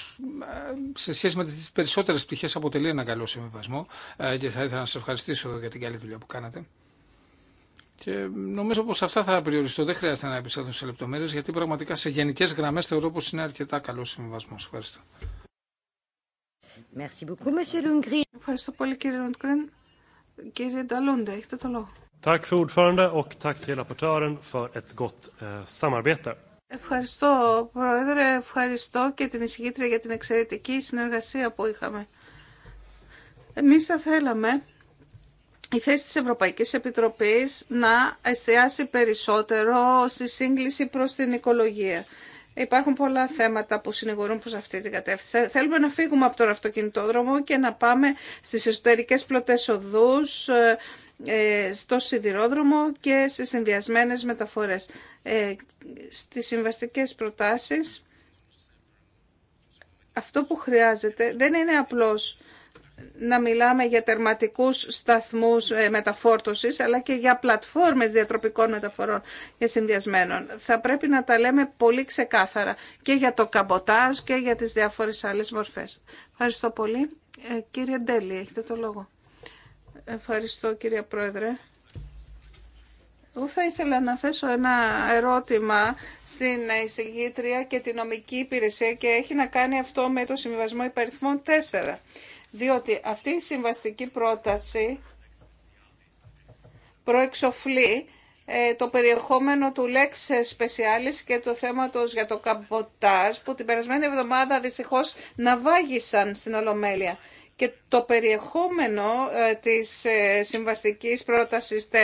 [SPEAKER 3] σε σχέση με τις περισσότερες πτυχές αποτελεί ένα καλό συμβιβασμό και θα ήθελα να σας ευχαριστήσω για την καλή δουλειά που κάνατε. Και νομίζω πως αυτά θα περιοριστώ. Δεν χρειάζεται να επισέλθω σε λεπτομέρειες γιατί πραγματικά σε γενικές γραμμές θεωρώ πως είναι αρκετά καλό συμβιβασμό. Ευχαριστώ.
[SPEAKER 1] Merci beaucoup, Monsieur Lundgren. Ευχαριστώ πολύ, κύριε Λουντγκριν. Κύριε Νταλούντε, έχετε το λόγο.
[SPEAKER 2] Tack för ordförande och tack till rapportören för ett gott eh, samarbete.
[SPEAKER 1] Ευχαριστώ, Πρόεδρε. Ευχαριστώ και την εισηγήτρια για την εξαιρετική συνεργασία που είχαμε. Εμείς θα θέλαμε η θέση της Ευρωπαϊκής Επιτροπής να εστιάσει περισσότερο στη σύγκληση προς την οικολογία. Υπάρχουν πολλά θέματα που συνηγορούν προς αυτή την κατεύθυνση. Θέλουμε να φύγουμε από τον αυτοκινητόδρομο και να πάμε στις εσωτερικές πλωτές οδούς, ε, ε, στο σιδηρόδρομο και στις συνδυασμένες μεταφορές. Ε, στις συμβαστικές προτάσεις αυτό που χρειάζεται δεν είναι απλώς να μιλάμε για τερματικούς σταθμούς ε, μεταφόρτωσης, αλλά και για πλατφόρμες διατροπικών μεταφορών και συνδυασμένων. Θα πρέπει να τα λέμε πολύ ξεκάθαρα και για το καμποτάζ και για τις διάφορες άλλες μορφές. Ευχαριστώ πολύ. Ε, κύριε Ντέλη, έχετε το λόγο. Ευχαριστώ κύριε Πρόεδρε. Εγώ θα ήθελα να θέσω ένα ερώτημα στην εισηγήτρια και την νομική υπηρεσία και έχει να κάνει αυτό με το συμβιβασμό Υπεριθμών διότι αυτή η συμβαστική πρόταση προεξοφλεί ε, το περιεχόμενο του λέξε Specialis και το θέμα για το καμποτάζ που την περασμένη εβδομάδα δυστυχώς ναυάγησαν στην Ολομέλεια. Και το περιεχόμενο ε, της ε, συμβαστικής πρότασης 4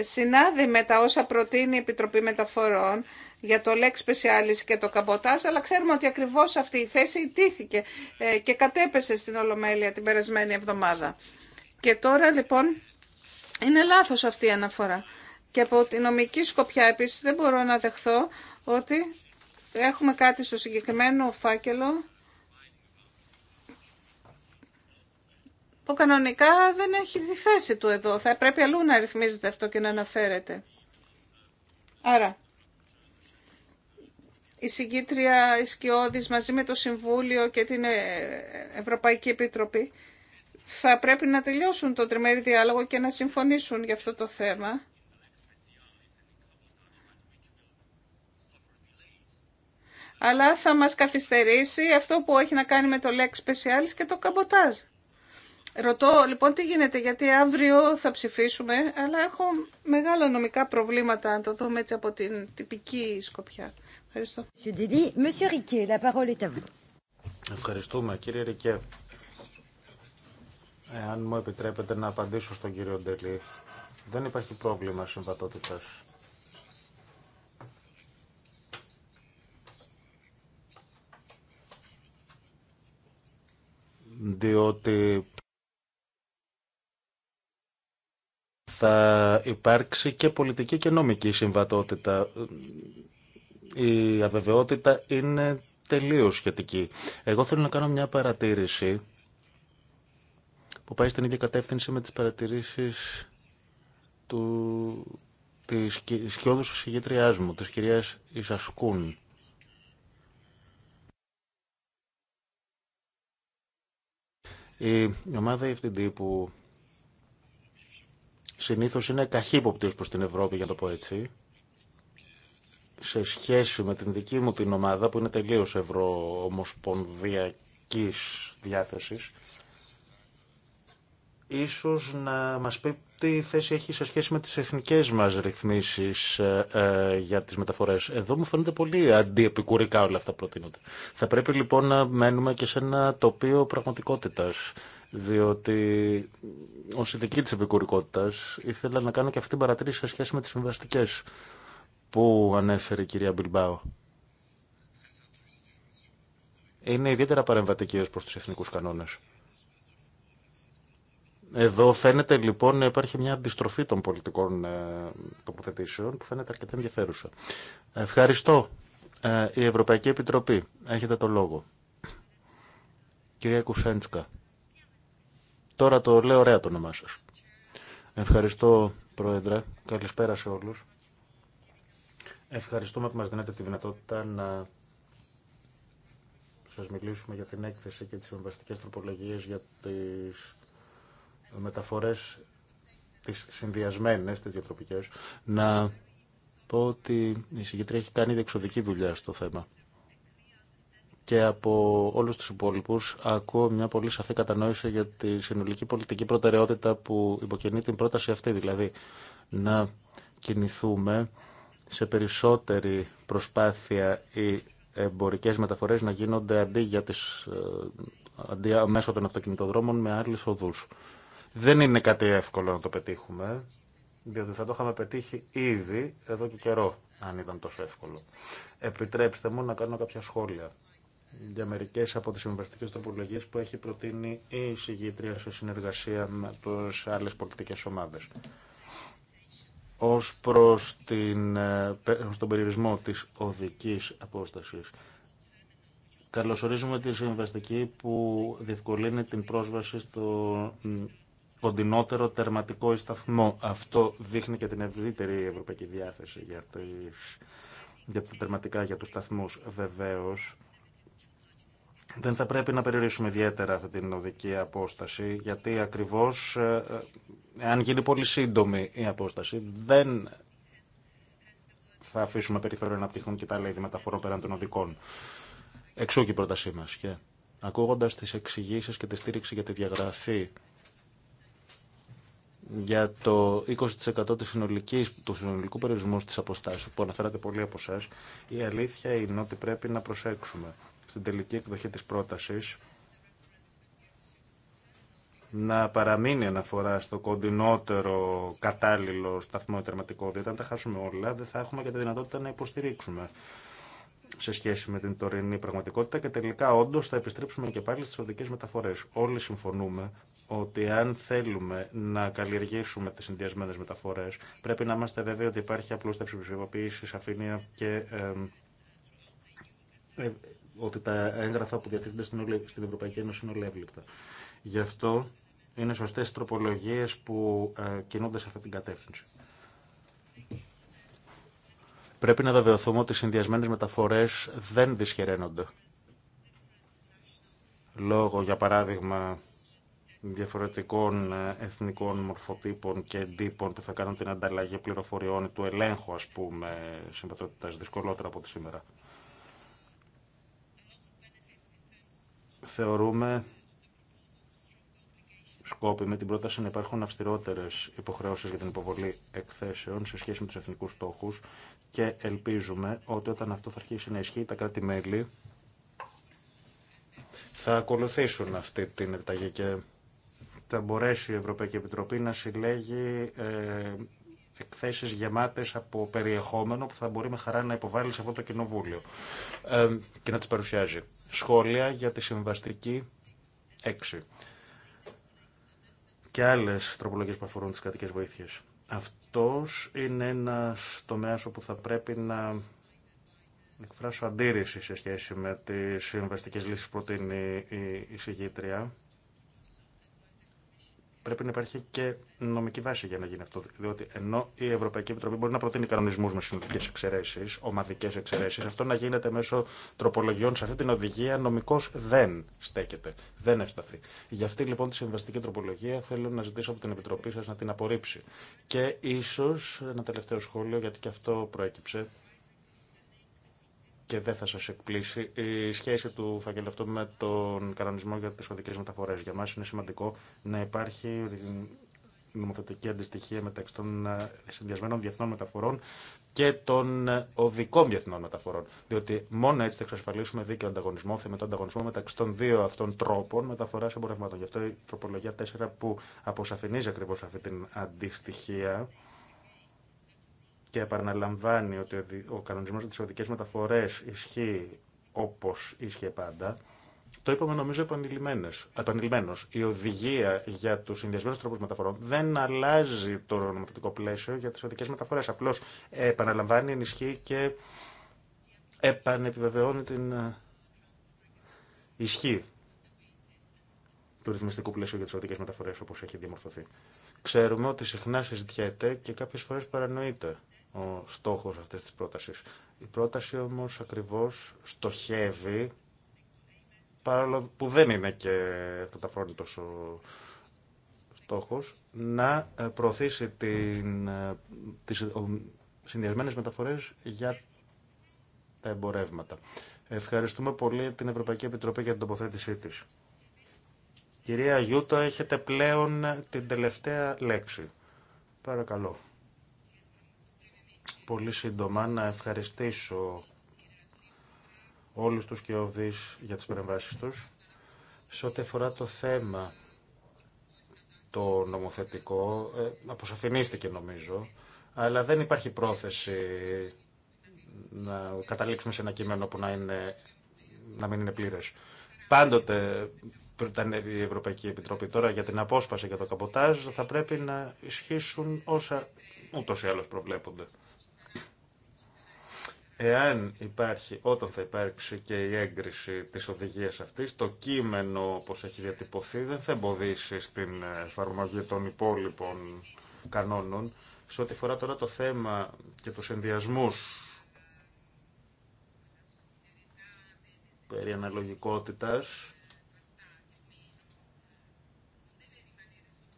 [SPEAKER 1] συνάδει με τα όσα προτείνει η Επιτροπή Μεταφορών για το Lex Specialis και το Καμποτάζ, αλλά ξέρουμε ότι ακριβώς αυτή η θέση ιτήθηκε ε, και κατέπεσε στην Ολομέλεια την περασμένη εβδομάδα. Και τώρα λοιπόν είναι λάθος αυτή η αναφορά. Και από τη νομική σκοπιά επίσης δεν μπορώ να δεχθώ ότι έχουμε κάτι στο συγκεκριμένο φάκελο που κανονικά δεν έχει τη θέση του εδώ. Θα πρέπει αλλού να ρυθμίζεται αυτό και να αναφέρεται. Άρα, η συγκήτρια Ισκιώδης μαζί με το Συμβούλιο και την ε, Ευρωπαϊκή Επιτροπή θα πρέπει να τελειώσουν το τριμερή διάλογο και να συμφωνήσουν για αυτό το θέμα. Αλλά θα μας καθυστερήσει αυτό που έχει να κάνει με το Lex Specialis και το Καμποτάζ. Ρωτώ λοιπόν τι γίνεται, γιατί αύριο θα ψηφίσουμε, αλλά έχω μεγάλα νομικά προβλήματα, αν το δούμε έτσι από την τυπική σκοπιά. Ευχαριστώ.
[SPEAKER 2] Ευχαριστούμε κύριε Ρικέ. Εάν μου επιτρέπετε να απαντήσω στον κύριο Ντελή, δεν υπάρχει πρόβλημα Συμβατότητα. Διότι θα υπάρξει και πολιτική και νομική συμβατότητα η αβεβαιότητα είναι τελείως σχετική. Εγώ θέλω να κάνω μια παρατήρηση που πάει στην ίδια κατεύθυνση με τις παρατηρήσεις του, της σκιώδους συγγετριάς μου, της κυρίας Ισασκούν. Η ομάδα FTD που συνήθως είναι καχύποπτη προς την Ευρώπη, για να το πω έτσι, σε σχέση με την δική μου την ομάδα που είναι τελείως ευρωομοσπονδιακής διάθεσης ίσως να μας πει τι θέση έχει σε σχέση με τις εθνικές μας ρυθμίσεις ε, ε, για τις μεταφορές. Εδώ μου φαίνεται πολύ αντιεπικουρικά όλα αυτά που προτείνονται. Θα πρέπει λοιπόν να μένουμε και σε ένα τοπίο πραγματικότητας, διότι ως ειδική της επικουρικότητας ήθελα να κάνω και αυτή την παρατήρηση σε σχέση με τις συμβαστικές που ανέφερε η κυρία Μπιλμπάου. Είναι ιδιαίτερα παρεμβατική ως προς τους εθνικούς κανόνες. Εδώ φαίνεται λοιπόν να υπάρχει μια αντιστροφή των πολιτικών ε, τοποθετήσεων που φαίνεται αρκετά ενδιαφέρουσα. Ευχαριστώ. Ε, η Ευρωπαϊκή Επιτροπή. Έχετε το λόγο. Κυρία Κουσέντσκα. Τώρα το λέω ωραία το όνομά σας. Ευχαριστώ, Πρόεδρε. Καλησπέρα σε όλους. Ευχαριστούμε που μας δίνετε τη δυνατότητα να σας μιλήσουμε για την έκθεση και τις συμβαστικές τροπολογίες για τις μεταφορές τις συνδυασμένες, τις διατροπικές. Να πω ότι η συγκεκριτή έχει κάνει διεξοδική δουλειά στο θέμα. Και από όλους τους υπόλοιπους ακούω μια πολύ σαφή κατανόηση για τη συνολική πολιτική προτεραιότητα που υποκινεί την πρόταση αυτή, δηλαδή να κινηθούμε σε περισσότερη προσπάθεια οι εμπορικές μεταφορές να γίνονται αντί, για τις, ε, μέσω των αυτοκινητοδρόμων με άλλες οδούς. Δεν είναι κάτι εύκολο να το πετύχουμε, διότι θα το είχαμε πετύχει ήδη εδώ και καιρό, αν ήταν τόσο εύκολο. Επιτρέψτε μου να κάνω κάποια σχόλια για μερικέ από τι συμβαστικέ τροπολογίε που έχει προτείνει η συγγήτρια σε συνεργασία με τι άλλε πολιτικέ ομάδε ως προς την, ε, περιορισμό της οδικής απόστασης. Καλωσορίζουμε τη συμβαστική που διευκολύνει την πρόσβαση στο κοντινότερο τερματικό σταθμό. Αυτό δείχνει και την ευρύτερη ευρωπαϊκή διάθεση για, τις, για τα τερματικά, για τους σταθμούς βεβαίως δεν θα πρέπει να περιορίσουμε ιδιαίτερα αυτή την οδική απόσταση, γιατί ακριβώς αν ε, ε, γίνει πολύ σύντομη η απόσταση, δεν θα αφήσουμε περιθώριο να πτυχθούν και τα λέει μεταφορών πέραν των οδικών. Εξού και η πρότασή μα. Και ακούγοντα τι εξηγήσει και τη στήριξη για τη διαγραφή για το 20% της συνολικής, του συνολικού περιορισμού της αποστάσεως που αναφέρατε πολλοί από εσά, η αλήθεια είναι ότι πρέπει να προσέξουμε στην τελική εκδοχή της πρότασης να παραμείνει αναφορά στο κοντινότερο κατάλληλο σταθμό τερματικό, διότι αν τα χάσουμε όλα δεν θα έχουμε και τη δυνατότητα να υποστηρίξουμε σε σχέση με την τωρινή πραγματικότητα και τελικά όντως θα επιστρέψουμε και πάλι στις οδικές μεταφορές. Όλοι συμφωνούμε ότι αν θέλουμε να καλλιεργήσουμε τις συνδυασμένες μεταφορές πρέπει να είμαστε βέβαιοι ότι υπάρχει απλούστευση τα ψηφιοποίηση, σαφήνεια και ε, ότι τα έγγραφα που διατίθενται στην Ευρωπαϊκή Ένωση είναι ολεύληπτα. Γι' αυτό είναι σωστές οι τροπολογίες που ε, κινούνται σε αυτή την κατεύθυνση. Πρέπει να βεβαιωθούμε ότι οι συνδυασμένε μεταφορές δεν δυσχεραίνονται. Λόγω, για παράδειγμα, διαφορετικών ε, εθνικών μορφοτύπων και εντύπων που θα κάνουν την ανταλλαγή πληροφοριών του ελέγχου, ας πούμε, συμπατότητας δυσκολότερα από τη σήμερα. θεωρούμε σκόπιμη την πρόταση να υπάρχουν αυστηρότερε υποχρεώσει για την υποβολή εκθέσεων σε σχέση με του εθνικού στόχου και ελπίζουμε ότι όταν αυτό θα αρχίσει να ισχύει, τα κράτη-μέλη θα ακολουθήσουν αυτή την επιταγή και θα μπορέσει η Ευρωπαϊκή Επιτροπή να συλλέγει ε, εκθέσεις γεμάτες από περιεχόμενο που θα μπορεί με χαρά να υποβάλει σε αυτό το κοινοβούλιο ε, και να τι παρουσιάζει σχόλια για τη συμβαστική 6 και άλλες τροπολογίες που αφορούν τις κατοικές βοήθειες. Αυτός είναι ένας τομέας όπου θα πρέπει να εκφράσω αντίρρηση σε σχέση με τις συμβαστικές λύσεις που προτείνει η συγγήτρια πρέπει να υπάρχει και νομική βάση για να γίνει αυτό. Διότι ενώ η Ευρωπαϊκή Επιτροπή μπορεί να προτείνει κανονισμού με συνολικέ εξαιρέσει, ομαδικέ εξαιρέσει, αυτό να γίνεται μέσω τροπολογιών σε αυτή την οδηγία νομικώ δεν στέκεται. Δεν ευσταθεί. Γι' αυτή λοιπόν τη συμβαστική τροπολογία θέλω να ζητήσω από την Επιτροπή σα να την απορρίψει. Και ίσω ένα τελευταίο σχόλιο, γιατί και αυτό προέκυψε και δεν θα σα εκπλήσει η σχέση του φακελού με τον κανονισμό για τι οδικέ μεταφορέ. Για μα είναι σημαντικό να υπάρχει νομοθετική αντιστοιχία μεταξύ των ε, συνδυασμένων διεθνών μεταφορών και των ε, οδικών διεθνών μεταφορών. Διότι μόνο έτσι θα εξασφαλίσουμε δίκαιο ανταγωνισμό, θεμετό ανταγωνισμό μεταξύ των δύο αυτών τρόπων μεταφορά εμπορευμάτων. Γι' αυτό η τροπολογία 4 που αποσαφηνίζει ακριβώ αυτή την αντιστοιχία και επαναλαμβάνει ότι ο κανονισμός για τις οδικές μεταφορές ισχύει όπως ίσχυε πάντα, το είπαμε νομίζω επανειλημμένο. Η οδηγία για του συνδυασμένου τρόπου μεταφορών δεν αλλάζει το νομοθετικό πλαίσιο για τι οδικέ μεταφορέ. Απλώ επαναλαμβάνει, ενισχύει και επανεπιβεβαιώνει την ε, ισχύ του ρυθμιστικού πλαίσιου για τι οδικέ μεταφορέ όπω έχει διαμορφωθεί. Ξέρουμε ότι συχνά συζητιέται και κάποιε φορέ παρανοείται ο στόχος αυτής της πρότασης. Η πρόταση όμως ακριβώς στοχεύει, παρόλο που δεν είναι και καταφρόνητος ο στόχος, να προωθήσει την, τις συνδυασμένες μεταφορές για τα εμπορεύματα. Ευχαριστούμε πολύ την Ευρωπαϊκή Επιτροπή για την τοποθέτησή της. Κυρία Γιούτο, έχετε πλέον την τελευταία λέξη. Παρακαλώ πολύ σύντομα να ευχαριστήσω όλους τους και οδείς για τις παρεμβάσεις τους. Σε ό,τι αφορά το θέμα το νομοθετικό, ε, αποσαφηνίστηκε νομίζω, αλλά δεν υπάρχει πρόθεση να καταλήξουμε σε ένα κείμενο που να, είναι, να μην είναι πλήρες. Πάντοτε ήταν η Ευρωπαϊκή Επιτροπή τώρα για την απόσπαση για το καποτάζ, θα πρέπει να ισχύσουν όσα ούτως ή άλλως προβλέπονται. Εάν υπάρχει, όταν θα υπάρξει και η έγκριση της οδηγίας αυτής, το κείμενο όπως έχει διατυπωθεί δεν θα εμποδίσει στην ε, εφαρμογή των υπόλοιπων κανόνων. Σε ό,τι φορά τώρα το θέμα και τους ενδιασμούς περί αναλογικότητας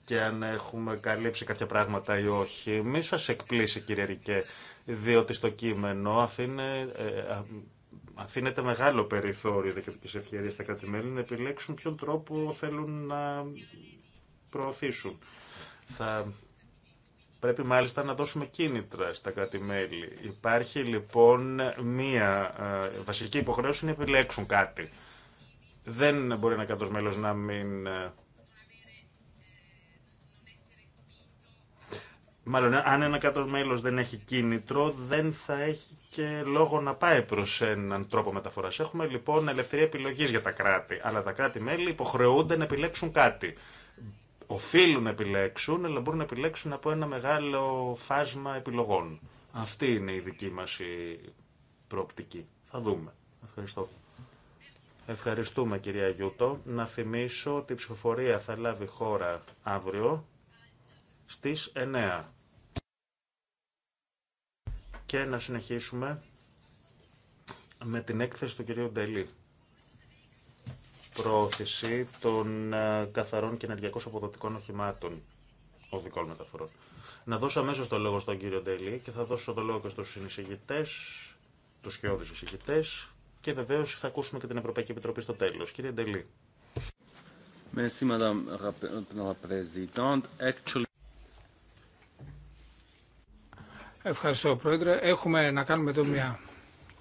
[SPEAKER 2] και αν έχουμε καλύψει κάποια πράγματα ή όχι, μη σας εκπλήσει κύριε Ρικέ διότι στο κείμενο αφήνε, ε, αφήνεται μεγάλο περιθώριο δικαιωτική ευκαιρία στα κρατη να επιλέξουν ποιον τρόπο θέλουν να προωθήσουν. Θα πρέπει μάλιστα να δώσουμε κίνητρα στα κρατη Υπάρχει λοιπόν μία ε, βασική υποχρέωση να επιλέξουν κάτι. Δεν μπορεί ένα κράτο μέλο να μην ε, Μάλλον, αν ένα κάτω μέλο δεν έχει κίνητρο, δεν θα έχει και λόγο να πάει προ έναν τρόπο μεταφορά. Έχουμε λοιπόν ελευθερία επιλογή για τα κράτη. Αλλά τα κράτη-μέλη υποχρεούνται να επιλέξουν κάτι. Οφείλουν να επιλέξουν, αλλά μπορούν να επιλέξουν από ένα μεγάλο φάσμα επιλογών. Αυτή είναι η δική μα προοπτική. Θα δούμε. Ευχαριστώ. Ευχαριστούμε κυρία Γιούτο. Να θυμίσω ότι η ψηφοφορία θα λάβει χώρα αύριο στις 9. Και να συνεχίσουμε με την έκθεση του κυρίου Ντελή. Προώθηση των ε, καθαρών και ενεργειακών αποδοτικών οχημάτων οδικών μεταφορών. Να δώσω αμέσως το λόγο στον κύριο Ντελή και θα δώσω το λόγο και στους συνεισηγητές, τους σκιώδεις εισηγητές και βεβαίως θα ακούσουμε και την Ευρωπαϊκή Επιτροπή στο τέλος. Κύριε Ντελή.
[SPEAKER 1] Merci, Madame la Présidente. Actually...
[SPEAKER 3] Ευχαριστώ, Πρόεδρε. Έχουμε να κάνουμε εδώ μια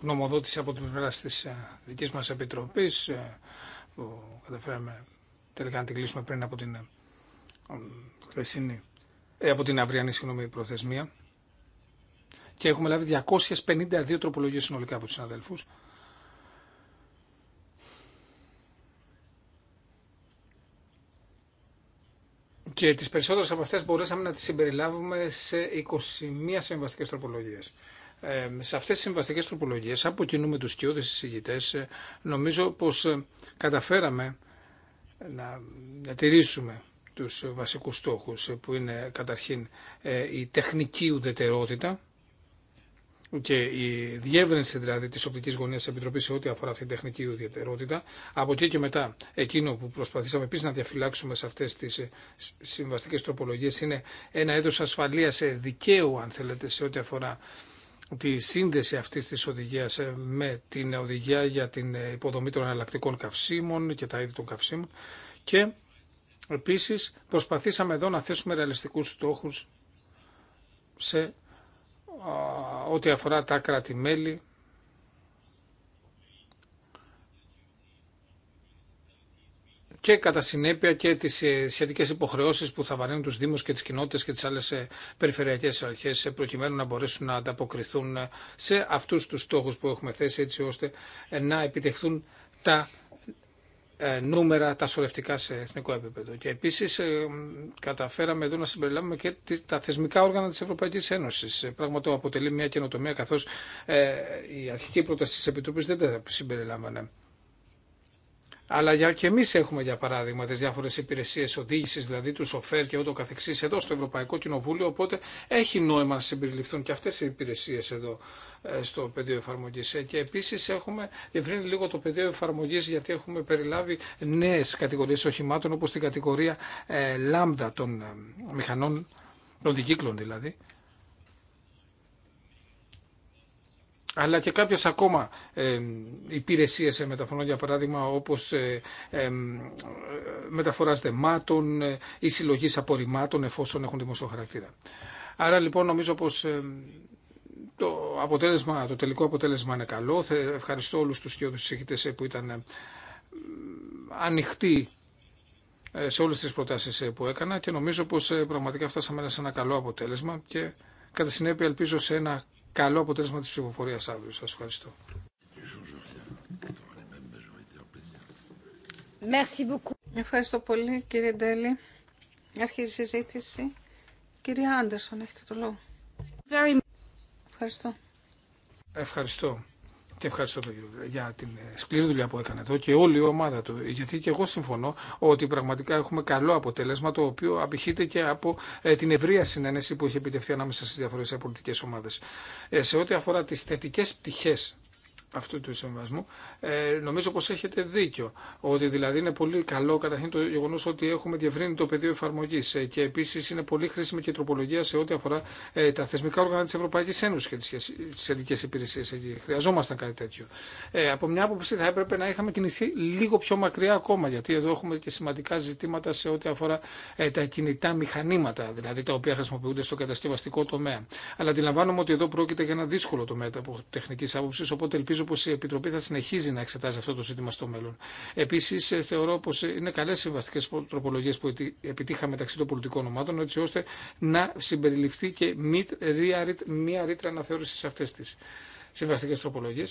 [SPEAKER 3] νομοδότηση από την πλευρά τη ε, δική μα επιτροπή ε, που καταφέραμε τελικά να την κλείσουμε πριν από την ε, χθεσινή, ε, από την αυριανή συγγνώμη, προθεσμία. Και έχουμε λάβει 252 τροπολογίε συνολικά από του συναδέλφου. και τις περισσότερες από αυτές μπορέσαμε να τις συμπεριλάβουμε σε 21 συμβαστικές τροπολογίες. Ε, σε αυτές τις συμβαστικές τροπολογίες, από κοινού με τους κοιόδες συζητητές, ε, νομίζω πως ε, καταφέραμε να, να τηρήσουμε τους βασικούς στόχους ε, που είναι καταρχήν η τεχνική ουδετερότητα και η διεύρυνση δηλαδή τη οπτική γωνία τη Επιτροπή σε ό,τι αφορά αυτή την τεχνική ιδιαιτερότητα. Από εκεί και μετά, εκείνο που προσπαθήσαμε επίση να διαφυλάξουμε σε αυτέ τι ε, συμβαστικέ τροπολογίε είναι ένα έδο ασφαλεία ε, δικαίου, αν θέλετε, σε ό,τι αφορά τη σύνδεση αυτή τη οδηγία ε, με την οδηγία για την υποδομή των εναλλακτικών καυσίμων και τα είδη των καυσίμων. Και επίση προσπαθήσαμε εδώ να θέσουμε ρεαλιστικού στόχου σε ό,τι αφορά τα κράτη-μέλη και κατά συνέπεια και τις ε, σχετικές υποχρεώσεις που θα βαρύνουν τους Δήμους και τις κοινότητες και τις άλλες ε, περιφερειακές αρχές ε, προκειμένου να μπορέσουν να ανταποκριθούν σε αυτούς τους στόχους που έχουμε θέσει έτσι ώστε να επιτευχθούν τα ε, νούμερα τα σωρευτικά σε εθνικό επίπεδο. Και επίση ε, καταφέραμε εδώ να συμπεριλάβουμε και τα θεσμικά όργανα τη Ευρωπαϊκή Ένωση. Ε, πράγμα αποτελεί μια καινοτομία, καθώ η αρχική πρόταση τη Επιτροπή δεν τα συμπεριλάμβανε αλλά και εμεί έχουμε, για παράδειγμα, τι διάφορε υπηρεσίε οδήγηση, δηλαδή του σοφέρ και ούτω καθεξή, εδώ στο Ευρωπαϊκό Κοινοβούλιο. Οπότε έχει νόημα να συμπεριληφθούν και αυτέ οι υπηρεσίε εδώ ε, στο πεδίο εφαρμογή. Ε, και επίση έχουμε διευρύνει λίγο το πεδίο εφαρμογή, γιατί έχουμε περιλάβει νέε κατηγορίε οχημάτων, όπω την κατηγορία ε, λάμδα των μηχανών, των δικύκλων δηλαδή αλλά και κάποιες ακόμα ε, υπηρεσίες μεταφορών, για παράδειγμα όπως ε, ε, μεταφοράς δεμάτων ε, ή συλλογή απορριμμάτων εφόσον έχουν δημοσιο χαρακτήρα. Άρα λοιπόν νομίζω πως το, αποτέλεσμα, το τελικό αποτέλεσμα είναι καλό. Ευχαριστώ όλους τους συζητητές ε, που ήταν ανοιχτοί ε, σε όλες τις προτάσεις που έκανα και νομίζω πως πραγματικά φτάσαμε σε ένα καλό αποτέλεσμα και κατά συνέπεια ελπίζω σε ένα καλό αποτέλεσμα της ψηφοφορίας αύριο. Σας ευχαριστώ.
[SPEAKER 1] Ευχαριστώ πολύ κύριε Ντέλη. Αρχίζει η συζήτηση. Κυρία Άντερσον, έχετε το λόγο. Ευχαριστώ.
[SPEAKER 3] Ευχαριστώ. Και ευχαριστώ για την ε, σκληρή δουλειά που έκανε εδώ και όλη η ομάδα του. Γιατί και εγώ συμφωνώ ότι πραγματικά έχουμε καλό αποτέλεσμα το οποίο απηχείται και από ε, την ευρεία συνένεση που έχει επιτευχθεί ανάμεσα στι διαφορετικέ πολιτικέ ομάδε. Ε, σε ό,τι αφορά τι θετικέ πτυχέ αυτού του συμβασμού, ε, νομίζω πως έχετε δίκιο. Ότι δηλαδή είναι πολύ καλό καταρχήν το γεγονό ότι έχουμε διευρύνει το πεδίο εφαρμογή ε, και επίση είναι πολύ χρήσιμη και η τροπολογία σε ό,τι αφορά ε, τα θεσμικά όργανα τη Ευρωπαϊκή Ένωση και τι ειδικέ υπηρεσίε εκεί. Χρειαζόμασταν κάτι τέτοιο. Ε, από μια άποψη θα έπρεπε να είχαμε κινηθεί λίγο πιο μακριά ακόμα, γιατί εδώ έχουμε και σημαντικά ζητήματα σε ό,τι αφορά ε, τα κινητά μηχανήματα, δηλαδή τα οποία χρησιμοποιούνται στο κατασκευαστικό τομέα. Αλλά αντιλαμβάνομαι ότι εδώ πρόκειται για ένα δύσκολο τομέα από τεχνική άποψη, οπότε όπως η Επιτροπή θα συνεχίζει να εξετάζει αυτό το ζήτημα στο μέλλον. Επίση, ε, θεωρώ πω ε, είναι καλέ οι βασικέ τροπολογίε που επιτύχαμε μεταξύ των πολιτικών ομάδων, έτσι ώστε να συμπεριληφθεί και μία ρήτρα αναθεώρηση σε αυτέ τι συμβαστικέ τροπολογίε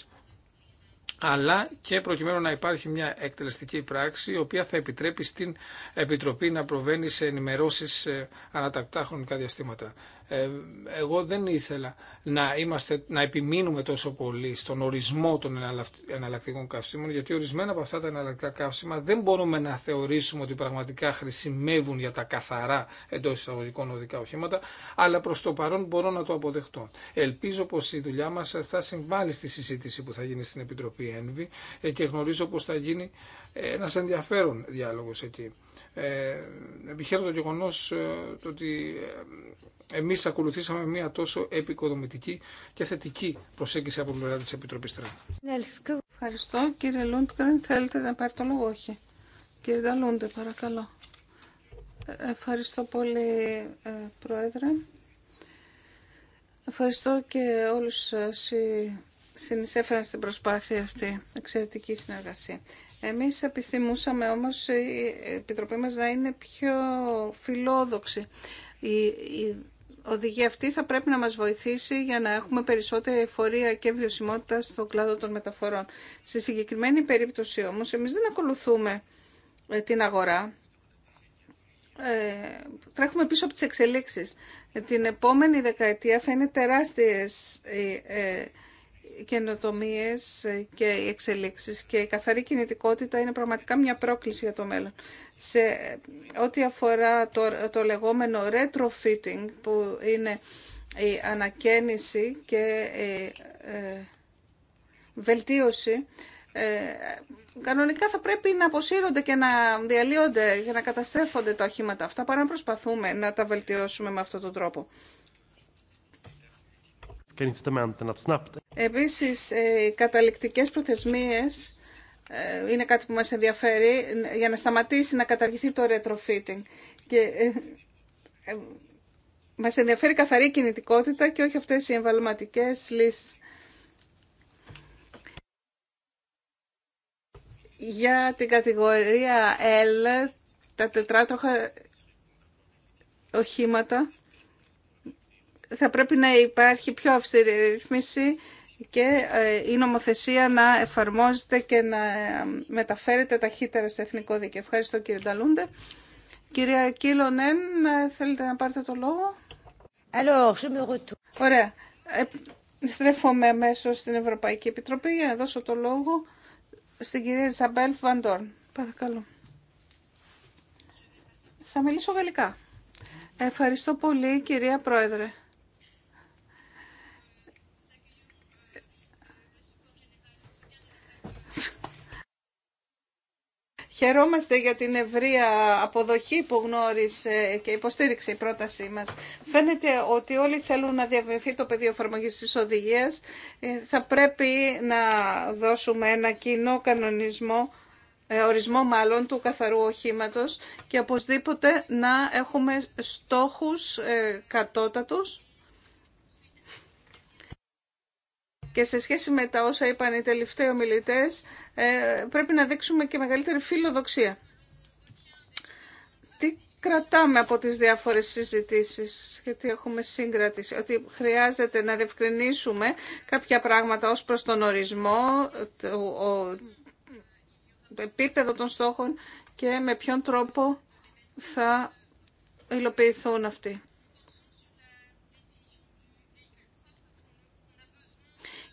[SPEAKER 3] αλλά και προκειμένου να υπάρχει μια εκτελεστική πράξη η οποία θα επιτρέπει στην Επιτροπή να προβαίνει σε ενημερώσεις ε, ανατακτά χρονικά διαστήματα. Ε, εγώ δεν ήθελα να, είμαστε, να επιμείνουμε τόσο πολύ στον ορισμό των εναλλακτικών καυσίμων, γιατί ορισμένα από αυτά τα εναλλακτικά καύσιμα δεν μπορούμε να θεωρήσουμε ότι πραγματικά χρησιμεύουν για τα καθαρά εντό εισαγωγικών οδικά οχήματα, αλλά προ το παρόν μπορώ να το αποδεχτώ. Ελπίζω πω η δουλειά μα θα συμβάλλει στη συζήτηση που θα γίνει στην Επιτροπή ΕΝΒΗ ε, και γνωρίζω πω θα γίνει ένα ενδιαφέρον διάλογο εκεί. Ε, επιχαίρω το γεγονό ε, ότι Εμεί ακολουθήσαμε μια τόσο επικοδομητική και θετική προσέγγιση από πλευρά της Επιτροπή Τρένα.
[SPEAKER 1] Ευχαριστώ. Κύριε Λούντκρεν, θέλετε να πάρει το λόγο, όχι. Κύριε Νταλούντε, παρακαλώ. Ευχαριστώ πολύ, ε, Πρόεδρε. Ευχαριστώ και όλους όσοι ε, συνεισέφεραν στην προσπάθεια αυτή, εξαιρετική συνεργασία. Εμείς επιθυμούσαμε όμως η Επιτροπή μας να είναι πιο φιλόδοξη οδηγία αυτή θα πρέπει να μας βοηθήσει για να έχουμε περισσότερη εφορία και βιωσιμότητα στον κλάδο των μεταφορών. Σε συγκεκριμένη περίπτωση όμως, εμείς δεν ακολουθούμε ε, την αγορά. Ε, τρέχουμε πίσω από τις εξελίξεις. Την επόμενη δεκαετία θα είναι τεράστιες ε, ε καινοτομίε και οι εξελίξεις και η καθαρή κινητικότητα είναι πραγματικά μια πρόκληση για το μέλλον. Σε ό,τι αφορά το, το λεγόμενο retrofitting που είναι η ανακαίνιση και η ε, βελτίωση, ε, κανονικά θα πρέπει να αποσύρονται και να διαλύονται και να καταστρέφονται τα οχήματα αυτά παρά να προσπαθούμε να τα βελτιώσουμε με αυτόν τον τρόπο
[SPEAKER 2] και
[SPEAKER 1] Επίσης, ε, οι καταληκτικές προθεσμίες ε, είναι κάτι που μας ενδιαφέρει ε, για να σταματήσει να καταργηθεί το retrofitting. Και, μας ενδιαφέρει καθαρή κινητικότητα και όχι αυτές οι εμβαλωματικές λύσεις. Για την κατηγορία L, τα τετράτροχα οχήματα, θα πρέπει να υπάρχει πιο αυστηρή ρύθμιση και ε, η νομοθεσία να εφαρμόζεται και να ε, μεταφέρεται ταχύτερα σε εθνικό δίκαιο. Ευχαριστώ κύριε Νταλούντε. Κυρία Κίλονεν, ναι, ναι, θέλετε να πάρετε το λόγο. Alors, me Ωραία. Ε, στρέφομαι μέσω στην Ευρωπαϊκή Επιτροπή για να δώσω το λόγο στην κυρία Ζαμπέλ Βαντόρν. Παρακαλώ. Θα μιλήσω γαλλικά. Ευχαριστώ πολύ κυρία Πρόεδρε. Χαιρόμαστε για την ευρεία αποδοχή που γνώρισε και υποστήριξε η πρότασή μας. Φαίνεται ότι όλοι θέλουν να διαβεβαιωθεί το πεδίο εφαρμογή τη οδηγία, ε, Θα πρέπει να δώσουμε ένα κοινό κανονισμό, ε, ορισμό μάλλον του καθαρού οχήματος και οπωσδήποτε να έχουμε στόχους ε, κατώτατου. και σε σχέση με τα όσα είπαν οι τελευταίοι ομιλητέ, ε, πρέπει να δείξουμε και μεγαλύτερη φιλοδοξία. Τι κρατάμε από τις διάφορες συζητήσεις, γιατί έχουμε σύγκρατηση, ότι χρειάζεται να διευκρινίσουμε κάποια πράγματα ως προς τον ορισμό, το, το επίπεδο των στόχων και με ποιον τρόπο θα υλοποιηθούν αυτοί.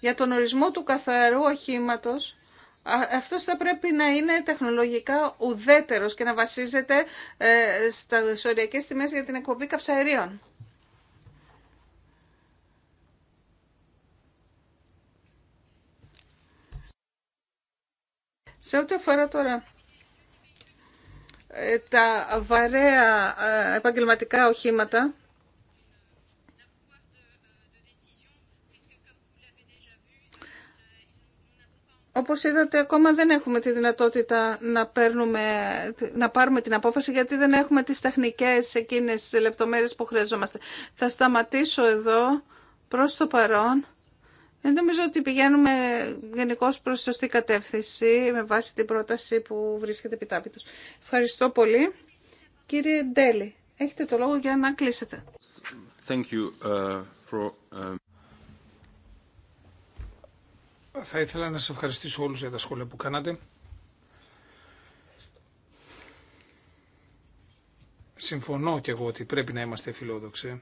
[SPEAKER 1] Για τον ορισμό του καθαρού οχήματο, αυτός θα πρέπει να είναι τεχνολογικά ουδέτερος και να βασίζεται ε, στα οριακές τιμές για την εκπομπή καυσαερίων. Σε ό,τι αφορά τώρα ε, τα βαρέα ε, επαγγελματικά οχήματα, Όπως είδατε, ακόμα δεν έχουμε τη δυνατότητα να, παίρνουμε, να πάρουμε την απόφαση γιατί δεν έχουμε τις τεχνικές εκείνες τις λεπτομέρειες που χρειαζόμαστε. Θα σταματήσω εδώ προς το παρόν. Δεν νομίζω ότι πηγαίνουμε γενικώ προς σωστή κατεύθυνση με βάση την πρόταση που βρίσκεται επιτάπητος. Ευχαριστώ πολύ. Κύριε Ντέλη, έχετε το λόγο για να κλείσετε.
[SPEAKER 3] Thank you, uh, uh θα ήθελα να σας ευχαριστήσω όλους για τα σχόλια που κάνατε. Συμφωνώ και εγώ ότι πρέπει να είμαστε φιλόδοξοι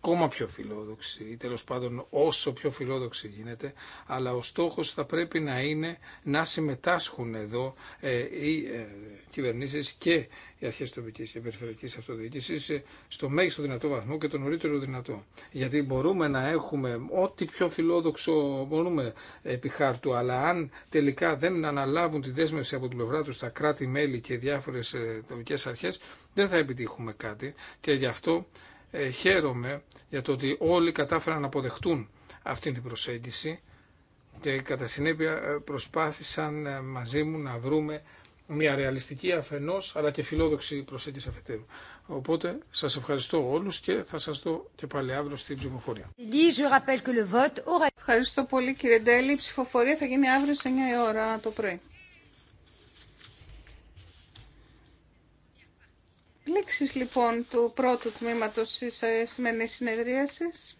[SPEAKER 3] ακόμα πιο φιλόδοξοι, ή τέλος πάντων όσο πιο φιλόδοξη γίνεται, αλλά ο στόχος θα πρέπει να είναι να συμμετάσχουν εδώ ε, οι ε, κυβερνήσεις και οι αρχές τοπικής και περιφερειακής αυτοδιοίκησης ε, στο μέγιστο δυνατό βαθμό και το νωρίτερο δυνατό. Γιατί μπορούμε να έχουμε ό,τι πιο φιλόδοξο μπορούμε επί χάρτου, αλλά αν τελικά δεν αναλάβουν τη δέσμευση από την πλευρά του τα κράτη-μέλη και διάφορες τοπικές αρχές, δεν θα επιτύχουμε κάτι και γι' αυτό ε, χαίρομαι για το ότι όλοι κατάφεραν να αποδεχτούν αυτή την προσέγγιση και κατά συνέπεια ε, προσπάθησαν ε, μαζί μου να βρούμε μια ρεαλιστική αφενός αλλά και φιλόδοξη προσέγγιση αφετέρου. Οπότε σας ευχαριστώ όλους και θα σας δω και πάλι αύριο στην ψηφοφορία.
[SPEAKER 1] Ευχαριστώ πολύ κύριε Ντέλη. Η ψηφοφορία θα γίνει αύριο σε 9 ώρα το πρωί. Λήξεις λοιπόν του πρώτου τμήματος της ε, σημερινής συνεδρίασης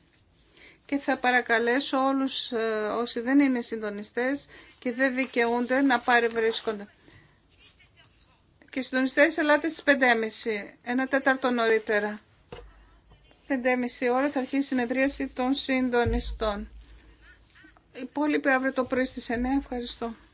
[SPEAKER 1] και θα παρακαλέσω όλους ε, όσοι δεν είναι συντονιστές και δεν δικαιούνται να παρευρίσκονται. Και συντονιστές ελάτε στις 5.30, ένα τέταρτο νωρίτερα. 5.30 ώρα θα αρχίσει η συνεδρίαση των συντονιστών. Υπόλοιποι αύριο το πρωί στις 9. Ευχαριστώ.